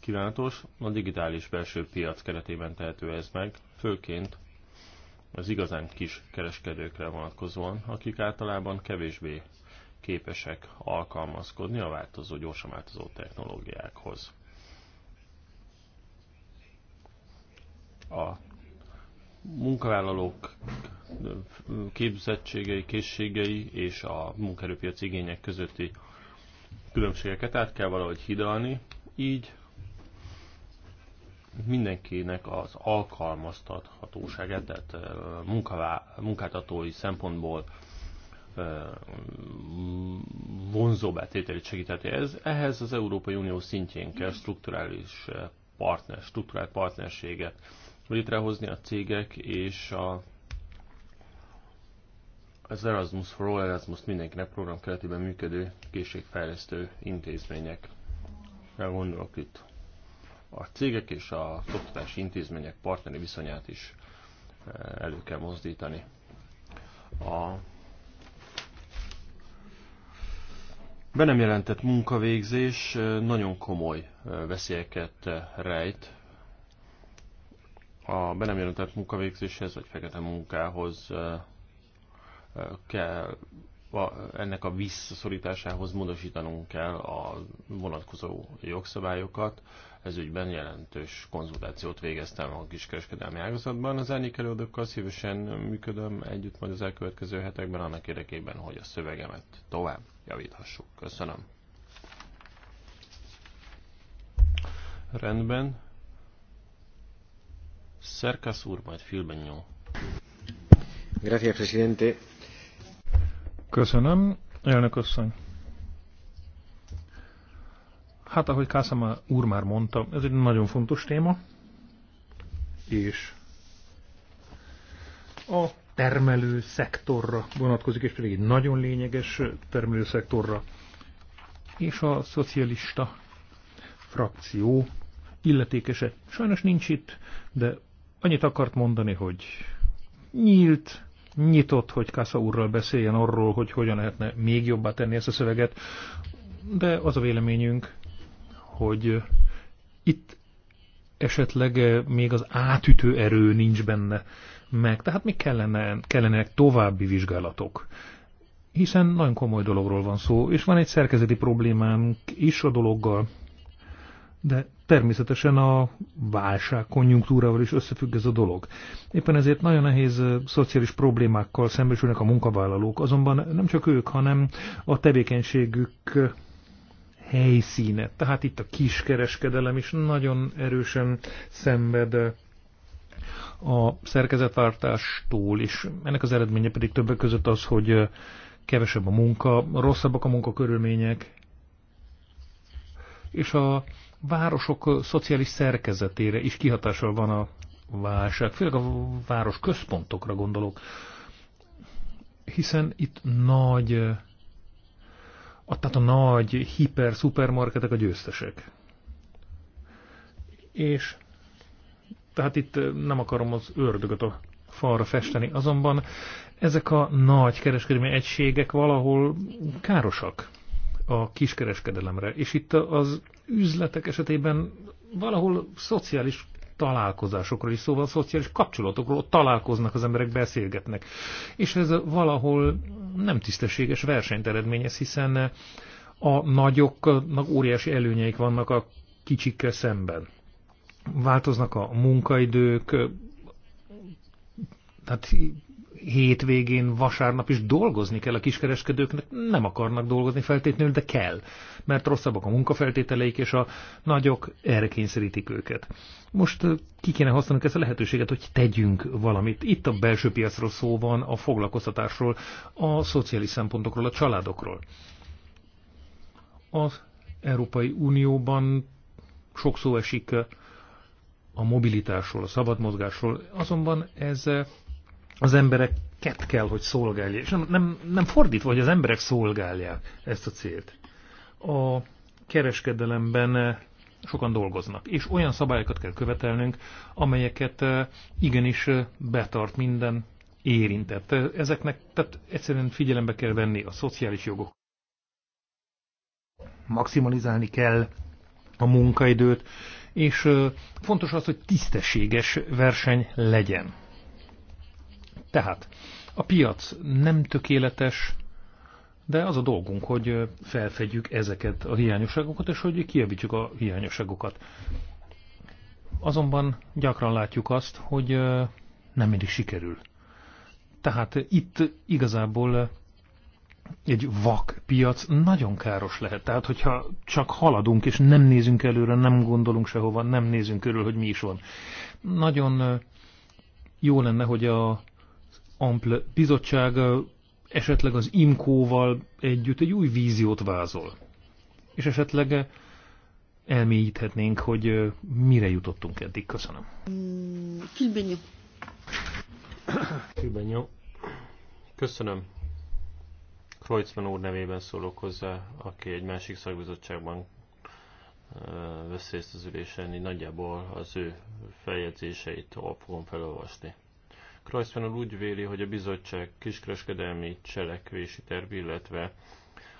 kívánatos, a digitális belső piac keretében tehető ez meg, főként az igazán kis kereskedőkre vonatkozóan, akik általában kevésbé képesek alkalmazkodni a változó, gyorsan változó technológiákhoz. A munkavállalók képzettségei, készségei és a munkaerőpiac igények közötti különbségeket át kell valahogy hidalni, így mindenkinek az alkalmaztathatóságát, tehát munkavá, munkáltatói szempontból vonzó tételét segíteti. ez. Ehhez az Európai Unió szintjén kell strukturális partner, struktúrált partnerséget létrehozni a cégek, és a, az Erasmus for All Erasmus mindenkinek program keretében működő készségfejlesztő intézmények. Gondolok itt a cégek és a oktatási intézmények partneri viszonyát is eh, elő kell mozdítani. A Be nem jelentett munkavégzés eh, nagyon komoly eh, veszélyeket rejt, a be nem jelentett munkavégzéshez vagy fekete munkához kell, ennek a visszaszorításához módosítanunk kell a vonatkozó jogszabályokat. Ez ügyben jelentős konzultációt végeztem a kiskereskedelmi ágazatban. Az elnék előadókkal szívesen működöm együtt majd az elkövetkező hetekben annak érdekében, hogy a szövegemet tovább javíthassuk. Köszönöm. Rendben. Szerkasz majd filmben nyom. Gracias, presidente. Köszönöm, elnök asszony. Hát, ahogy Kászama úr már mondta, ez egy nagyon fontos téma, és a termelő szektorra vonatkozik, és pedig egy nagyon lényeges termelő szektorra. És a szocialista frakció illetékese sajnos nincs itt, de Annyit akart mondani, hogy nyílt, nyitott, hogy Kassa úrral beszéljen arról, hogy hogyan lehetne még jobbá tenni ezt a szöveget, de az a véleményünk, hogy itt esetleg még az átütő erő nincs benne meg, tehát még kellene, kellenek további vizsgálatok. Hiszen nagyon komoly dologról van szó, és van egy szerkezeti problémánk is a dologgal, de természetesen a válság konjunktúrával is összefügg ez a dolog. Éppen ezért nagyon nehéz szociális problémákkal szembesülnek a munkavállalók, azonban nem csak ők, hanem a tevékenységük helyszíne. Tehát itt a kiskereskedelem is nagyon erősen szenved a szerkezetváltástól is. Ennek az eredménye pedig többek között az, hogy kevesebb a munka, rosszabbak a munkakörülmények, és a városok szociális szerkezetére is kihatással van a válság, főleg a város központokra gondolok, hiszen itt nagy, a, tehát a nagy hiper, szupermarketek a győztesek. És tehát itt nem akarom az ördögöt a falra festeni, azonban ezek a nagy kereskedelmi egységek valahol károsak a kiskereskedelemre, és itt az üzletek esetében valahol szociális találkozásokról is, szóval szociális kapcsolatokról ott találkoznak az emberek, beszélgetnek. És ez valahol nem tisztességes versenyt eredményez, hiszen a nagyoknak óriási előnyeik vannak a kicsikkel szemben. Változnak a munkaidők, tehát hétvégén, vasárnap is dolgozni kell a kiskereskedőknek, nem akarnak dolgozni feltétlenül, de kell, mert rosszabbak a munkafeltételeik, és a nagyok erre kényszerítik őket. Most ki kéne használnunk ezt a lehetőséget, hogy tegyünk valamit. Itt a belső piacról szó van, a foglalkoztatásról, a szociális szempontokról, a családokról. Az Európai Unióban sok szó esik a mobilitásról, a szabad mozgásról, azonban ez az embereket kell, hogy szolgálják. És nem, nem, nem fordítva, hogy az emberek szolgálják ezt a célt. A kereskedelemben eh, sokan dolgoznak, és olyan szabályokat kell követelnünk, amelyeket eh, igenis eh, betart minden érintett. Ezeknek tehát egyszerűen figyelembe kell venni a szociális jogok. Maximalizálni kell a munkaidőt, és fontos az, hogy tisztességes verseny legyen. Tehát a piac nem tökéletes, de az a dolgunk, hogy felfedjük ezeket a hiányosságokat, és hogy kijavítsuk a hiányosságokat. Azonban gyakran látjuk azt, hogy nem mindig sikerül. Tehát itt igazából egy vak piac nagyon káros lehet. Tehát, hogyha csak haladunk, és nem nézünk előre, nem gondolunk sehova, nem nézünk körül, hogy mi is van. Nagyon jó lenne, hogy a Ample bizottság esetleg az IMCO-val együtt egy új víziót vázol. És esetleg elmélyíthetnénk, hogy mire jutottunk eddig. Köszönöm. Filbenyó. Filbenyó. Köszönöm. Kreutzmann úr nevében szólok hozzá, aki egy másik szakbizottságban vesz részt az ülésen, így nagyjából az ő feljegyzéseit fogom felolvasni. Kreuzmann úgy véli, hogy a bizottság kiskereskedelmi cselekvési terv, illetve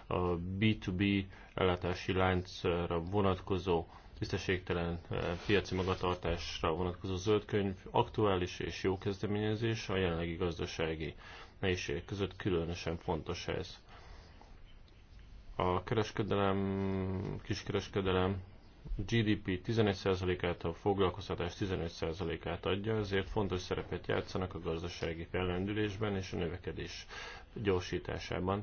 a B2B ellátási láncra vonatkozó tisztességtelen eh, piaci magatartásra vonatkozó zöldkönyv aktuális és jó kezdeményezés a jelenlegi gazdasági nehézségek között különösen fontos ez. A kereskedelem, kiskereskedelem GDP 11%-át, a foglalkoztatás 15%-át adja, ezért fontos szerepet játszanak a gazdasági fellendülésben és a növekedés gyorsításában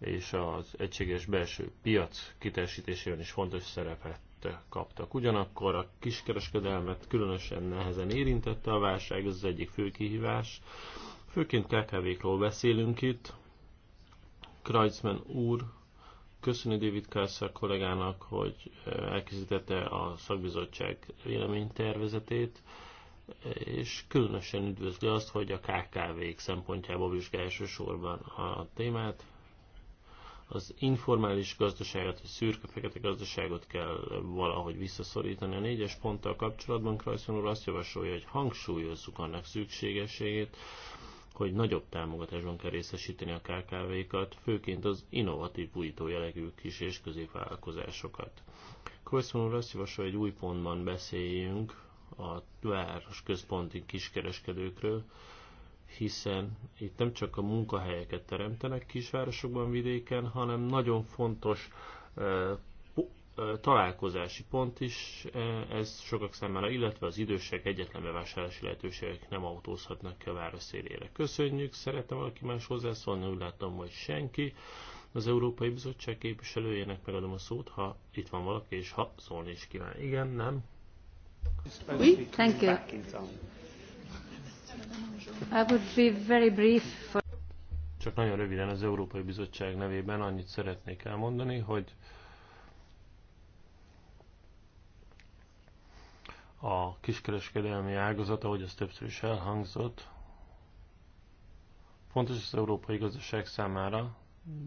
és az egységes belső piac kitesítésében is fontos szerepet kaptak. Ugyanakkor a kiskereskedelmet különösen nehezen érintette a válság, ez az egyik fő kihívás. Főként KKV-król beszélünk itt. Kreuzmann úr köszönni David Kasszak kollégának, hogy elkészítette a szakbizottság véleménytervezetét, és különösen üdvözli azt, hogy a kkv szempontjából vizsgálja sorban a témát. Az informális gazdaságot, a szürke-fekete gazdaságot kell valahogy visszaszorítani. A négyes ponttal kapcsolatban Krajszon úr azt javasolja, hogy hangsúlyozzuk annak szükségességét, hogy nagyobb támogatásban kell részesíteni a KKV-kat, főként az innovatív újító jellegű kis és középvállalkozásokat. Korszon azt javasol, hogy új pontban beszéljünk a város központi kiskereskedőkről, hiszen itt nem csak a munkahelyeket teremtenek kisvárosokban, vidéken, hanem nagyon fontos eh, találkozási pont is ez sokak számára, illetve az idősek egyetlen bevásárlási lehetőségek nem autózhatnak ki a város szélére. Köszönjük, szeretem valaki más hozzászólni, úgy látom, hogy senki. Az Európai Bizottság képviselőjének megadom a szót, ha itt van valaki, és ha szólni is kíván. Igen, nem? Oui, thank you. I would be very brief for... Csak nagyon röviden az Európai Bizottság nevében annyit szeretnék elmondani, hogy kiskereskedelmi ágazat, ahogy az többször is elhangzott, fontos az európai gazdaság számára,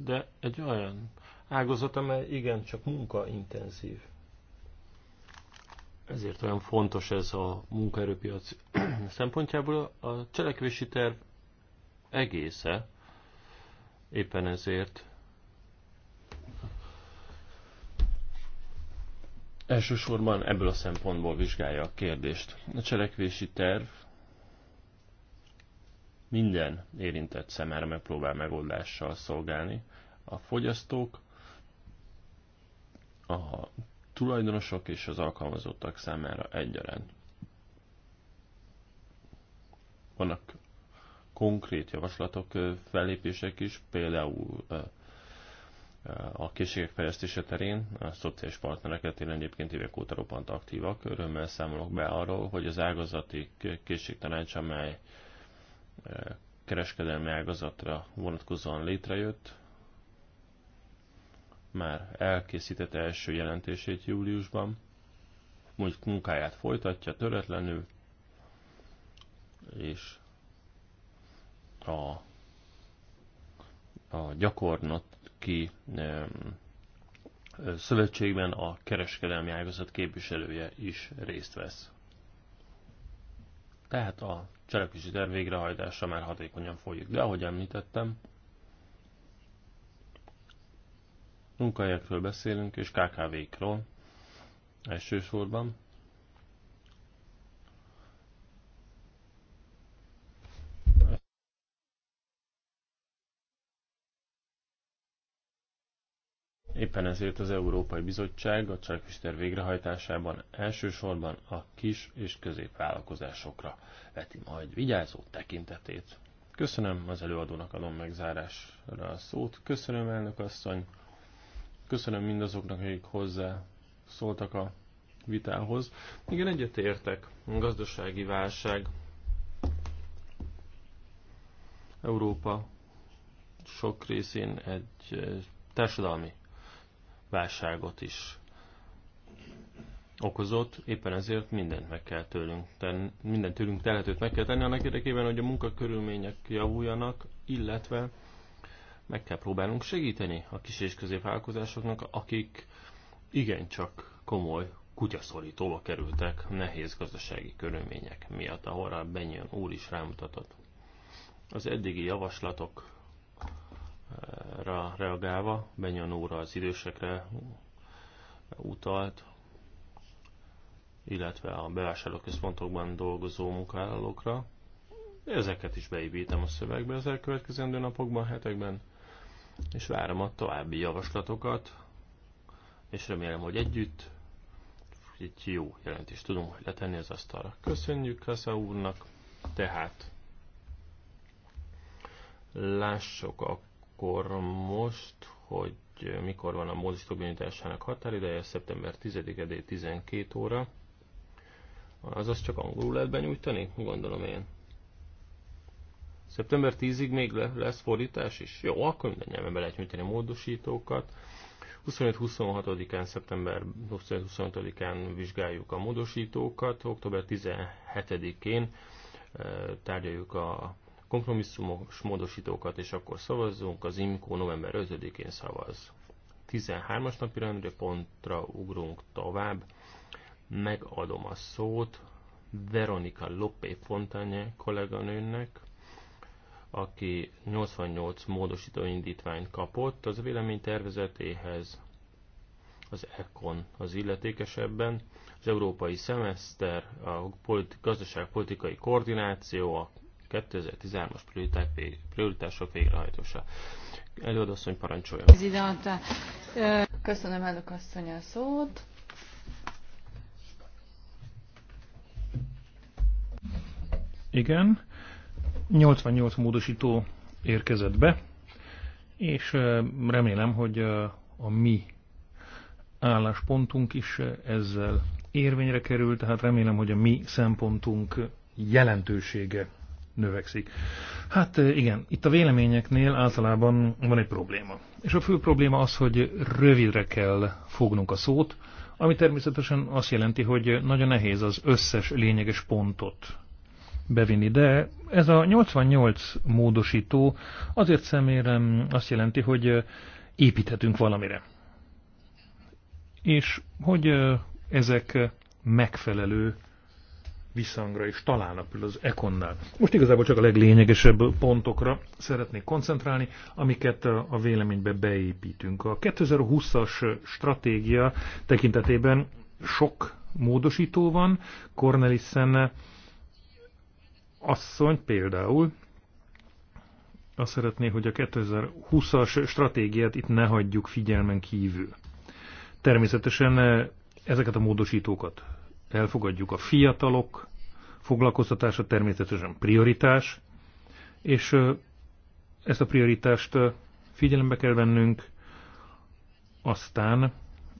de egy olyan ágazat, amely igen csak munkaintenzív. Ezért olyan fontos ez a munkaerőpiac szempontjából. A cselekvési terv egésze éppen ezért Elsősorban ebből a szempontból vizsgálja a kérdést. A cselekvési terv minden érintett szemére megpróbál megoldással szolgálni. A fogyasztók, a tulajdonosok és az alkalmazottak számára egyaránt. Vannak konkrét javaslatok, fellépések is, például a készségek fejlesztése terén a szociális partnereket én egyébként évek óta roppant aktívak. Örömmel számolok be arról, hogy az ágazati készségtanács, amely e, kereskedelmi ágazatra vonatkozóan létrejött, már elkészítette első jelentését júliusban, mondjuk munkáját folytatja töretlenül, és a, a gyakornot Banki Szövetségben a kereskedelmi ágazat képviselője is részt vesz. Tehát a cselekvési terv végrehajtása már hatékonyan folyik. De ahogy említettem, munkahelyekről beszélünk, és KKV-król elsősorban. Éppen ezért az Európai Bizottság a cselekvéster végrehajtásában elsősorban a kis és középvállalkozásokra veti majd vigyázó tekintetét. Köszönöm az előadónak adom megzárásra a szót. Köszönöm elnök asszony. Köszönöm mindazoknak, akik hozzá szóltak a vitához. Igen, egyetértek. Gazdasági válság. Európa sok részén egy eh, társadalmi válságot is okozott, éppen ezért mindent meg kell tőlünk tenni, mindent tőlünk telhetőt meg kell tenni annak érdekében, hogy a munkakörülmények javuljanak, illetve meg kell próbálnunk segíteni a kis és középvállalkozásoknak, akik igencsak komoly kutyaszorítóba kerültek nehéz gazdasági körülmények miatt, ahol Benyon úr is rámutatott. Az eddigi javaslatok ra reagálva, Benyan óra az idősekre utalt, illetve a bevásárlóközpontokban dolgozó munkállalókra. Ezeket is beépítem a szövegbe az elkövetkezendő napokban, hetekben, és várom a további javaslatokat, és remélem, hogy együtt egy jó jelentést tudunk letenni az asztalra. Köszönjük Kassa úrnak, tehát lássuk a akkor most, hogy mikor van a mozistok benyújtásának határideje, szeptember 10-e 12 óra. Az azt csak angolul lehet benyújtani? Gondolom én. Szeptember 10-ig még lesz fordítás is? Jó, akkor minden nyelven be lehet nyújtani a módosítókat. 25-26-án, szeptember 25-26-án vizsgáljuk a módosítókat, október 17-én eh, tárgyaljuk a kompromisszumos módosítókat, és akkor szavazzunk. Az IMCO november 5-én szavaz. 13-as napi rendre pontra ugrunk tovább. Megadom a szót Veronika Lopé Fontanye kolléganőnek, aki 88 módosító indítványt kapott az vélemény tervezetéhez, az ECON az illetékesebben, az európai szemeszter, a politi- gazdaságpolitikai koordináció, a 2013-as prioritások végrehajtása. Előadasszony parancsolja. Uh, köszönöm elnök asszony a szót. Igen, 88 módosító érkezett be, és uh, remélem, hogy uh, a mi álláspontunk is ezzel érvényre kerül, tehát remélem, hogy a mi szempontunk jelentősége növekszik. Hát eh, igen, itt a véleményeknél általában van egy probléma. És a fő probléma az, hogy rövidre kell fognunk a szót, ami természetesen azt jelenti, hogy nagyon nehéz az összes lényeges pontot bevinni. De ez a 88 módosító azért szemérem azt jelenti, hogy eh, építhetünk valamire. És hogy eh, ezek megfelelő visszhangra és talán a az Econnál. Most igazából csak a leglényegesebb pontokra szeretnék koncentrálni, amiket a véleménybe beépítünk. A 2020-as stratégia tekintetében sok módosító van. Cornelissen asszony például azt szeretné, hogy a 2020-as stratégiát itt ne hagyjuk figyelmen kívül. Természetesen ezeket a módosítókat elfogadjuk a fiatalok foglalkoztatása természetesen prioritás, és ezt a prioritást figyelembe kell vennünk, aztán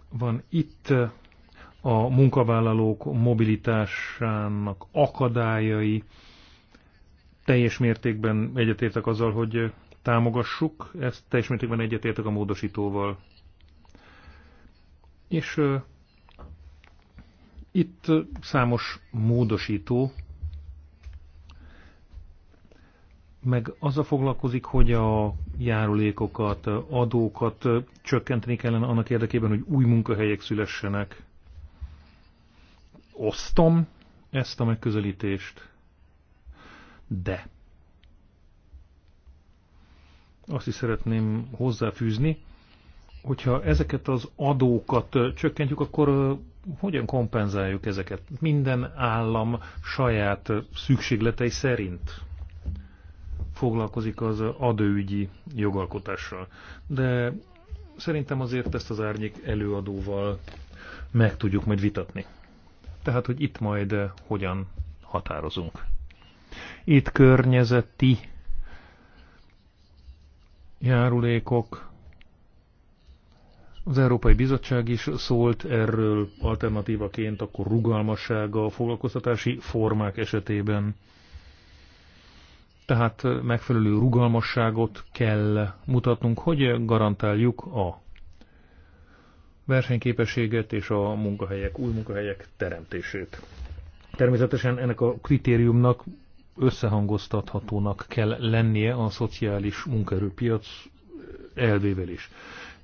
van itt a munkavállalók mobilitásának akadályai, teljes mértékben egyetértek azzal, hogy támogassuk, ezt teljes mértékben egyetértek a módosítóval. És itt számos módosító, meg az a foglalkozik, hogy a járulékokat, adókat csökkenteni kellene annak érdekében, hogy új munkahelyek szülessenek. Osztom ezt a megközelítést, de azt is szeretném hozzáfűzni, Hogyha ezeket az adókat csökkentjük, akkor hogyan kompenzáljuk ezeket? Minden állam saját szükségletei szerint foglalkozik az adőügyi jogalkotással. De szerintem azért ezt az árnyék előadóval meg tudjuk majd vitatni. Tehát, hogy itt majd hogyan határozunk. Itt környezeti járulékok, az Európai Bizottság is szólt erről alternatívaként, akkor rugalmassága a foglalkoztatási formák esetében. Tehát megfelelő rugalmasságot kell mutatnunk, hogy garantáljuk a versenyképességet és a munkahelyek, új munkahelyek teremtését. Természetesen ennek a kritériumnak összehangoztathatónak kell lennie a szociális munkaerőpiac elvével is.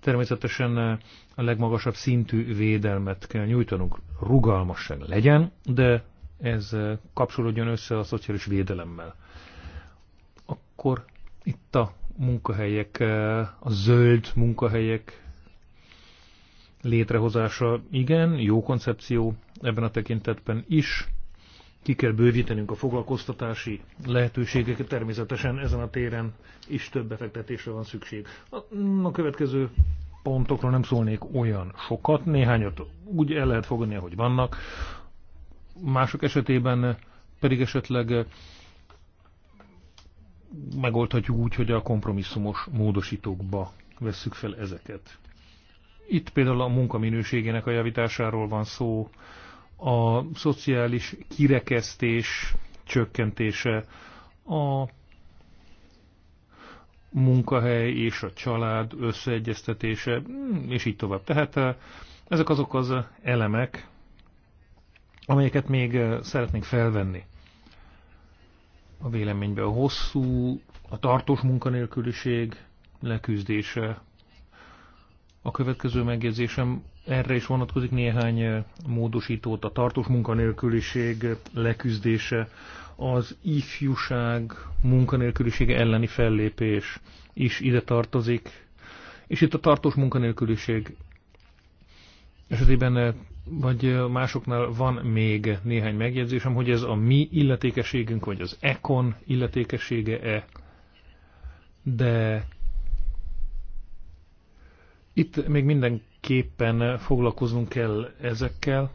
Természetesen eh, a legmagasabb szintű védelmet kell nyújtanunk. Rugalmasság legyen, de ez eh, kapcsolódjon össze a szociális védelemmel. Akkor itt a munkahelyek, eh, a zöld munkahelyek létrehozása, igen, jó koncepció ebben a tekintetben is, ki kell bővítenünk a foglalkoztatási lehetőségeket, természetesen ezen a téren is több befektetésre van szükség. A, a következő pontokról nem szólnék olyan sokat, néhányat úgy el lehet fogadni, ahogy vannak, mások esetében pedig esetleg megoldhatjuk úgy, hogy a kompromisszumos módosítókba vesszük fel ezeket. Itt például a munkaminőségének a javításáról van szó, a szociális kirekesztés csökkentése, a munkahely és a család összeegyeztetése, hmm, és így tovább. Tehát eh, ezek azok az elemek, amelyeket még eh, szeretnénk felvenni a véleménybe. A hosszú, a tartós munkanélküliség leküzdése. A következő megjegyzésem erre is vonatkozik néhány módosítót, a tartós munkanélküliség leküzdése, az ifjúság munkanélkülisége elleni fellépés is ide tartozik, és itt a tartós munkanélküliség esetében vagy másoknál van még néhány megjegyzésem, hogy ez a mi illetékeségünk, vagy az ECON illetékesége-e, de itt még minden mindenképpen foglalkoznunk kell ezekkel,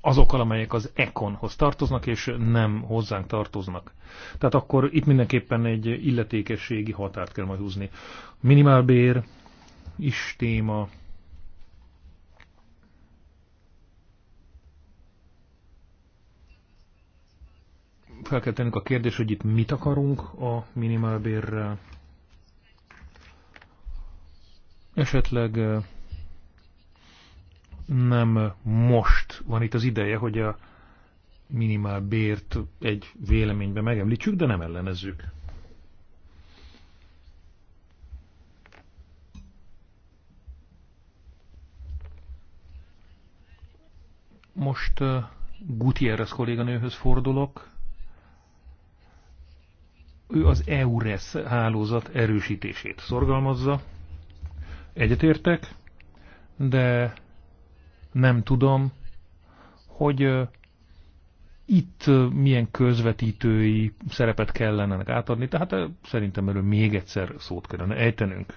azokkal, amelyek az ekonhoz tartoznak, és nem hozzánk tartoznak. Tehát akkor itt mindenképpen egy illetékességi határt kell majd húzni. Minimálbér is téma. Fel kell tennünk a kérdés, hogy itt mit akarunk a minimálbérrel. Esetleg nem most van itt az ideje, hogy a minimál bért egy véleményben megemlítsük, de nem ellenezzük. Most uh, Gutierrez kolléganőhöz fordulok. Ő az EURES hálózat erősítését szorgalmazza. Egyetértek, de nem tudom, hogy itt milyen közvetítői szerepet kellene átadni, tehát szerintem erről még egyszer szót kellene ejtenünk.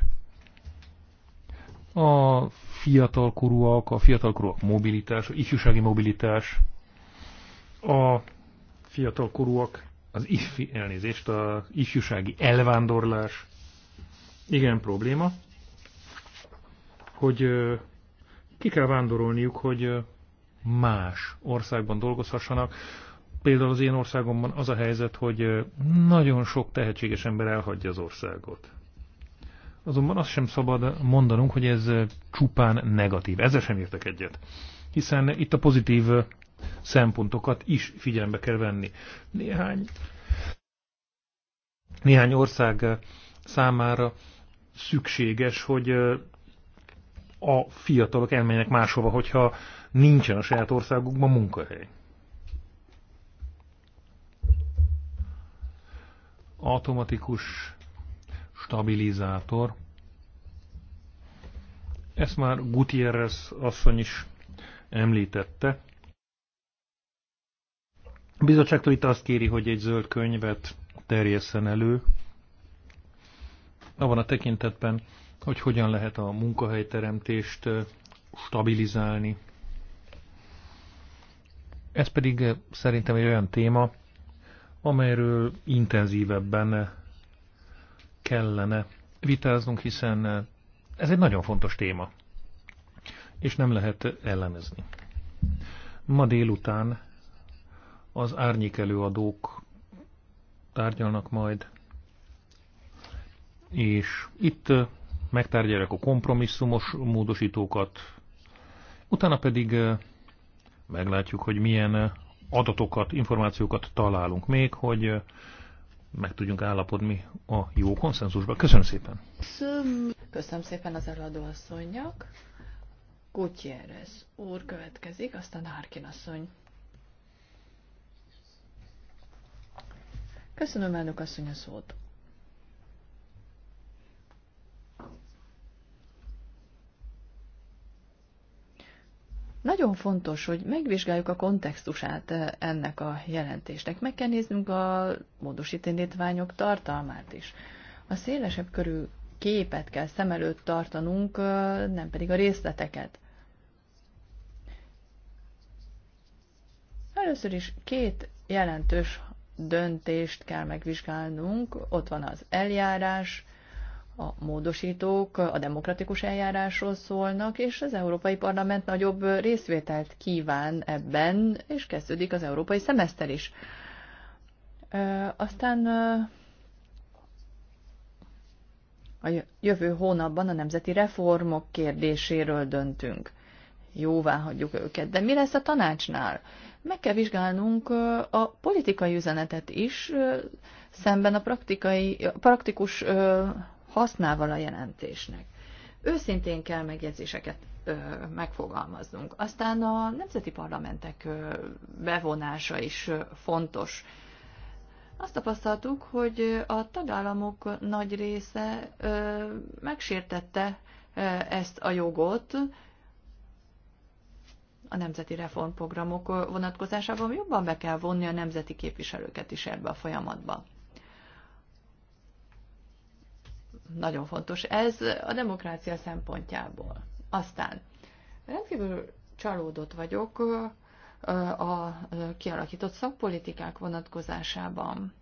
A fiatalkorúak, a fiatalkorúak mobilitás, a ifjúsági mobilitás, a fiatalkorúak, az ifi, elnézést, az ifjúsági elvándorlás, igen probléma, hogy ki kell vándorolniuk, hogy más országban dolgozhassanak. Például az én országomban az a helyzet, hogy nagyon sok tehetséges ember elhagyja az országot. Azonban azt sem szabad mondanunk, hogy ez csupán negatív. Ezzel sem értek egyet. Hiszen itt a pozitív szempontokat is figyelembe kell venni. Néhány, néhány ország számára szükséges, hogy a fiatalok elmenjenek máshova, hogyha nincsen a saját országukban munkahely. Automatikus stabilizátor. Ezt már Gutierrez asszony is említette. A bizottságtól itt azt kéri, hogy egy zöld könyvet terjesszen elő, abban a tekintetben, hogy hogyan lehet a munkahelyteremtést stabilizálni. Ez pedig szerintem egy olyan téma, amelyről intenzívebben kellene vitáznunk, hiszen ez egy nagyon fontos téma, és nem lehet ellenezni. Ma délután az árnyék előadók tárgyalnak majd, és itt megtárgyalják a kompromisszumos módosítókat, utána pedig meglátjuk, hogy milyen adatokat, információkat találunk még, hogy meg tudjunk állapodni a jó konszenzusba. Köszönöm szépen! Köszönöm szépen az előadó asszonynak. Gutierrez úr következik, aztán Harkin asszony. Köszönöm elnök asszony a szót. Nagyon fontos, hogy megvizsgáljuk a kontextusát eh, ennek a jelentésnek. Meg kell néznünk a módosítindítványok tartalmát is. A szélesebb körű képet kell szem előtt tartanunk, eh, nem pedig a részleteket. Először is két jelentős döntést kell megvizsgálnunk. Ott van az eljárás, a módosítók a demokratikus eljárásról szólnak, és az Európai Parlament nagyobb részvételt kíván ebben, és kezdődik az európai szemeszter is. Aztán a jövő hónapban a nemzeti reformok kérdéséről döntünk. Jóvá hagyjuk őket. De mi lesz a tanácsnál? Meg kell vizsgálnunk a politikai üzenetet is, szemben a praktikai, praktikus hasznával a jelentésnek. Őszintén kell megjegyzéseket ö, megfogalmaznunk. Aztán a nemzeti parlamentek ö, bevonása is ö, fontos. Azt tapasztaltuk, hogy a tagállamok nagy része ö, megsértette ö, ezt a jogot, a nemzeti reformprogramok vonatkozásában jobban be kell vonni a nemzeti képviselőket is ebbe a folyamatban. nagyon fontos ez a demokrácia szempontjából. Aztán rendkívül csalódott vagyok a kialakított szakpolitikák vonatkozásában.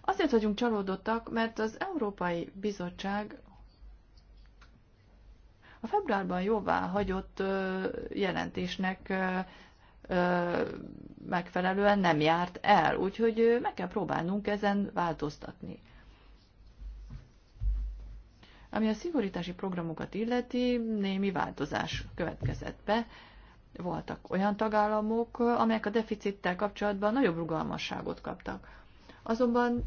Azért vagyunk csalódottak, mert az Európai Bizottság a februárban jóvá hagyott jelentésnek megfelelően nem járt el. Úgyhogy meg kell próbálnunk ezen változtatni. Ami a szigorítási programokat illeti, némi változás következett be. Voltak olyan tagállamok, amelyek a deficittel kapcsolatban nagyobb rugalmasságot kaptak. Azonban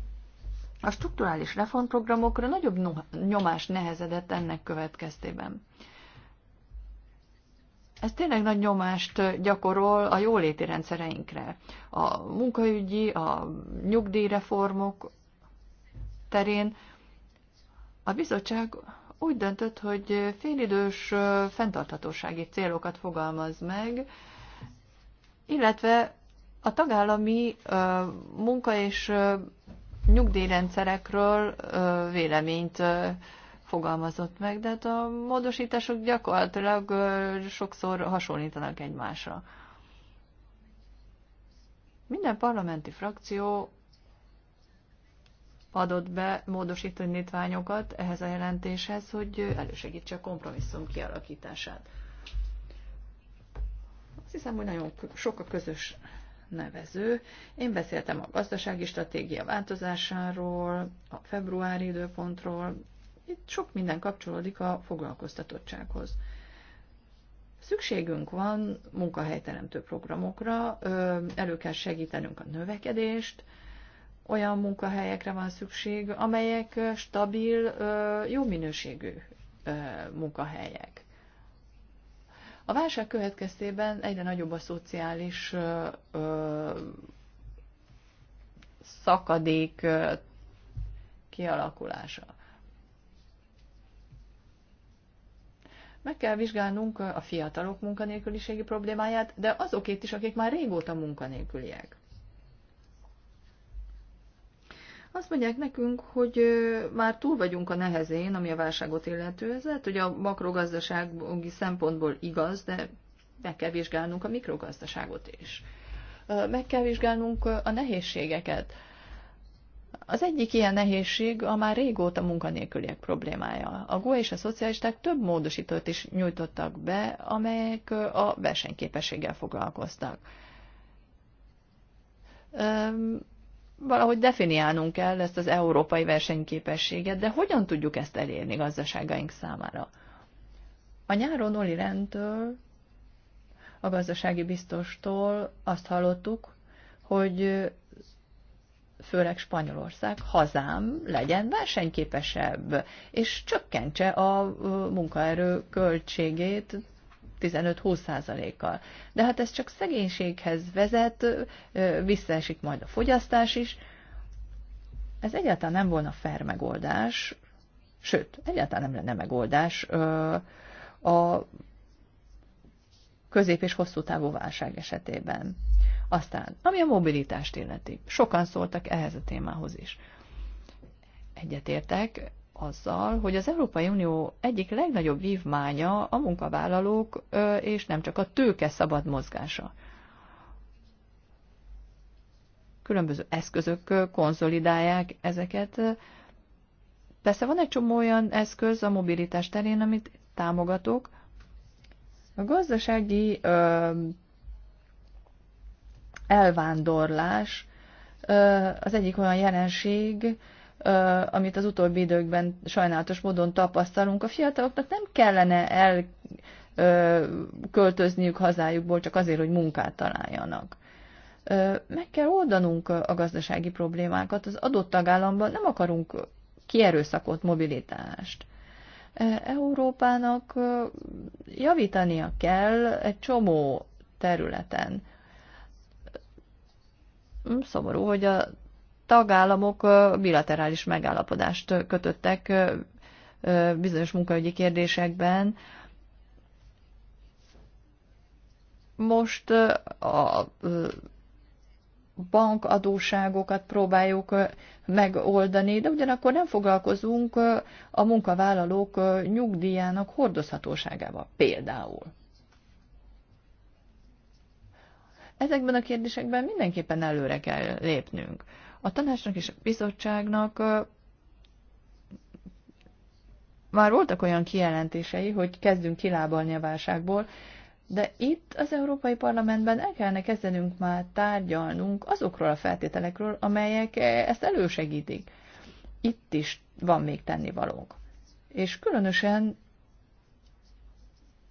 a strukturális reformprogramokra nagyobb nyomás nehezedett ennek következtében ez tényleg nagy nyomást gyakorol a jóléti rendszereinkre. A munkaügyi, a nyugdíjreformok terén a bizottság úgy döntött, hogy félidős fenntarthatósági célokat fogalmaz meg, illetve a tagállami munka és nyugdíjrendszerekről véleményt fogalmazott meg, de hát a módosítások gyakorlatilag sokszor hasonlítanak egymásra. Minden parlamenti frakció adott be módosító indítványokat ehhez a jelentéshez, hogy elősegítse a kompromisszum kialakítását. Azt hiszem, hogy nagyon sok a közös nevező. Én beszéltem a gazdasági stratégia változásáról, a februári időpontról, itt sok minden kapcsolódik a foglalkoztatottsághoz. Szükségünk van munkahelyteremtő programokra, elő kell segítenünk a növekedést, olyan munkahelyekre van szükség, amelyek stabil, jó minőségű munkahelyek. A válság következtében egyre nagyobb a szociális szakadék kialakulása. Meg kell vizsgálnunk a fiatalok munkanélküliségi problémáját, de azokét is, akik már régóta munkanélküliek. Azt mondják nekünk, hogy már túl vagyunk a nehezén, ami a válságot illető. Ez lehet, hogy a makrogazdasági szempontból igaz, de meg kell vizsgálnunk a mikrogazdaságot is. Meg kell vizsgálnunk a nehézségeket az egyik ilyen nehézség a már régóta munkanélküliek problémája. A GUE és a szocialisták több módosítót is nyújtottak be, amelyek a versenyképességgel foglalkoztak. Valahogy definiálnunk kell ezt az európai versenyképességet, de hogyan tudjuk ezt elérni gazdaságaink számára? A nyáron Oli Rendtől, a gazdasági biztostól azt hallottuk, hogy főleg Spanyolország, hazám legyen versenyképesebb, és csökkentse a munkaerő költségét 15-20%-kal. De hát ez csak szegénységhez vezet, visszaesik majd a fogyasztás is. Ez egyáltalán nem volna fair megoldás, sőt, egyáltalán nem lenne megoldás a közép- és hosszú távú válság esetében. Aztán, ami a mobilitást illeti, sokan szóltak ehhez a témához is. Egyetértek azzal, hogy az Európai Unió egyik legnagyobb vívmánya a munkavállalók és nem csak a tőke szabad mozgása. Különböző eszközök konszolidálják ezeket. Persze van egy csomó olyan eszköz a mobilitás terén, amit támogatok. A gazdasági elvándorlás az egyik olyan jelenség, amit az utóbbi időkben sajnálatos módon tapasztalunk. A fiataloknak nem kellene elköltözniük hazájukból csak azért, hogy munkát találjanak. Meg kell oldanunk a gazdasági problémákat. Az adott tagállamban nem akarunk kierőszakot, mobilitást. Európának javítania kell egy csomó területen szomorú, hogy a tagállamok bilaterális megállapodást kötöttek bizonyos munkaügyi kérdésekben. Most a bankadóságokat próbáljuk megoldani, de ugyanakkor nem foglalkozunk a munkavállalók nyugdíjának hordozhatóságával például. Ezekben a kérdésekben mindenképpen előre kell lépnünk. A tanácsnak és a bizottságnak már voltak olyan kijelentései, hogy kezdünk kilábalni a válságból, de itt az Európai Parlamentben el kellene kezdenünk már tárgyalnunk azokról a feltételekről, amelyek ezt elősegítik. Itt is van még tennivalónk. És különösen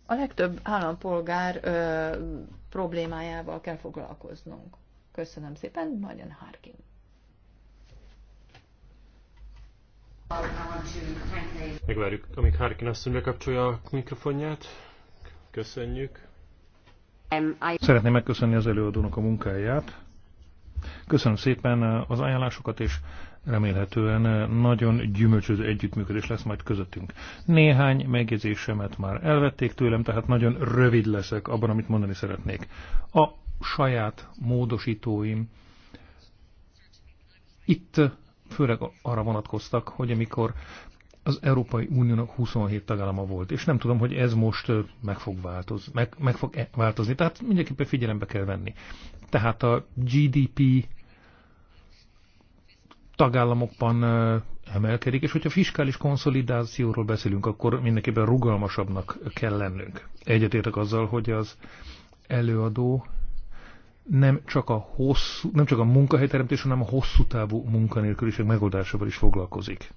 a legtöbb állampolgár ö, problémájával kell foglalkoznunk. Köszönöm szépen, Marian Harkin. Megvárjuk, amíg Harkin asszony bekapcsolja a mikrofonját. Köszönjük. Szeretném megköszönni az előadónak a munkáját. Köszönöm szépen az ajánlásokat, és remélhetően eh, nagyon gyümölcsöző együttműködés lesz majd közöttünk. Néhány megjegyzésemet már elvették tőlem, tehát nagyon rövid leszek abban, amit mondani szeretnék. A saját módosítóim itt főleg arra vonatkoztak, hogy amikor az Európai Uniónak 27 tagállama volt, és nem tudom, hogy ez most eh, meg fog, változ, meg, meg fog -e változni, tehát mindenképpen figyelembe kell venni. Tehát a GDP tagállamokban emelkedik, és hogyha fiskális konszolidációról beszélünk, akkor mindenképpen rugalmasabbnak kell lennünk. Egyetértek azzal, hogy az előadó nem csak a, hosszú, nem csak a munkahelyteremtés, hanem a hosszú távú munkanélküliség megoldásával is foglalkozik.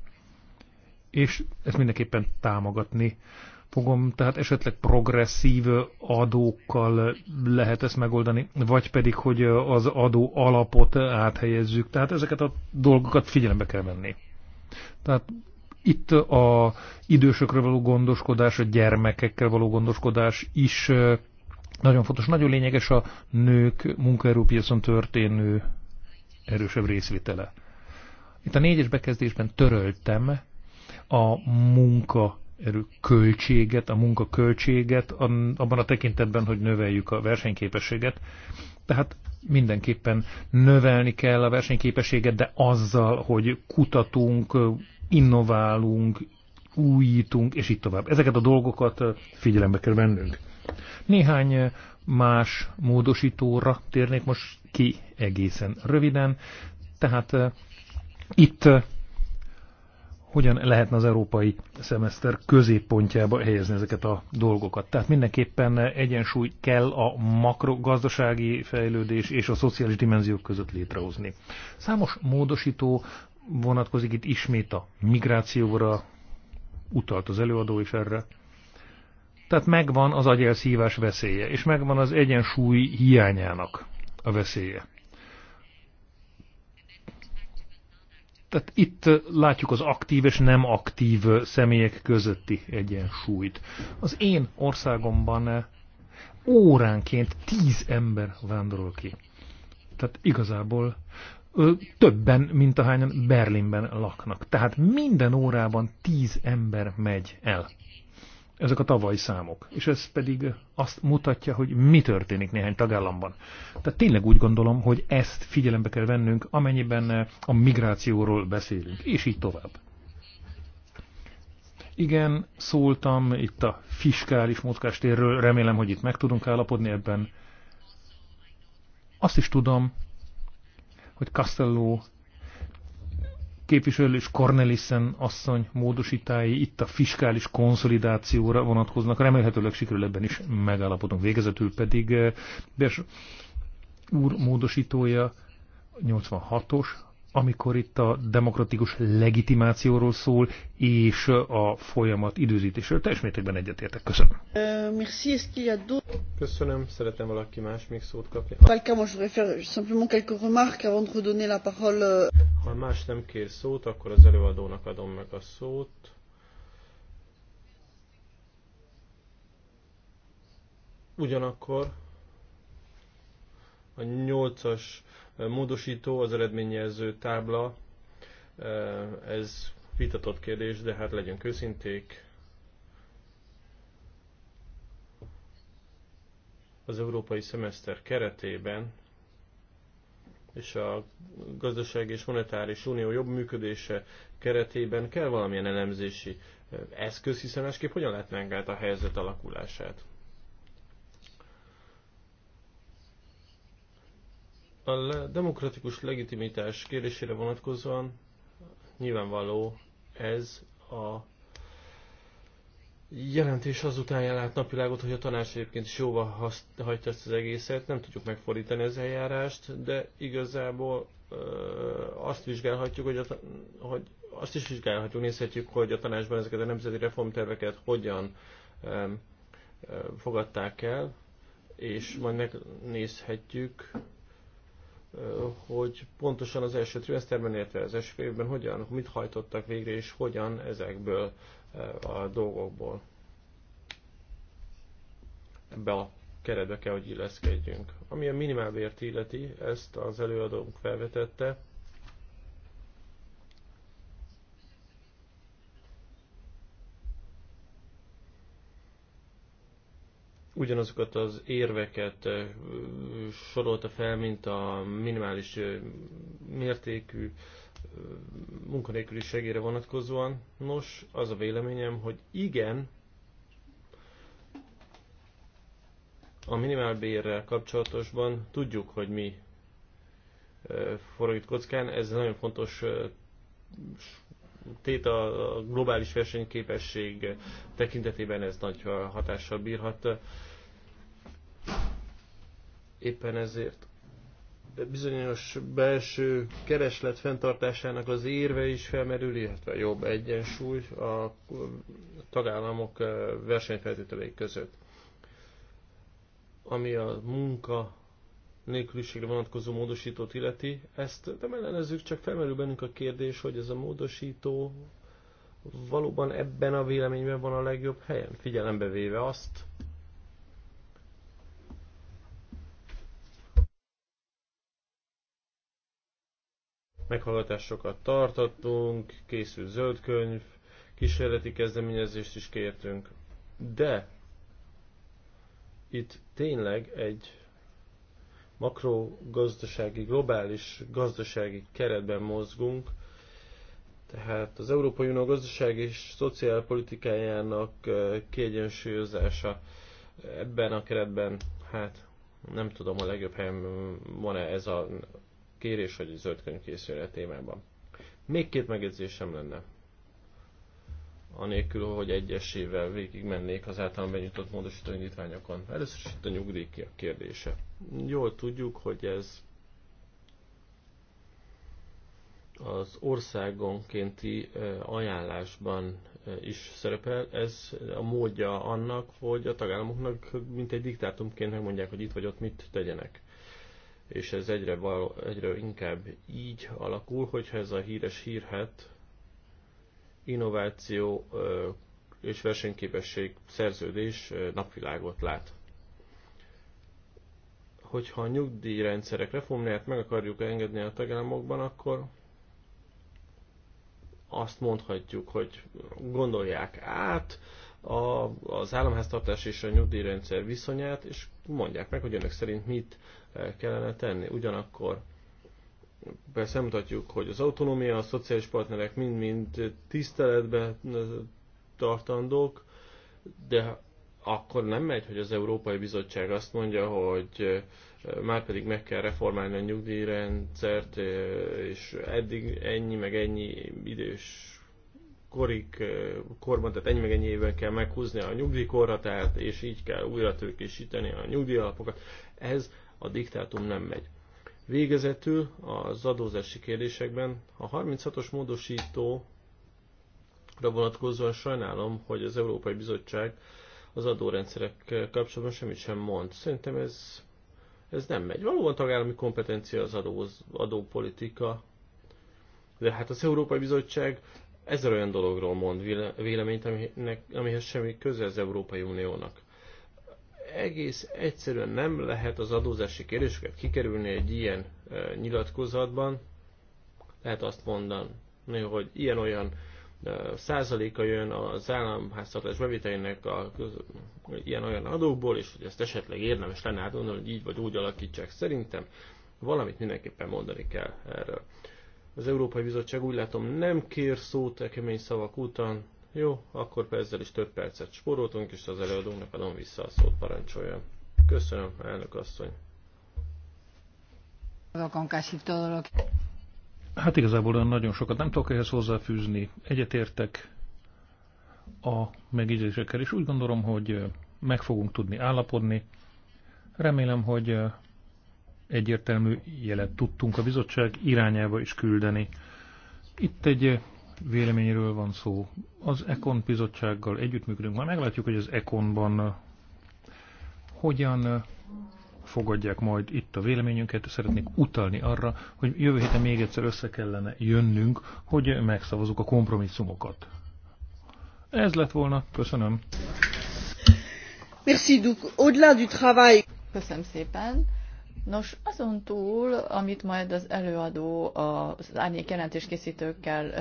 És ezt mindenképpen támogatni fogom, tehát esetleg progresszív adókkal lehet ezt megoldani, vagy pedig, hogy az adó alapot áthelyezzük. Tehát ezeket a dolgokat figyelembe kell venni. Tehát itt a idősökre való gondoskodás, a gyermekekkel való gondoskodás is nagyon fontos, nagyon lényeges a nők munkaerőpiacon történő erősebb részvitele. Itt a négyes bekezdésben töröltem a munka költséget a munka költséget abban a tekintetben, hogy növeljük a versenyképességet. Tehát mindenképpen növelni kell a versenyképességet, de azzal, hogy kutatunk, innoválunk, újítunk, és így tovább. Ezeket a dolgokat figyelembe kell vennünk. Néhány más módosítóra térnék most ki egészen röviden. Tehát itt hogyan lehetne az európai szemeszter középpontjába helyezni ezeket a dolgokat. Tehát mindenképpen egyensúly kell a makrogazdasági fejlődés és a szociális dimenziók között létrehozni. Számos módosító vonatkozik itt ismét a migrációra, utalt az előadó is erre. Tehát megvan az agyelszívás veszélye, és megvan az egyensúly hiányának a veszélye. Tehát itt látjuk az aktív és nem aktív személyek közötti egyensúlyt. Az én országomban óránként tíz ember vándorol ki. Tehát igazából többen, mint ahányan Berlinben laknak. Tehát minden órában tíz ember megy el. Ezek a tavaly számok. És ez pedig azt mutatja, hogy mi történik néhány tagállamban. Tehát tényleg úgy gondolom, hogy ezt figyelembe kell vennünk, amennyiben a migrációról beszélünk, és így tovább. Igen, szóltam itt a fiskális mozgástérről, remélem, hogy itt meg tudunk állapodni ebben. Azt is tudom, hogy Castello képviselő és Cornelissen asszony módosítái itt a fiskális konszolidációra vonatkoznak. Remélhetőleg sikerül ebben is megállapodunk. Végezetül pedig eh, Bers úr módosítója 86-os amikor itt a demokratikus legitimációról szól, és a folyamat időzítésről. Teljes mértékben egyetértek. Köszönöm. Euh, Köszönöm. Szeretem valaki más még szót kapni. Euh. Ha más nem kér szót, akkor az előadónak adom meg a szót. Ugyanakkor a nyolcas módosító, az eredményező tábla, eh, ez vitatott kérdés, de hát legyünk őszinték. Az európai szemeszter keretében és a gazdaság és monetáris unió jobb működése keretében kell valamilyen elemzési eh, eszköz, hiszen másképp hogyan lehetne át a helyzet alakulását. A demokratikus legitimitás kérdésére vonatkozóan nyilvánvaló ez a jelentés azután jelent napvilágot, hogy a tanács egyébként is jóval hagyta ezt az egészet, nem tudjuk megfordítani az eljárást, de igazából ö, azt vizsgálhatjuk, hogy, a, hogy azt is vizsgálhatjuk, nézhetjük, hogy a tanácsban ezeket a nemzeti reformterveket hogyan ö, ö, fogadták el, és majd megnézhetjük, hogy pontosan az első trimesterben, illetve az első évben hogyan, mit hajtottak végre, és hogyan ezekből a dolgokból. Ebbe a keretbe kell, hogy illeszkedjünk. Ami a minimálbért illeti, ezt az előadónk felvetette, ugyanazokat az érveket sorolta fel, mint a minimális mértékű munkanélküli segélyre vonatkozóan. Nos, az a véleményem, hogy igen, a minimálbérrel kapcsolatosban tudjuk, hogy mi forog itt kockán. Ez nagyon fontos tét a globális versenyképesség tekintetében ez nagy hatással bírhat. Éppen ezért bizonyos belső kereslet fenntartásának az érve is felmerül, illetve jobb egyensúly a tagállamok eh, versenyfeltételei között. Ami a munka nélküliségre vonatkozó módosítót illeti, ezt nem ellenezzük, csak felmerül bennünk a kérdés, hogy ez a módosító valóban ebben a véleményben van a legjobb helyen, figyelembe véve azt, meghallgatásokat tartottunk, készült zöld könyv, kísérleti kezdeményezést is kértünk, de itt tényleg egy makrogazdasági, globális gazdasági keretben mozgunk, tehát az Európai Unió gazdaság és szociálpolitikájának eh, kiegyensúlyozása ebben a keretben, hát nem tudom a legjobb helyen van-e ez a kérés, hogy egy zöld könyv készüljön a témában. Még két megjegyzésem lenne. Anélkül, hogy egyesével mennék az általam benyújtott módosító indítványokon. Először is itt a nyugdíj kérdése. Jól tudjuk, hogy ez az országonkénti ajánlásban is szerepel. Ez a módja annak, hogy a tagállamoknak mint egy diktátumként megmondják, hogy itt vagy ott mit tegyenek és ez egyre, való, egyre inkább így alakul, hogyha ez a híres hírhet innováció és versenyképesség szerződés napvilágot lát. Hogyha a nyugdíjrendszerek reformját meg akarjuk engedni a tagállamokban, akkor azt mondhatjuk, hogy gondolják át a, az államháztartás és a nyugdíjrendszer viszonyát, és mondják meg, hogy önök szerint mit kellene tenni. Ugyanakkor persze mutatjuk, hogy az autonómia, a szociális partnerek mind-mind tiszteletbe tartandók, de akkor nem megy, hogy az Európai Bizottság azt mondja, hogy már pedig meg kell reformálni a nyugdíjrendszert, és eddig ennyi meg ennyi idős korig, korban, tehát ennyi meg ennyi évben kell meghúzni a nyugdíjkorra, tehát és így kell újra tőkésíteni a nyugdíjalapokat. Ez a diktátum nem megy. Végezetül az adózási kérdésekben a 36-os módosítóra vonatkozóan sajnálom, hogy az Európai Bizottság az adórendszerek kapcsolatban semmit sem mond. Szerintem ez, ez nem megy. Valóban tagállami kompetencia az adóz, adópolitika, de hát az Európai Bizottság ezer olyan dologról mond véleményt, aminek, amihez semmi köze az Európai Uniónak egész egyszerűen nem lehet az adózási kérdéseket kikerülni egy ilyen nyilatkozatban. Lehet azt mondani, hogy ilyen-olyan százaléka jön az államháztartás bevételének a, ilyen-olyan adóból és hogy ezt esetleg érdemes lenne átgondolni, hogy így vagy úgy alakítsák. Szerintem valamit mindenképpen mondani kell erről. Az Európai Bizottság úgy látom nem kér szót e kemény szavak után, jó, akkor ezzel is több percet spóroltunk, és az előadónak adom vissza a szót, parancsoljon. Köszönöm, elnök asszony. Hát igazából nagyon sokat nem tudok ehhez hozzáfűzni. Egyetértek a megjegyzésekkel, és úgy gondolom, hogy meg fogunk tudni állapodni. Remélem, hogy egyértelmű jelet tudtunk a bizottság irányába is küldeni. Itt egy véleményről van szó. Az Econ bizottsággal együttműködünk, már meglátjuk, hogy az Econban uh, hogyan uh, fogadják majd itt a véleményünket, szeretnék utalni arra, hogy jövő héten még egyszer össze kellene jönnünk, hogy megszavazunk a kompromisszumokat. Ez lett volna, köszönöm. Merci, donc, au-delà du travail. Köszönöm szépen Nos, azon túl, amit majd az előadó az árnyék jelentéskészítőkkel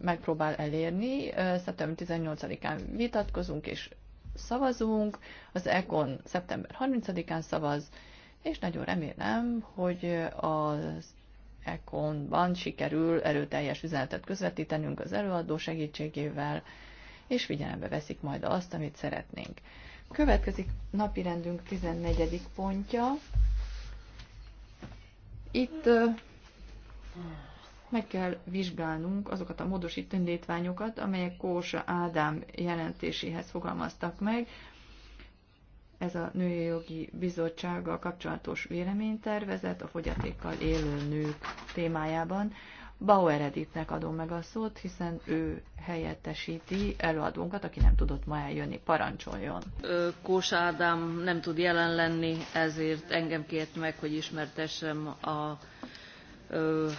megpróbál elérni, szeptember 18-án vitatkozunk és szavazunk, az ECON szeptember 30-án szavaz, és nagyon remélem, hogy az ECON-ban sikerül erőteljes üzenetet közvetítenünk az előadó segítségével, és figyelembe veszik majd azt, amit szeretnénk. Következik napirendünk 14. pontja, itt meg kell vizsgálnunk azokat a módosító indítványokat, amelyek Kósa Ádám jelentéséhez fogalmaztak meg. Ez a Női Jogi Bizottsággal kapcsolatos véleménytervezet a fogyatékkal élő nők témájában. Bauer Editnek adom meg a szót, hiszen ő helyettesíti előadónkat, aki nem tudott ma eljönni. Parancsoljon! Kós Ádám nem tud jelen lenni, ezért engem kért meg, hogy ismertessem a ö,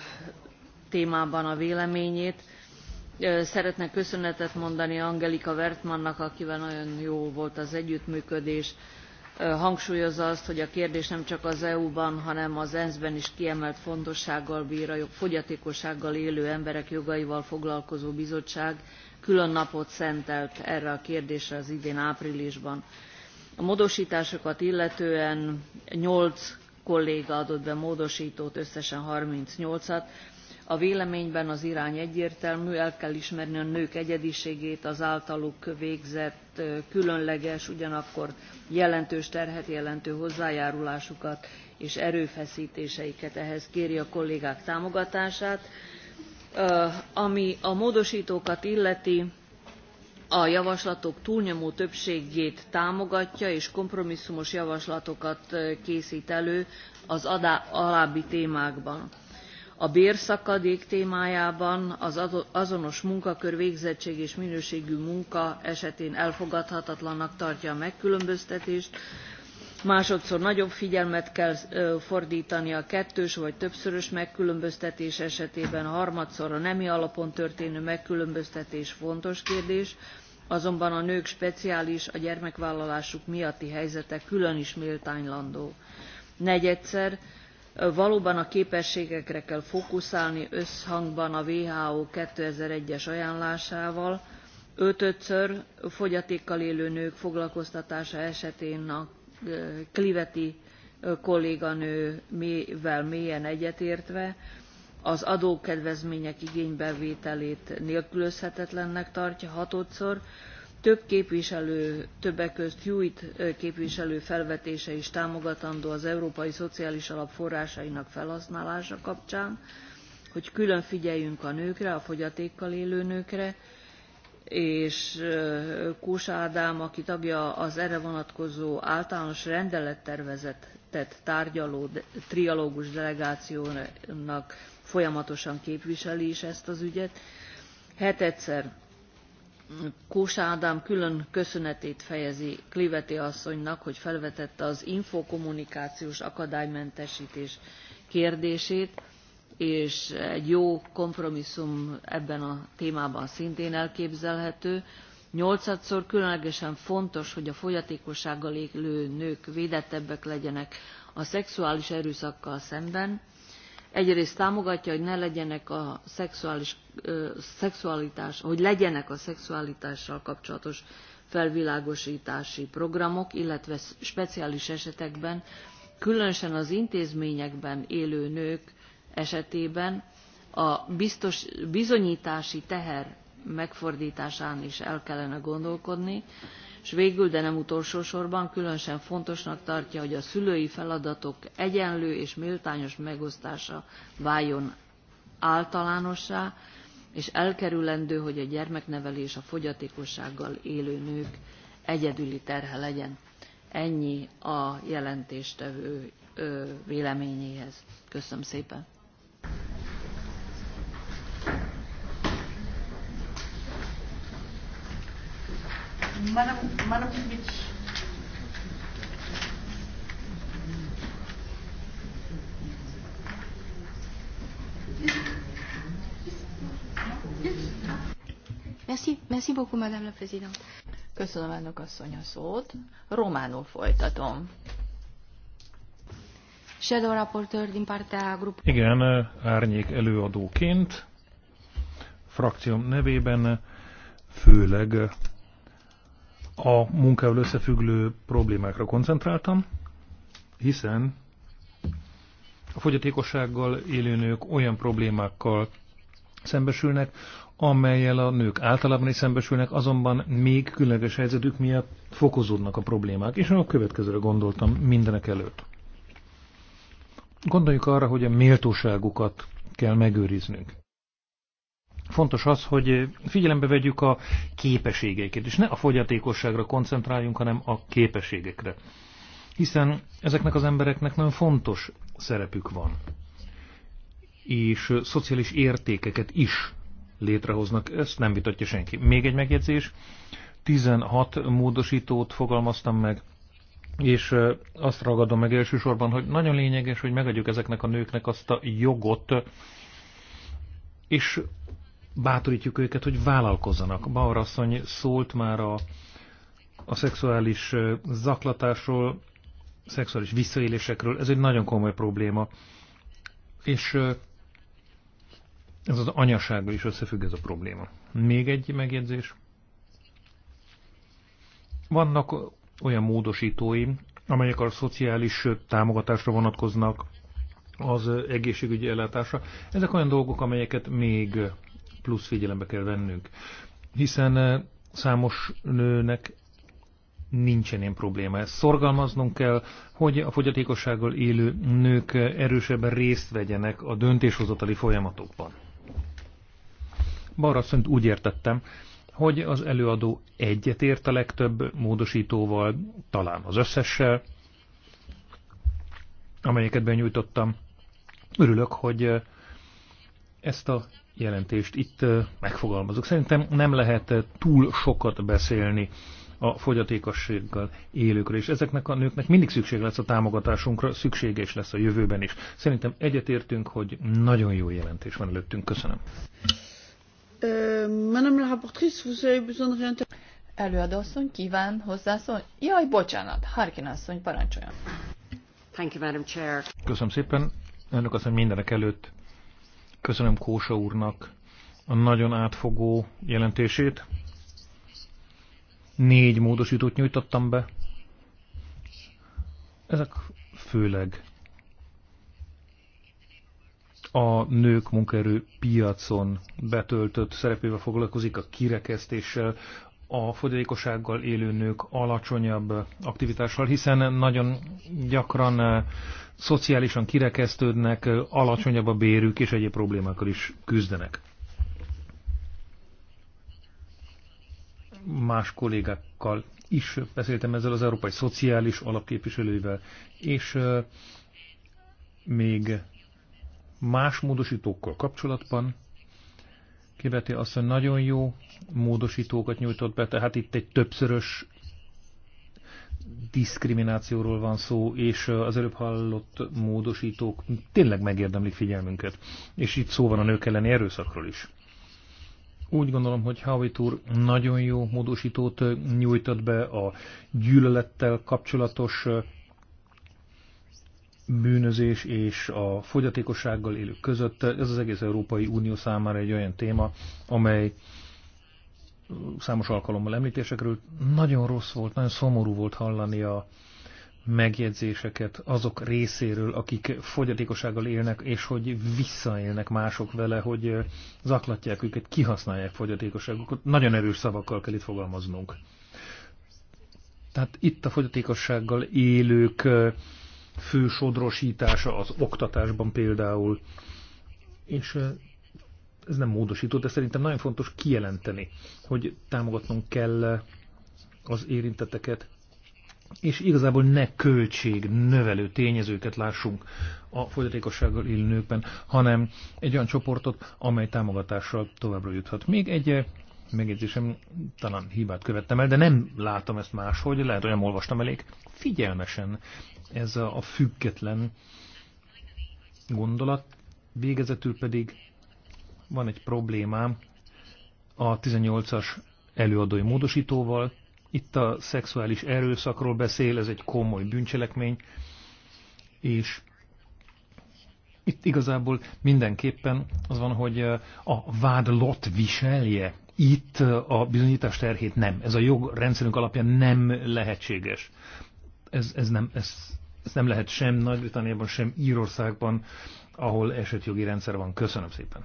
témában a véleményét. Szeretnék köszönetet mondani Angelika Wertmannnak, akivel nagyon jó volt az együttműködés hangsúlyozza azt hogy a kérdés nem csak az eu ban hanem az ensz ben is kiemelt fontossággal br a fogyatékossággal élő emberek jogaival foglalkozó bizottság külön napot szentelt erre a kérdésre az idén áprilisban. a módostásokat illetően nyolc kolléga adott be módostót összesen thirty eight at a véleményben az irány egyértelmű el kell ismerni a nők egyediségét az általuk végzett különleges ugyanakkor jelentős terhet jelentő hozzájárulásukat és erőfesztéseiket ehhez kéri a kollégák támogatását. ami a módostókat illeti a javaslatok túlnyomó többségét támogatja és kompromisszumos javaslatokat készt elő az alábbi témákban a bérszakadék témájában az azonos munkakör végzettség és minőségű munka esetén elfogadhatatlannak tartja a megkülönböztetést másodszor nagyobb figyelmet kell fordtani a kettős vagy többszörös megkülönböztetés esetében harmadszor a nemi alapon történő megkülönböztetés fontos kérdés azonban a nők speciális a gyermekvállalásuk miatti helyzete külön is méltánylandó negyedszer valóban a képességekre kell fókuszálni összhangban a who two thousand and one es ajánlásával ötödször fogyatékkal élő nők foglalkoztatása esetén a kliveti kolléganővel mélyen egyetértve az adókedvezmények igénybevételét nélkülözhetetlennek tartja hatodszor több képviselő, többek közt Hewitt képviselő felvetése is támogatandó az Európai Szociális Alap forrásainak felhasználása kapcsán, hogy külön figyeljünk a nőkre, a fogyatékkal élő nőkre, és Kós Ádám, aki tagja az erre vonatkozó általános rendelettervezetet tárgyaló trialógus delegációnak folyamatosan képviseli is ezt az ügyet. Hetedszer hát Kósa Ádám külön köszönetét fejezi Kliveti asszonynak, hogy felvetette az infokommunikációs akadálymentesítés kérdését, és egy jó kompromisszum ebben a témában szintén elképzelhető. Nyolcadszor különlegesen fontos, hogy a fogyatékossággal élő nők védettebbek legyenek a szexuális erőszakkal szemben, egyrészt támogatja, hogy ne legyenek a szexuális, szexualitás, hogy legyenek a szexualitással kapcsolatos felvilágosítási programok, illetve speciális esetekben, különösen az intézményekben élő nők esetében a biztos, bizonyítási teher megfordításán is el kellene gondolkodni, és végül, de nem utolsó sorban különösen fontosnak tartja, hogy a szülői feladatok egyenlő és méltányos megosztása váljon általánossá, és elkerülendő, hogy a gyermeknevelés a fogyatékossággal élő nők egyedüli terhe legyen. Ennyi a jelentéstevő véleményéhez. Köszönöm szépen. Merci, beaucoup, Madame la Présidente. Köszönöm, ennek a szót. Románul folytatom. Shadow Rapporteur din partea grup. Igen, árnyék előadóként, frakcióm nevében, főleg a munkával összefüggő problémákra koncentráltam, hiszen a fogyatékossággal élő nők olyan problémákkal szembesülnek, amelyel a nők általában is szembesülnek, azonban még különleges helyzetük miatt fokozódnak a problémák, és a következőre gondoltam mindenek előtt. Gondoljuk arra, hogy a méltóságukat kell megőriznünk fontos az, hogy figyelembe vegyük a képességeiket, és ne a fogyatékosságra koncentráljunk, hanem a képességekre. Hiszen ezeknek az embereknek nagyon fontos szerepük van, és szociális értékeket is létrehoznak, ezt nem vitatja senki. Még egy megjegyzés, 16 módosítót fogalmaztam meg, és azt ragadom meg elsősorban, hogy nagyon lényeges, hogy megadjuk ezeknek a nőknek azt a jogot, és bátorítjuk őket, hogy vállalkozzanak. Bauer asszony szólt már a, a szexuális zaklatásról, szexuális visszaélésekről. Ez egy nagyon komoly probléma. És ez az anyasággal is összefügg ez a probléma. Még egy megjegyzés. Vannak olyan módosítói, amelyek a szociális támogatásra vonatkoznak, az egészségügyi ellátásra. Ezek olyan dolgok, amelyeket még plusz figyelembe kell vennünk, hiszen eh, számos nőnek nincsen ilyen probléma. Ezt szorgalmaznunk kell, hogy a fogyatékossággal élő nők eh, erősebben részt vegyenek a döntéshozatali folyamatokban. szönt úgy értettem, hogy az előadó egyetért a legtöbb módosítóval, talán az összessel, amelyeket benyújtottam. Örülök, hogy eh, ezt a jelentést itt megfogalmazok. Szerintem nem lehet túl sokat beszélni a fogyatékossággal élőkről, és ezeknek a nőknek mindig szükség lesz a támogatásunkra, szükséges lesz a jövőben is. Szerintem egyetértünk, hogy nagyon jó jelentés van előttünk. Köszönöm. Madame kíván hozzászólni. Jaj, bocsánat, Harkin asszony, parancsoljon. Köszönöm szépen. Önök azt, mondja, mindenek előtt Köszönöm Kósa úrnak a nagyon átfogó jelentését. Négy módosítót nyújtottam be. Ezek főleg a nők munkaerő piacon betöltött szerepével foglalkozik, a kirekesztéssel, a fogyatékossággal élő nők alacsonyabb aktivitással, hiszen nagyon gyakran szociálisan kirekesztődnek, alacsonyabb a bérük és egyéb problémákkal is küzdenek. Más kollégákkal is beszéltem ezzel az Európai Szociális Alapképviselővel, és még más módosítókkal kapcsolatban azt, hogy nagyon jó módosítókat nyújtott be, tehát itt egy többszörös diszkriminációról van szó, és az előbb hallott módosítók tényleg megérdemlik figyelmünket. És itt szó van a nők elleni erőszakról is. Úgy gondolom, hogy Howitt úr nagyon jó módosítót nyújtott be a gyűlölettel kapcsolatos bűnözés és a fogyatékossággal élők között. Ez az egész Európai Unió számára egy olyan téma, amely számos alkalommal említésekről, Nagyon rossz volt, nagyon szomorú volt hallani a megjegyzéseket azok részéről, akik fogyatékossággal élnek, és hogy visszaélnek mások vele, hogy zaklatják őket, kihasználják fogyatékosságukat. Nagyon erős szavakkal kell itt fogalmaznunk. Tehát itt a fogyatékossággal élők fő sodrosítása az oktatásban például, és ez nem módosító, de szerintem nagyon fontos kijelenteni, hogy támogatnunk kell az érintetteket, és igazából ne költség növelő tényezőket lássunk a fogyatékossággal élő nőkben, hanem egy olyan csoportot, amely támogatással továbbra juthat. Még egy eh, megjegyzésem, talán hibát követtem el, de nem látom ezt máshogy, lehet, hogy nem olvastam elég figyelmesen ez a, a független gondolat, végezetül pedig van egy problémám a 18-as előadói módosítóval. Itt a szexuális erőszakról beszél, ez egy komoly bűncselekmény, és itt igazából mindenképpen az van, hogy a vádlott viselje itt a bizonyítás terhét nem. Ez a jogrendszerünk alapján nem lehetséges. Ez, ez, nem, ez, ez nem lehet sem Nagy-Britanniában, sem Írországban, ahol esetjogi rendszer van. Köszönöm szépen!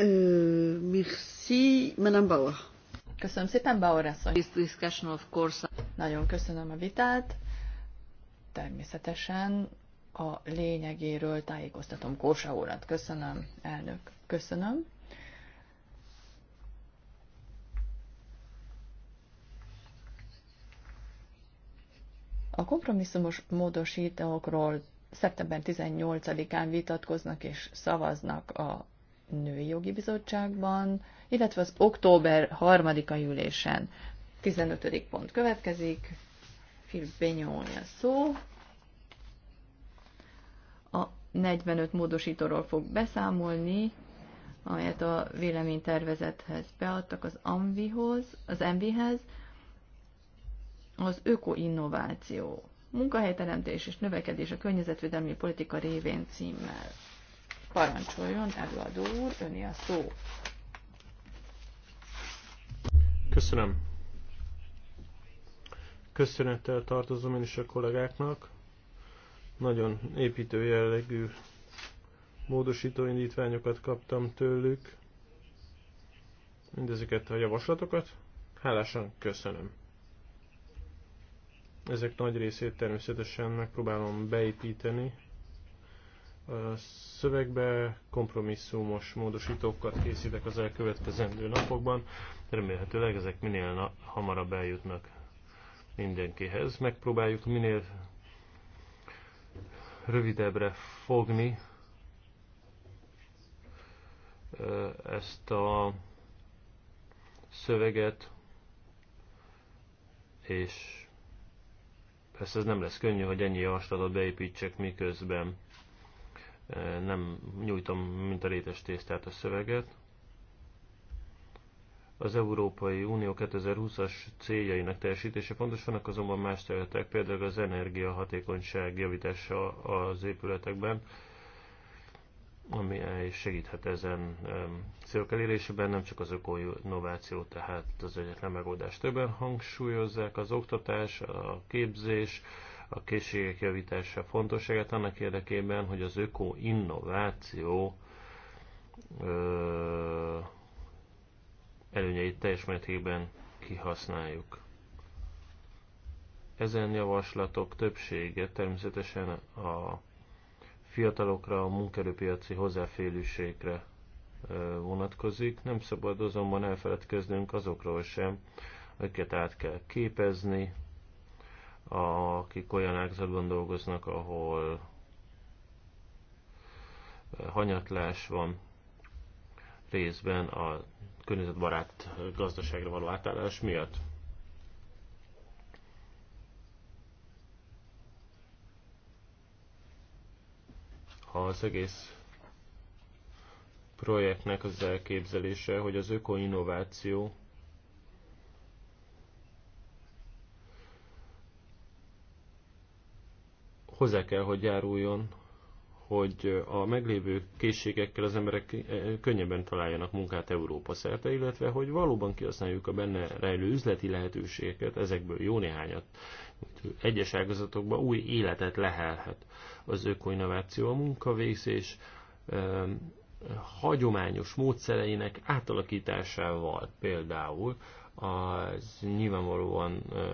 Euh, Bauer. Köszönöm szépen, Bauer asszony. Nagyon köszönöm a vitát. Természetesen a lényegéről tájékoztatom Kósa úrat. Köszönöm, elnök. Köszönöm. A kompromisszumos módosítókról szeptember 18-án vitatkoznak és szavaznak a Női Jogi Bizottságban, illetve az október 3-a ülésen. 15. pont következik. Philip Benyóni a szó. A 45 módosítóról fog beszámolni, amelyet a véleménytervezethez beadtak az AMVI-hoz, az MV-hez, az ökoinnováció, munkahelyteremtés és növekedés a környezetvédelmi politika révén címmel. Parancsoljon, előadó úr, öné a szó. Köszönöm. Köszönettel tartozom én is a kollégáknak. Nagyon építő jellegű módosító indítványokat kaptam tőlük. Mindezeket a javaslatokat hálásan köszönöm. Ezek nagy részét természetesen megpróbálom beépíteni szövegbe, kompromisszumos módosítókat készítek az elkövetkezendő napokban. Remélhetőleg ezek minél hamarabb eljutnak mindenkihez. Megpróbáljuk minél rövidebbre fogni ezt a szöveget, és persze ez nem lesz könnyű, hogy ennyi javaslatot beépítsek miközben nem nyújtom, mint a rétes tésztát a szöveget. Az Európai Unió 2020-as céljainak teljesítése fontos, vannak azonban más területek, például az energiahatékonyság javítása az épületekben, ami segíthet ezen célok elérésében, nem csak az ökoinnováció, tehát az egyetlen megoldást Többen hangsúlyozzák az oktatás, a képzés, a készségek javítása fontosságát annak érdekében, hogy az öko-innováció előnyeit teljes mértékben kihasználjuk. Ezen javaslatok többsége természetesen a fiatalokra, a munkerőpiaci hozzáférőségre vonatkozik. Nem szabad azonban elfeledkeznünk azokról sem, akiket át kell képezni, akik olyan ágazatban dolgoznak, ahol eh, hanyatlás van részben a környezetbarát gazdaságra való átállás miatt. Ha az egész projektnek az elképzelése, hogy az ökoinnováció hozzá kell, hogy járuljon, hogy a meglévő készségekkel az emberek eh, könnyebben találjanak munkát Európa szerte, illetve hogy valóban kihasználjuk a benne rejlő üzleti lehetőségeket, ezekből jó néhányat egyes ágazatokban új életet lehelhet az ökoinnováció, a munkavégzés ehm, hagyományos módszereinek átalakításával például, az nyilvánvalóan eh,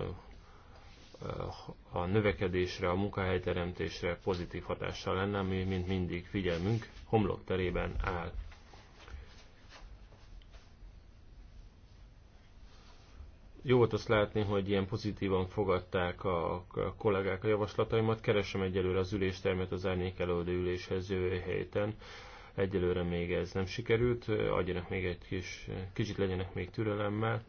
a növekedésre, a munkahelyteremtésre pozitív hatással lenne, ami mint mindig figyelmünk homlokterében áll. Jó volt azt látni, hogy ilyen pozitívan fogadták a kollégák a javaslataimat. Keresem egyelőre az üléstermet az árnyék előadó üléshez jövő héten. Egyelőre még ez nem sikerült. Adjanak még egy kis, kicsit legyenek még türelemmel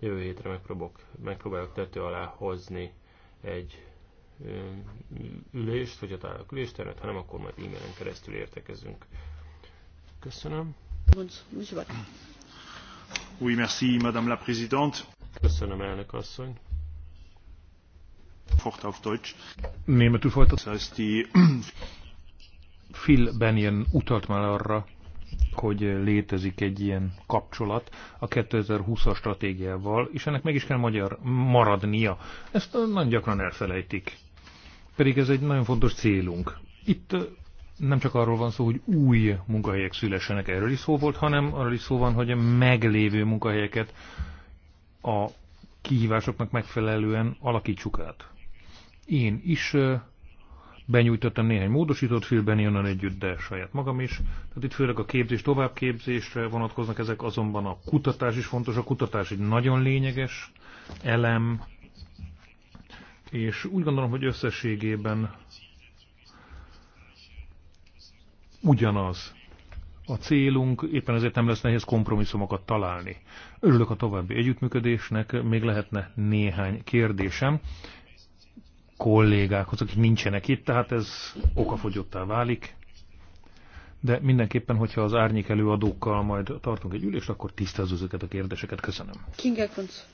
Jövő hétre megpróbálok, megpróbálok tető alá hozni egy ülést, hogyha találok ülésteret, ha nem, akkor majd e-mailen keresztül értekezünk. Köszönöm. Oui, merci, Madame la Présidente. Köszönöm, elnök asszony. Fort auf Deutsch. Németül folytat. Das heißt, die... Phil Benjen utalt már arra, hogy létezik egy ilyen kapcsolat a 2020-as stratégiával, és ennek meg is kell magyar maradnia. Ezt nagyon gyakran elfelejtik. Pedig ez egy nagyon fontos célunk. Itt nem csak arról van szó, hogy új munkahelyek szülessenek, erről is szó volt, hanem arról is szó van, hogy a meglévő munkahelyeket a kihívásoknak megfelelően alakítsuk át. Én is benyújtottam néhány módosított filmben onnan együtt, de saját magam is. Tehát itt főleg a képzés, továbbképzésre vonatkoznak ezek, azonban a kutatás is fontos. A kutatás egy nagyon lényeges elem, és úgy gondolom, hogy összességében ugyanaz a célunk, éppen ezért nem lesz nehéz kompromisszumokat találni. Örülök a további együttműködésnek, még lehetne néhány kérdésem, kollégákhoz, akik nincsenek itt, tehát ez okafogyottá válik. De mindenképpen, hogyha az árnyék előadókkal majd tartunk egy ülést, akkor tisztázzuk ezeket a kérdéseket. Köszönöm. Kinga Kunz.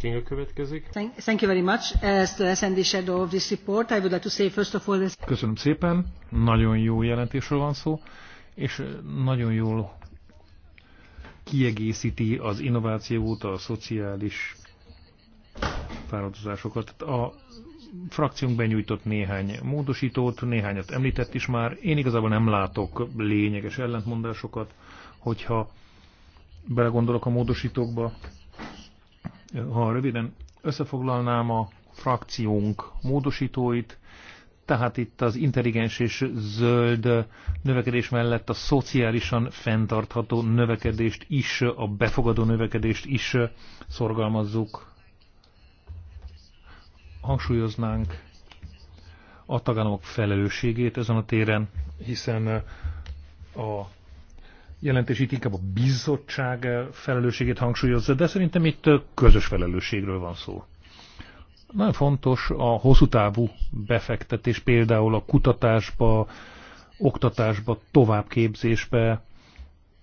Kinga következik. Thank you very much. As the SND shadow of this report, I would like to say first of all this... Köszönöm szépen. Nagyon jó jelentésről van szó, és nagyon jól kiegészíti az innovációt, a szociális fáradozásokat. A frakciónk benyújtott néhány módosítót, néhányat említett is már. Én igazából nem látok lényeges ellentmondásokat, hogyha belegondolok a módosítókba. Ha röviden összefoglalnám a frakciónk módosítóit, tehát itt az intelligens és zöld növekedés mellett a szociálisan fenntartható növekedést is, a befogadó növekedést is szorgalmazzuk hangsúlyoznánk a tagállamok felelősségét ezen a téren, hiszen a jelentés itt inkább a bizottság felelősségét hangsúlyozza, de szerintem itt közös felelősségről van szó. Nagyon fontos a hosszú távú befektetés például a kutatásba, oktatásba, továbbképzésbe.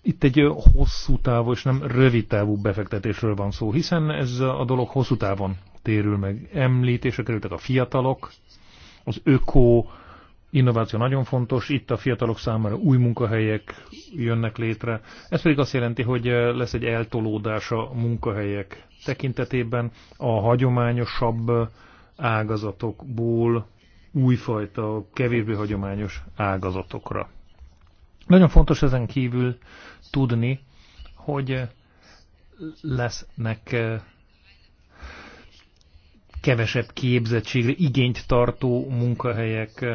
Itt egy hosszú távú és nem rövid távú befektetésről van szó, hiszen ez a dolog hosszú távon térül meg. Említésre kerültek a fiatalok, az öko, innováció nagyon fontos, itt a fiatalok számára új munkahelyek jönnek létre. Ez pedig azt jelenti, hogy eh, lesz egy eltolódás a munkahelyek tekintetében a hagyományosabb eh, ágazatokból újfajta, kevésbé hagyományos ágazatokra. Nagyon fontos ezen kívül tudni, hogy eh, lesznek kevesebb képzettségre igényt tartó munkahelyek,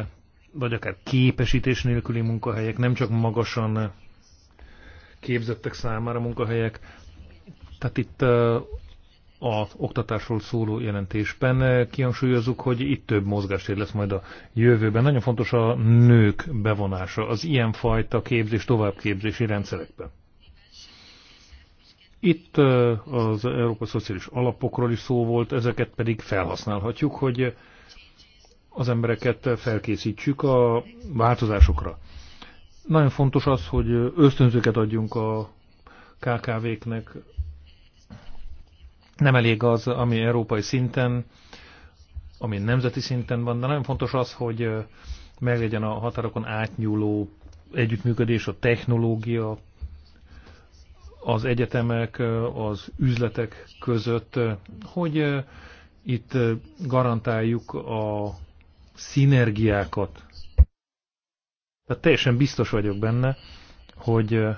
vagy akár képesítés nélküli munkahelyek, nem csak magasan képzettek számára munkahelyek. Tehát itt az oktatásról szóló jelentésben kihangsúlyozunk, hogy itt több mozgástér lesz majd a jövőben. Nagyon fontos a nők bevonása az ilyenfajta képzés, továbbképzési rendszerekben. Itt az Európa Szociális Alapokról is szó volt, ezeket pedig felhasználhatjuk, hogy az embereket felkészítsük a változásokra. Nagyon fontos az, hogy ösztönzőket adjunk a KKV-knek. Nem elég az, ami európai szinten, ami nemzeti szinten van, de nagyon fontos az, hogy meglegyen a határokon átnyúló együttműködés, a technológia, az egyetemek, az üzletek között, hogy eh, itt eh, garantáljuk a szinergiákat. Tehát teljesen biztos vagyok benne, hogy eh,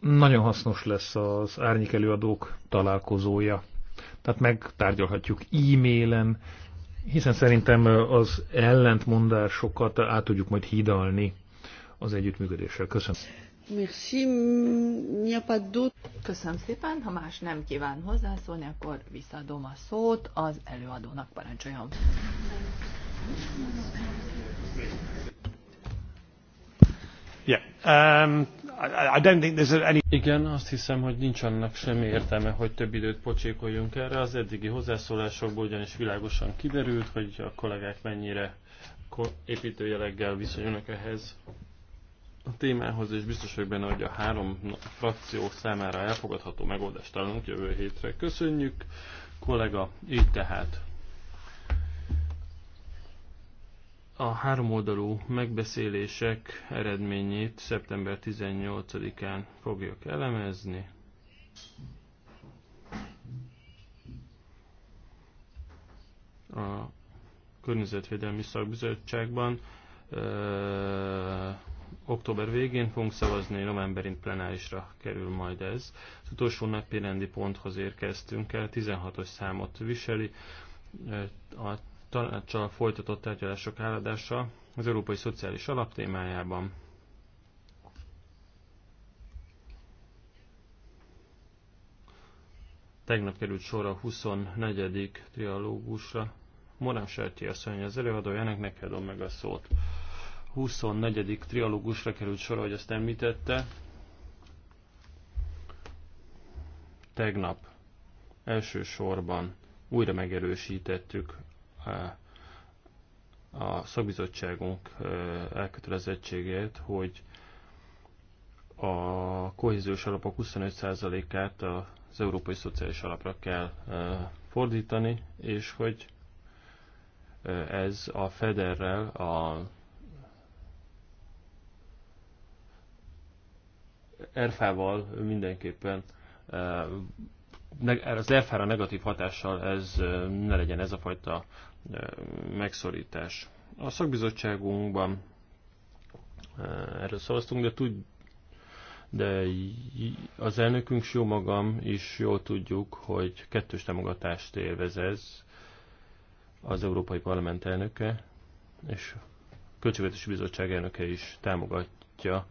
nagyon hasznos lesz az árnyék előadók találkozója. Tehát megtárgyalhatjuk e-mailen, hiszen szerintem az ellentmondásokat át tudjuk majd hidalni az együttműködéssel. Köszönöm. Merci. Köszönöm szépen. Ha más nem kíván hozzászólni, akkor visszaadom a szót az előadónak. Parancsoljon. Yeah. Um, I don't think there's any... Igen, azt hiszem, hogy nincs annak semmi értelme, hogy több időt pocsékoljunk erre. Az eddigi hozzászólásokból ugyanis világosan kiderült, hogy a kollégák mennyire építőjeleggel viszonyulnak ehhez a témához, és biztos vagyok benne, hogy a három frakció számára elfogadható megoldást találunk jövő hétre. Köszönjük, kollega, így tehát. A háromoldalú megbeszélések eredményét szeptember 18-án fogjuk elemezni. A Környezetvédelmi Szakbizottságban október végén fogunk szavazni, novemberin plenárisra kerül majd ez. Az utolsó napi rendi ponthoz érkeztünk el, 16-os számot viseli a tanácsal folytatott tárgyalások álladása az Európai Szociális Alap témájában. Tegnap került sor a 24. trialógusra. Morán Sertyi asszony az ennek neked meg a szót. 24. trialógusra került sor, ahogy azt említette. Tegnap elsősorban újra megerősítettük eh, a szakbizottságunk eh, elkötelezettségét, hogy a kohéziós alapok 25%-át az Európai Szociális Alapra kell eh, fordítani, és hogy ez a Federrel, a erfával mindenképpen eh, az erfára negatív hatással ez eh, ne legyen ez a fajta eh, megszorítás. A szakbizottságunkban erről szavaztunk, de tud, de az elnökünk, jó magam is jól tudjuk, hogy kettős támogatást élvez ez az Európai Parlament elnöke, és a Költségvetési Bizottság elnöke is támogatja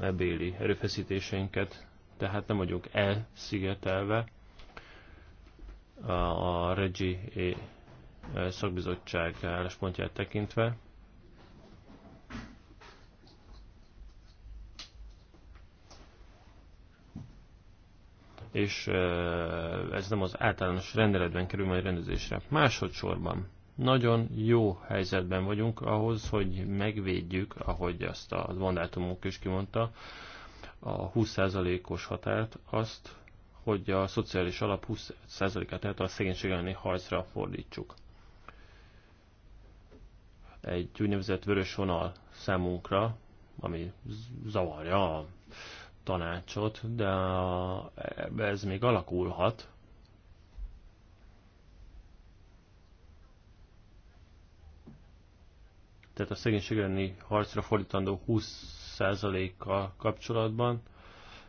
ebéli erőfeszítéseinket, tehát nem vagyunk elszigetelve a Regi szakbizottság álláspontját tekintve. és ez nem az általános rendeletben kerül majd rendezésre. Másodszorban nagyon jó helyzetben vagyunk ahhoz, hogy megvédjük, ahogy azt a mandátumunk is kimondta, a 20%-os határt, azt, hogy a szociális alap 20%-át, tehát a szegénység elleni hajszra fordítsuk. Egy úgynevezett vörös vonal számunkra, ami zavarja a tanácsot, de ez még alakulhat, tehát a szegénység elleni harcra fordítandó 20 a kapcsolatban,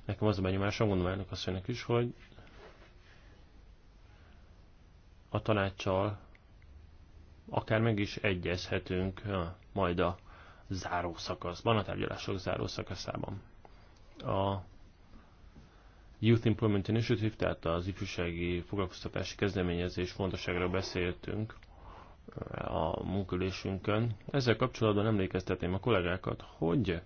nekem az a benyomásom, gondolom elnök asszonynak is, hogy a tanácssal akár meg is egyezhetünk ja, majd a záró szakaszban, a tárgyalások záró szakaszában. A Youth Employment Initiative, tehát az ifjúsági foglalkoztatási kezdeményezés fontosságra beszéltünk a munkülésünkön. Ezzel kapcsolatban emlékeztetném a kollégákat, hogy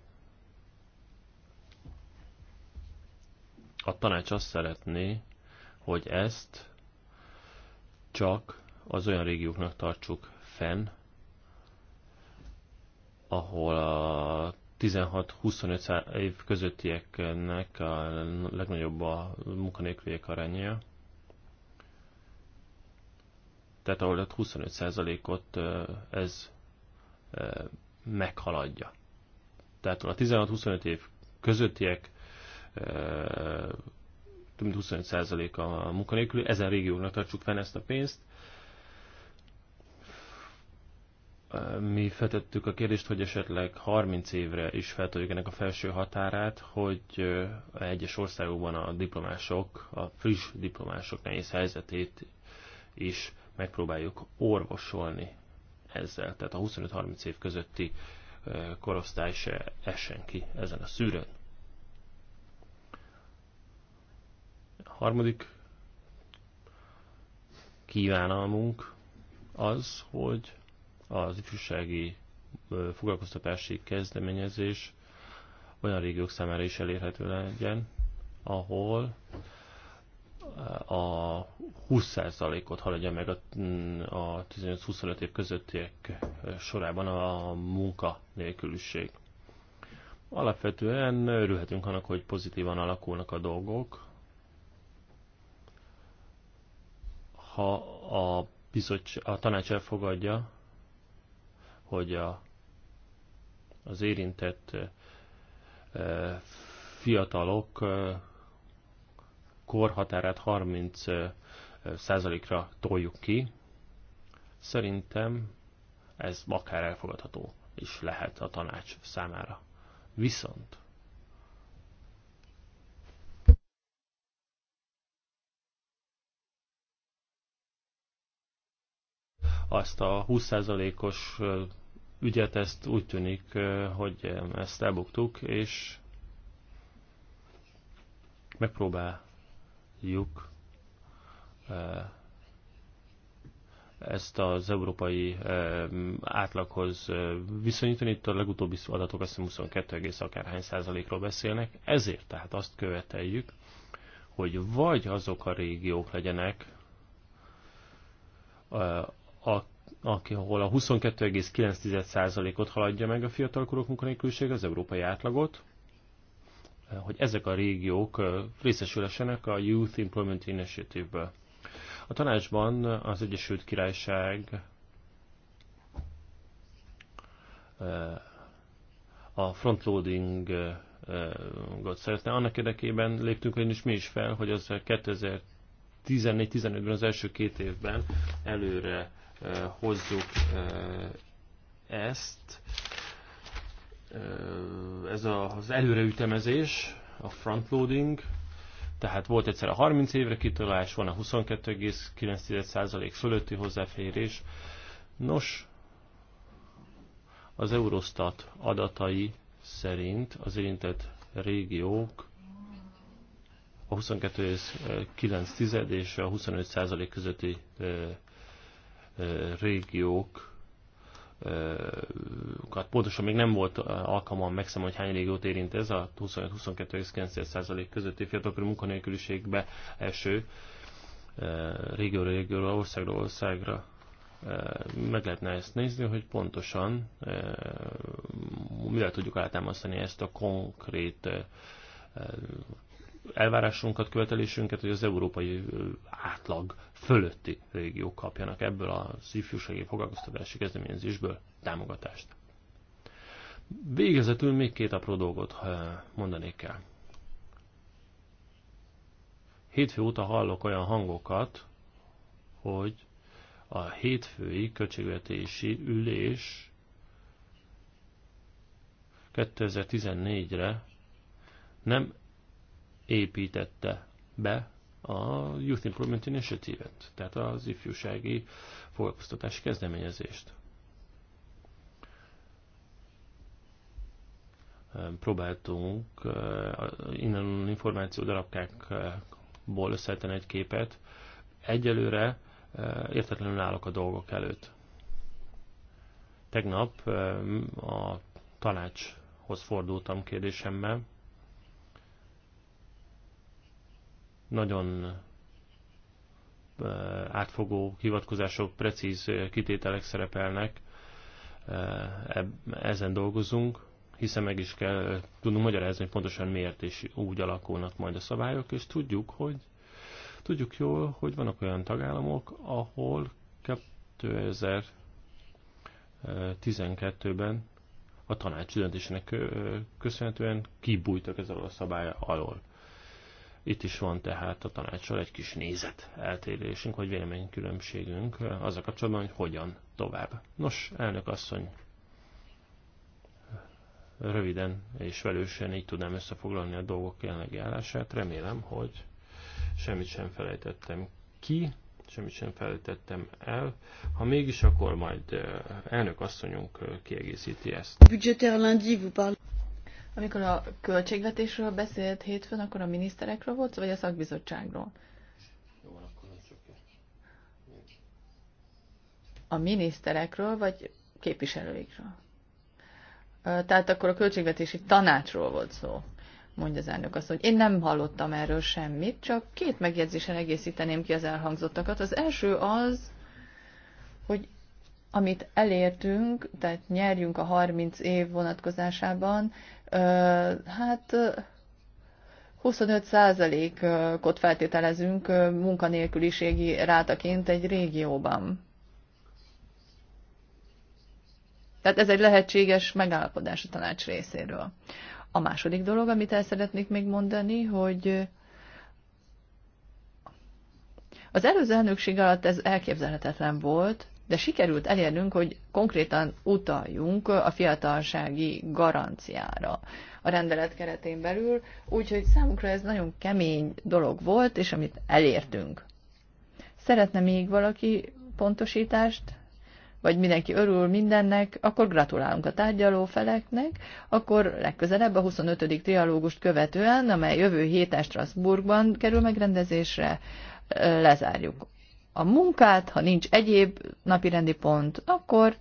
a tanács azt szeretné, hogy ezt csak az olyan régióknak tartsuk fenn, ahol a 16-25 év közöttieknek a legnagyobb a munkanélküliek aránya, tehát ahol ott 25%-ot ez meghaladja. Tehát a 16-25 év közöttiek több mint 25% a munkanélkül, ezen régióknak tartsuk fenn ezt a pénzt. Mi feltettük a kérdést, hogy esetleg 30 évre is feltoljuk ennek a felső határát, hogy egyes országokban a diplomások, a friss diplomások nehéz helyzetét is megpróbáljuk orvosolni ezzel. Tehát a 25-30 év közötti korosztály se essen ki ezen a szűrőn. A harmadik kívánalmunk az, hogy az ifjúsági foglalkoztatási kezdeményezés olyan régiók számára is elérhető legyen, ahol a 20%-ot haladja meg a, a 18-25 év közöttiek sorában a munka nélküliség. Alapvetően örülhetünk annak, hogy pozitívan alakulnak a dolgok. Ha a, bizottság, a tanács elfogadja, hogy a, az érintett e, fiatalok e, korhatárát 30 százalékra toljuk ki, szerintem ez akár elfogadható is lehet a tanács számára. Viszont azt a 20%-os ügyet, ezt úgy tűnik, hogy ezt elbuktuk, és megpróbál juk eh, ezt az európai eh, átlaghoz eh, viszonyítani. Itt a legutóbbi adatok azt hiszem 22, akárhány százalékról beszélnek. Ezért tehát azt követeljük, hogy vagy azok a régiók legyenek, aki, ahol a 22,9%-ot haladja meg a fiatalkorok munkanélkülség az európai átlagot, hogy ezek a régiók részesülhessenek a Youth Employment Initiative-ből. A tanácsban az Egyesült Királyság a frontloadingot szeretne. Annak érdekében léptünk ugyanis mi is fel, hogy az 2014-15-ben az első két évben előre hozzuk ezt, ez az előreütemezés, a frontloading, tehát volt egyszer a 30 évre kitolás, van a 22,9% fölötti hozzáférés. Nos, az Eurostat adatai szerint az érintett régiók a 22,9 és a 25% közötti régiók hát pontosan még nem volt alkalmam megszem, hogy hány régiót érint ez, a 25-22,9% közötti fiatalkori munkanélküliségbe eső régióról, régióról, országra, országra meg lehetne ezt nézni, hogy pontosan mivel tudjuk átámasztani ezt a konkrét elvárásunkat, követelésünket, hogy az európai átlag fölötti régiók kapjanak ebből az ifjúsági foglalkoztatási kezdeményezésből támogatást. Végezetül még két apró dolgot mondanék kell. Hétfő óta hallok olyan hangokat, hogy a hétfői költségvetési ülés 2014-re nem építette be a Youth Improvement Initiative-et, tehát az ifjúsági foglalkoztatási kezdeményezést. Próbáltunk eh, innen információ darabkákból összeállítani egy képet. Egyelőre eh, értetlenül állok a dolgok előtt. Tegnap eh, a tanácshoz fordultam kérdésemmel, Nagyon eh, átfogó hivatkozások, precíz eh, kitételek szerepelnek, eh, ezen dolgozunk, hiszen meg is kell tudnunk magyarázni, hogy pontosan miért és úgy alakulnak majd a szabályok, és tudjuk, hogy tudjuk jól, hogy vannak olyan tagállamok, ahol 2012-ben a tanács döntésének köszönhetően kibújtak ezzel a szabály alól. Itt is van tehát a tanácsol egy kis nézet eltérésünk, hogy véleménykülönbségünk eh, az a kapcsolatban, hogy hogyan tovább. Nos, elnök asszony, röviden és velősen így tudnám összefoglalni a dolgok jelenlegi állását. Remélem, hogy semmit sem felejtettem ki, semmit sem felejtettem el. Ha mégis, akkor majd eh, elnök asszonyunk eh, kiegészíti ezt. Amikor a költségvetésről beszélt hétfőn, akkor a miniszterekről volt, vagy a szakbizottságról? Jó, akkor nem csak A miniszterekről, vagy képviselőikről? Tehát akkor a költségvetési tanácsról volt szó, mondja az elnök azt, hogy én nem hallottam erről semmit, csak két megjegyzésen egészíteném ki az elhangzottakat. Az első az, hogy amit elértünk, tehát nyerjünk a 30 év vonatkozásában, hát 25%-ot feltételezünk munkanélküliségi rátaként egy régióban. Tehát ez egy lehetséges megállapodás a tanács részéről. A második dolog, amit el szeretnék még mondani, hogy az előző elnökség alatt ez elképzelhetetlen volt, de sikerült elérnünk, hogy konkrétan utaljunk a fiatalsági garanciára a rendelet keretén belül, úgyhogy számunkra ez nagyon kemény dolog volt, és amit elértünk. Szeretne még valaki pontosítást? Vagy mindenki örül mindennek, akkor gratulálunk a tárgyaló feleknek, akkor legközelebb a 25. trialógust követően, amely jövő héten Strasbourgban kerül megrendezésre, lezárjuk a munkát, ha nincs egyéb napirendi pont, akkor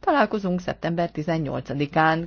találkozunk szeptember 18-án.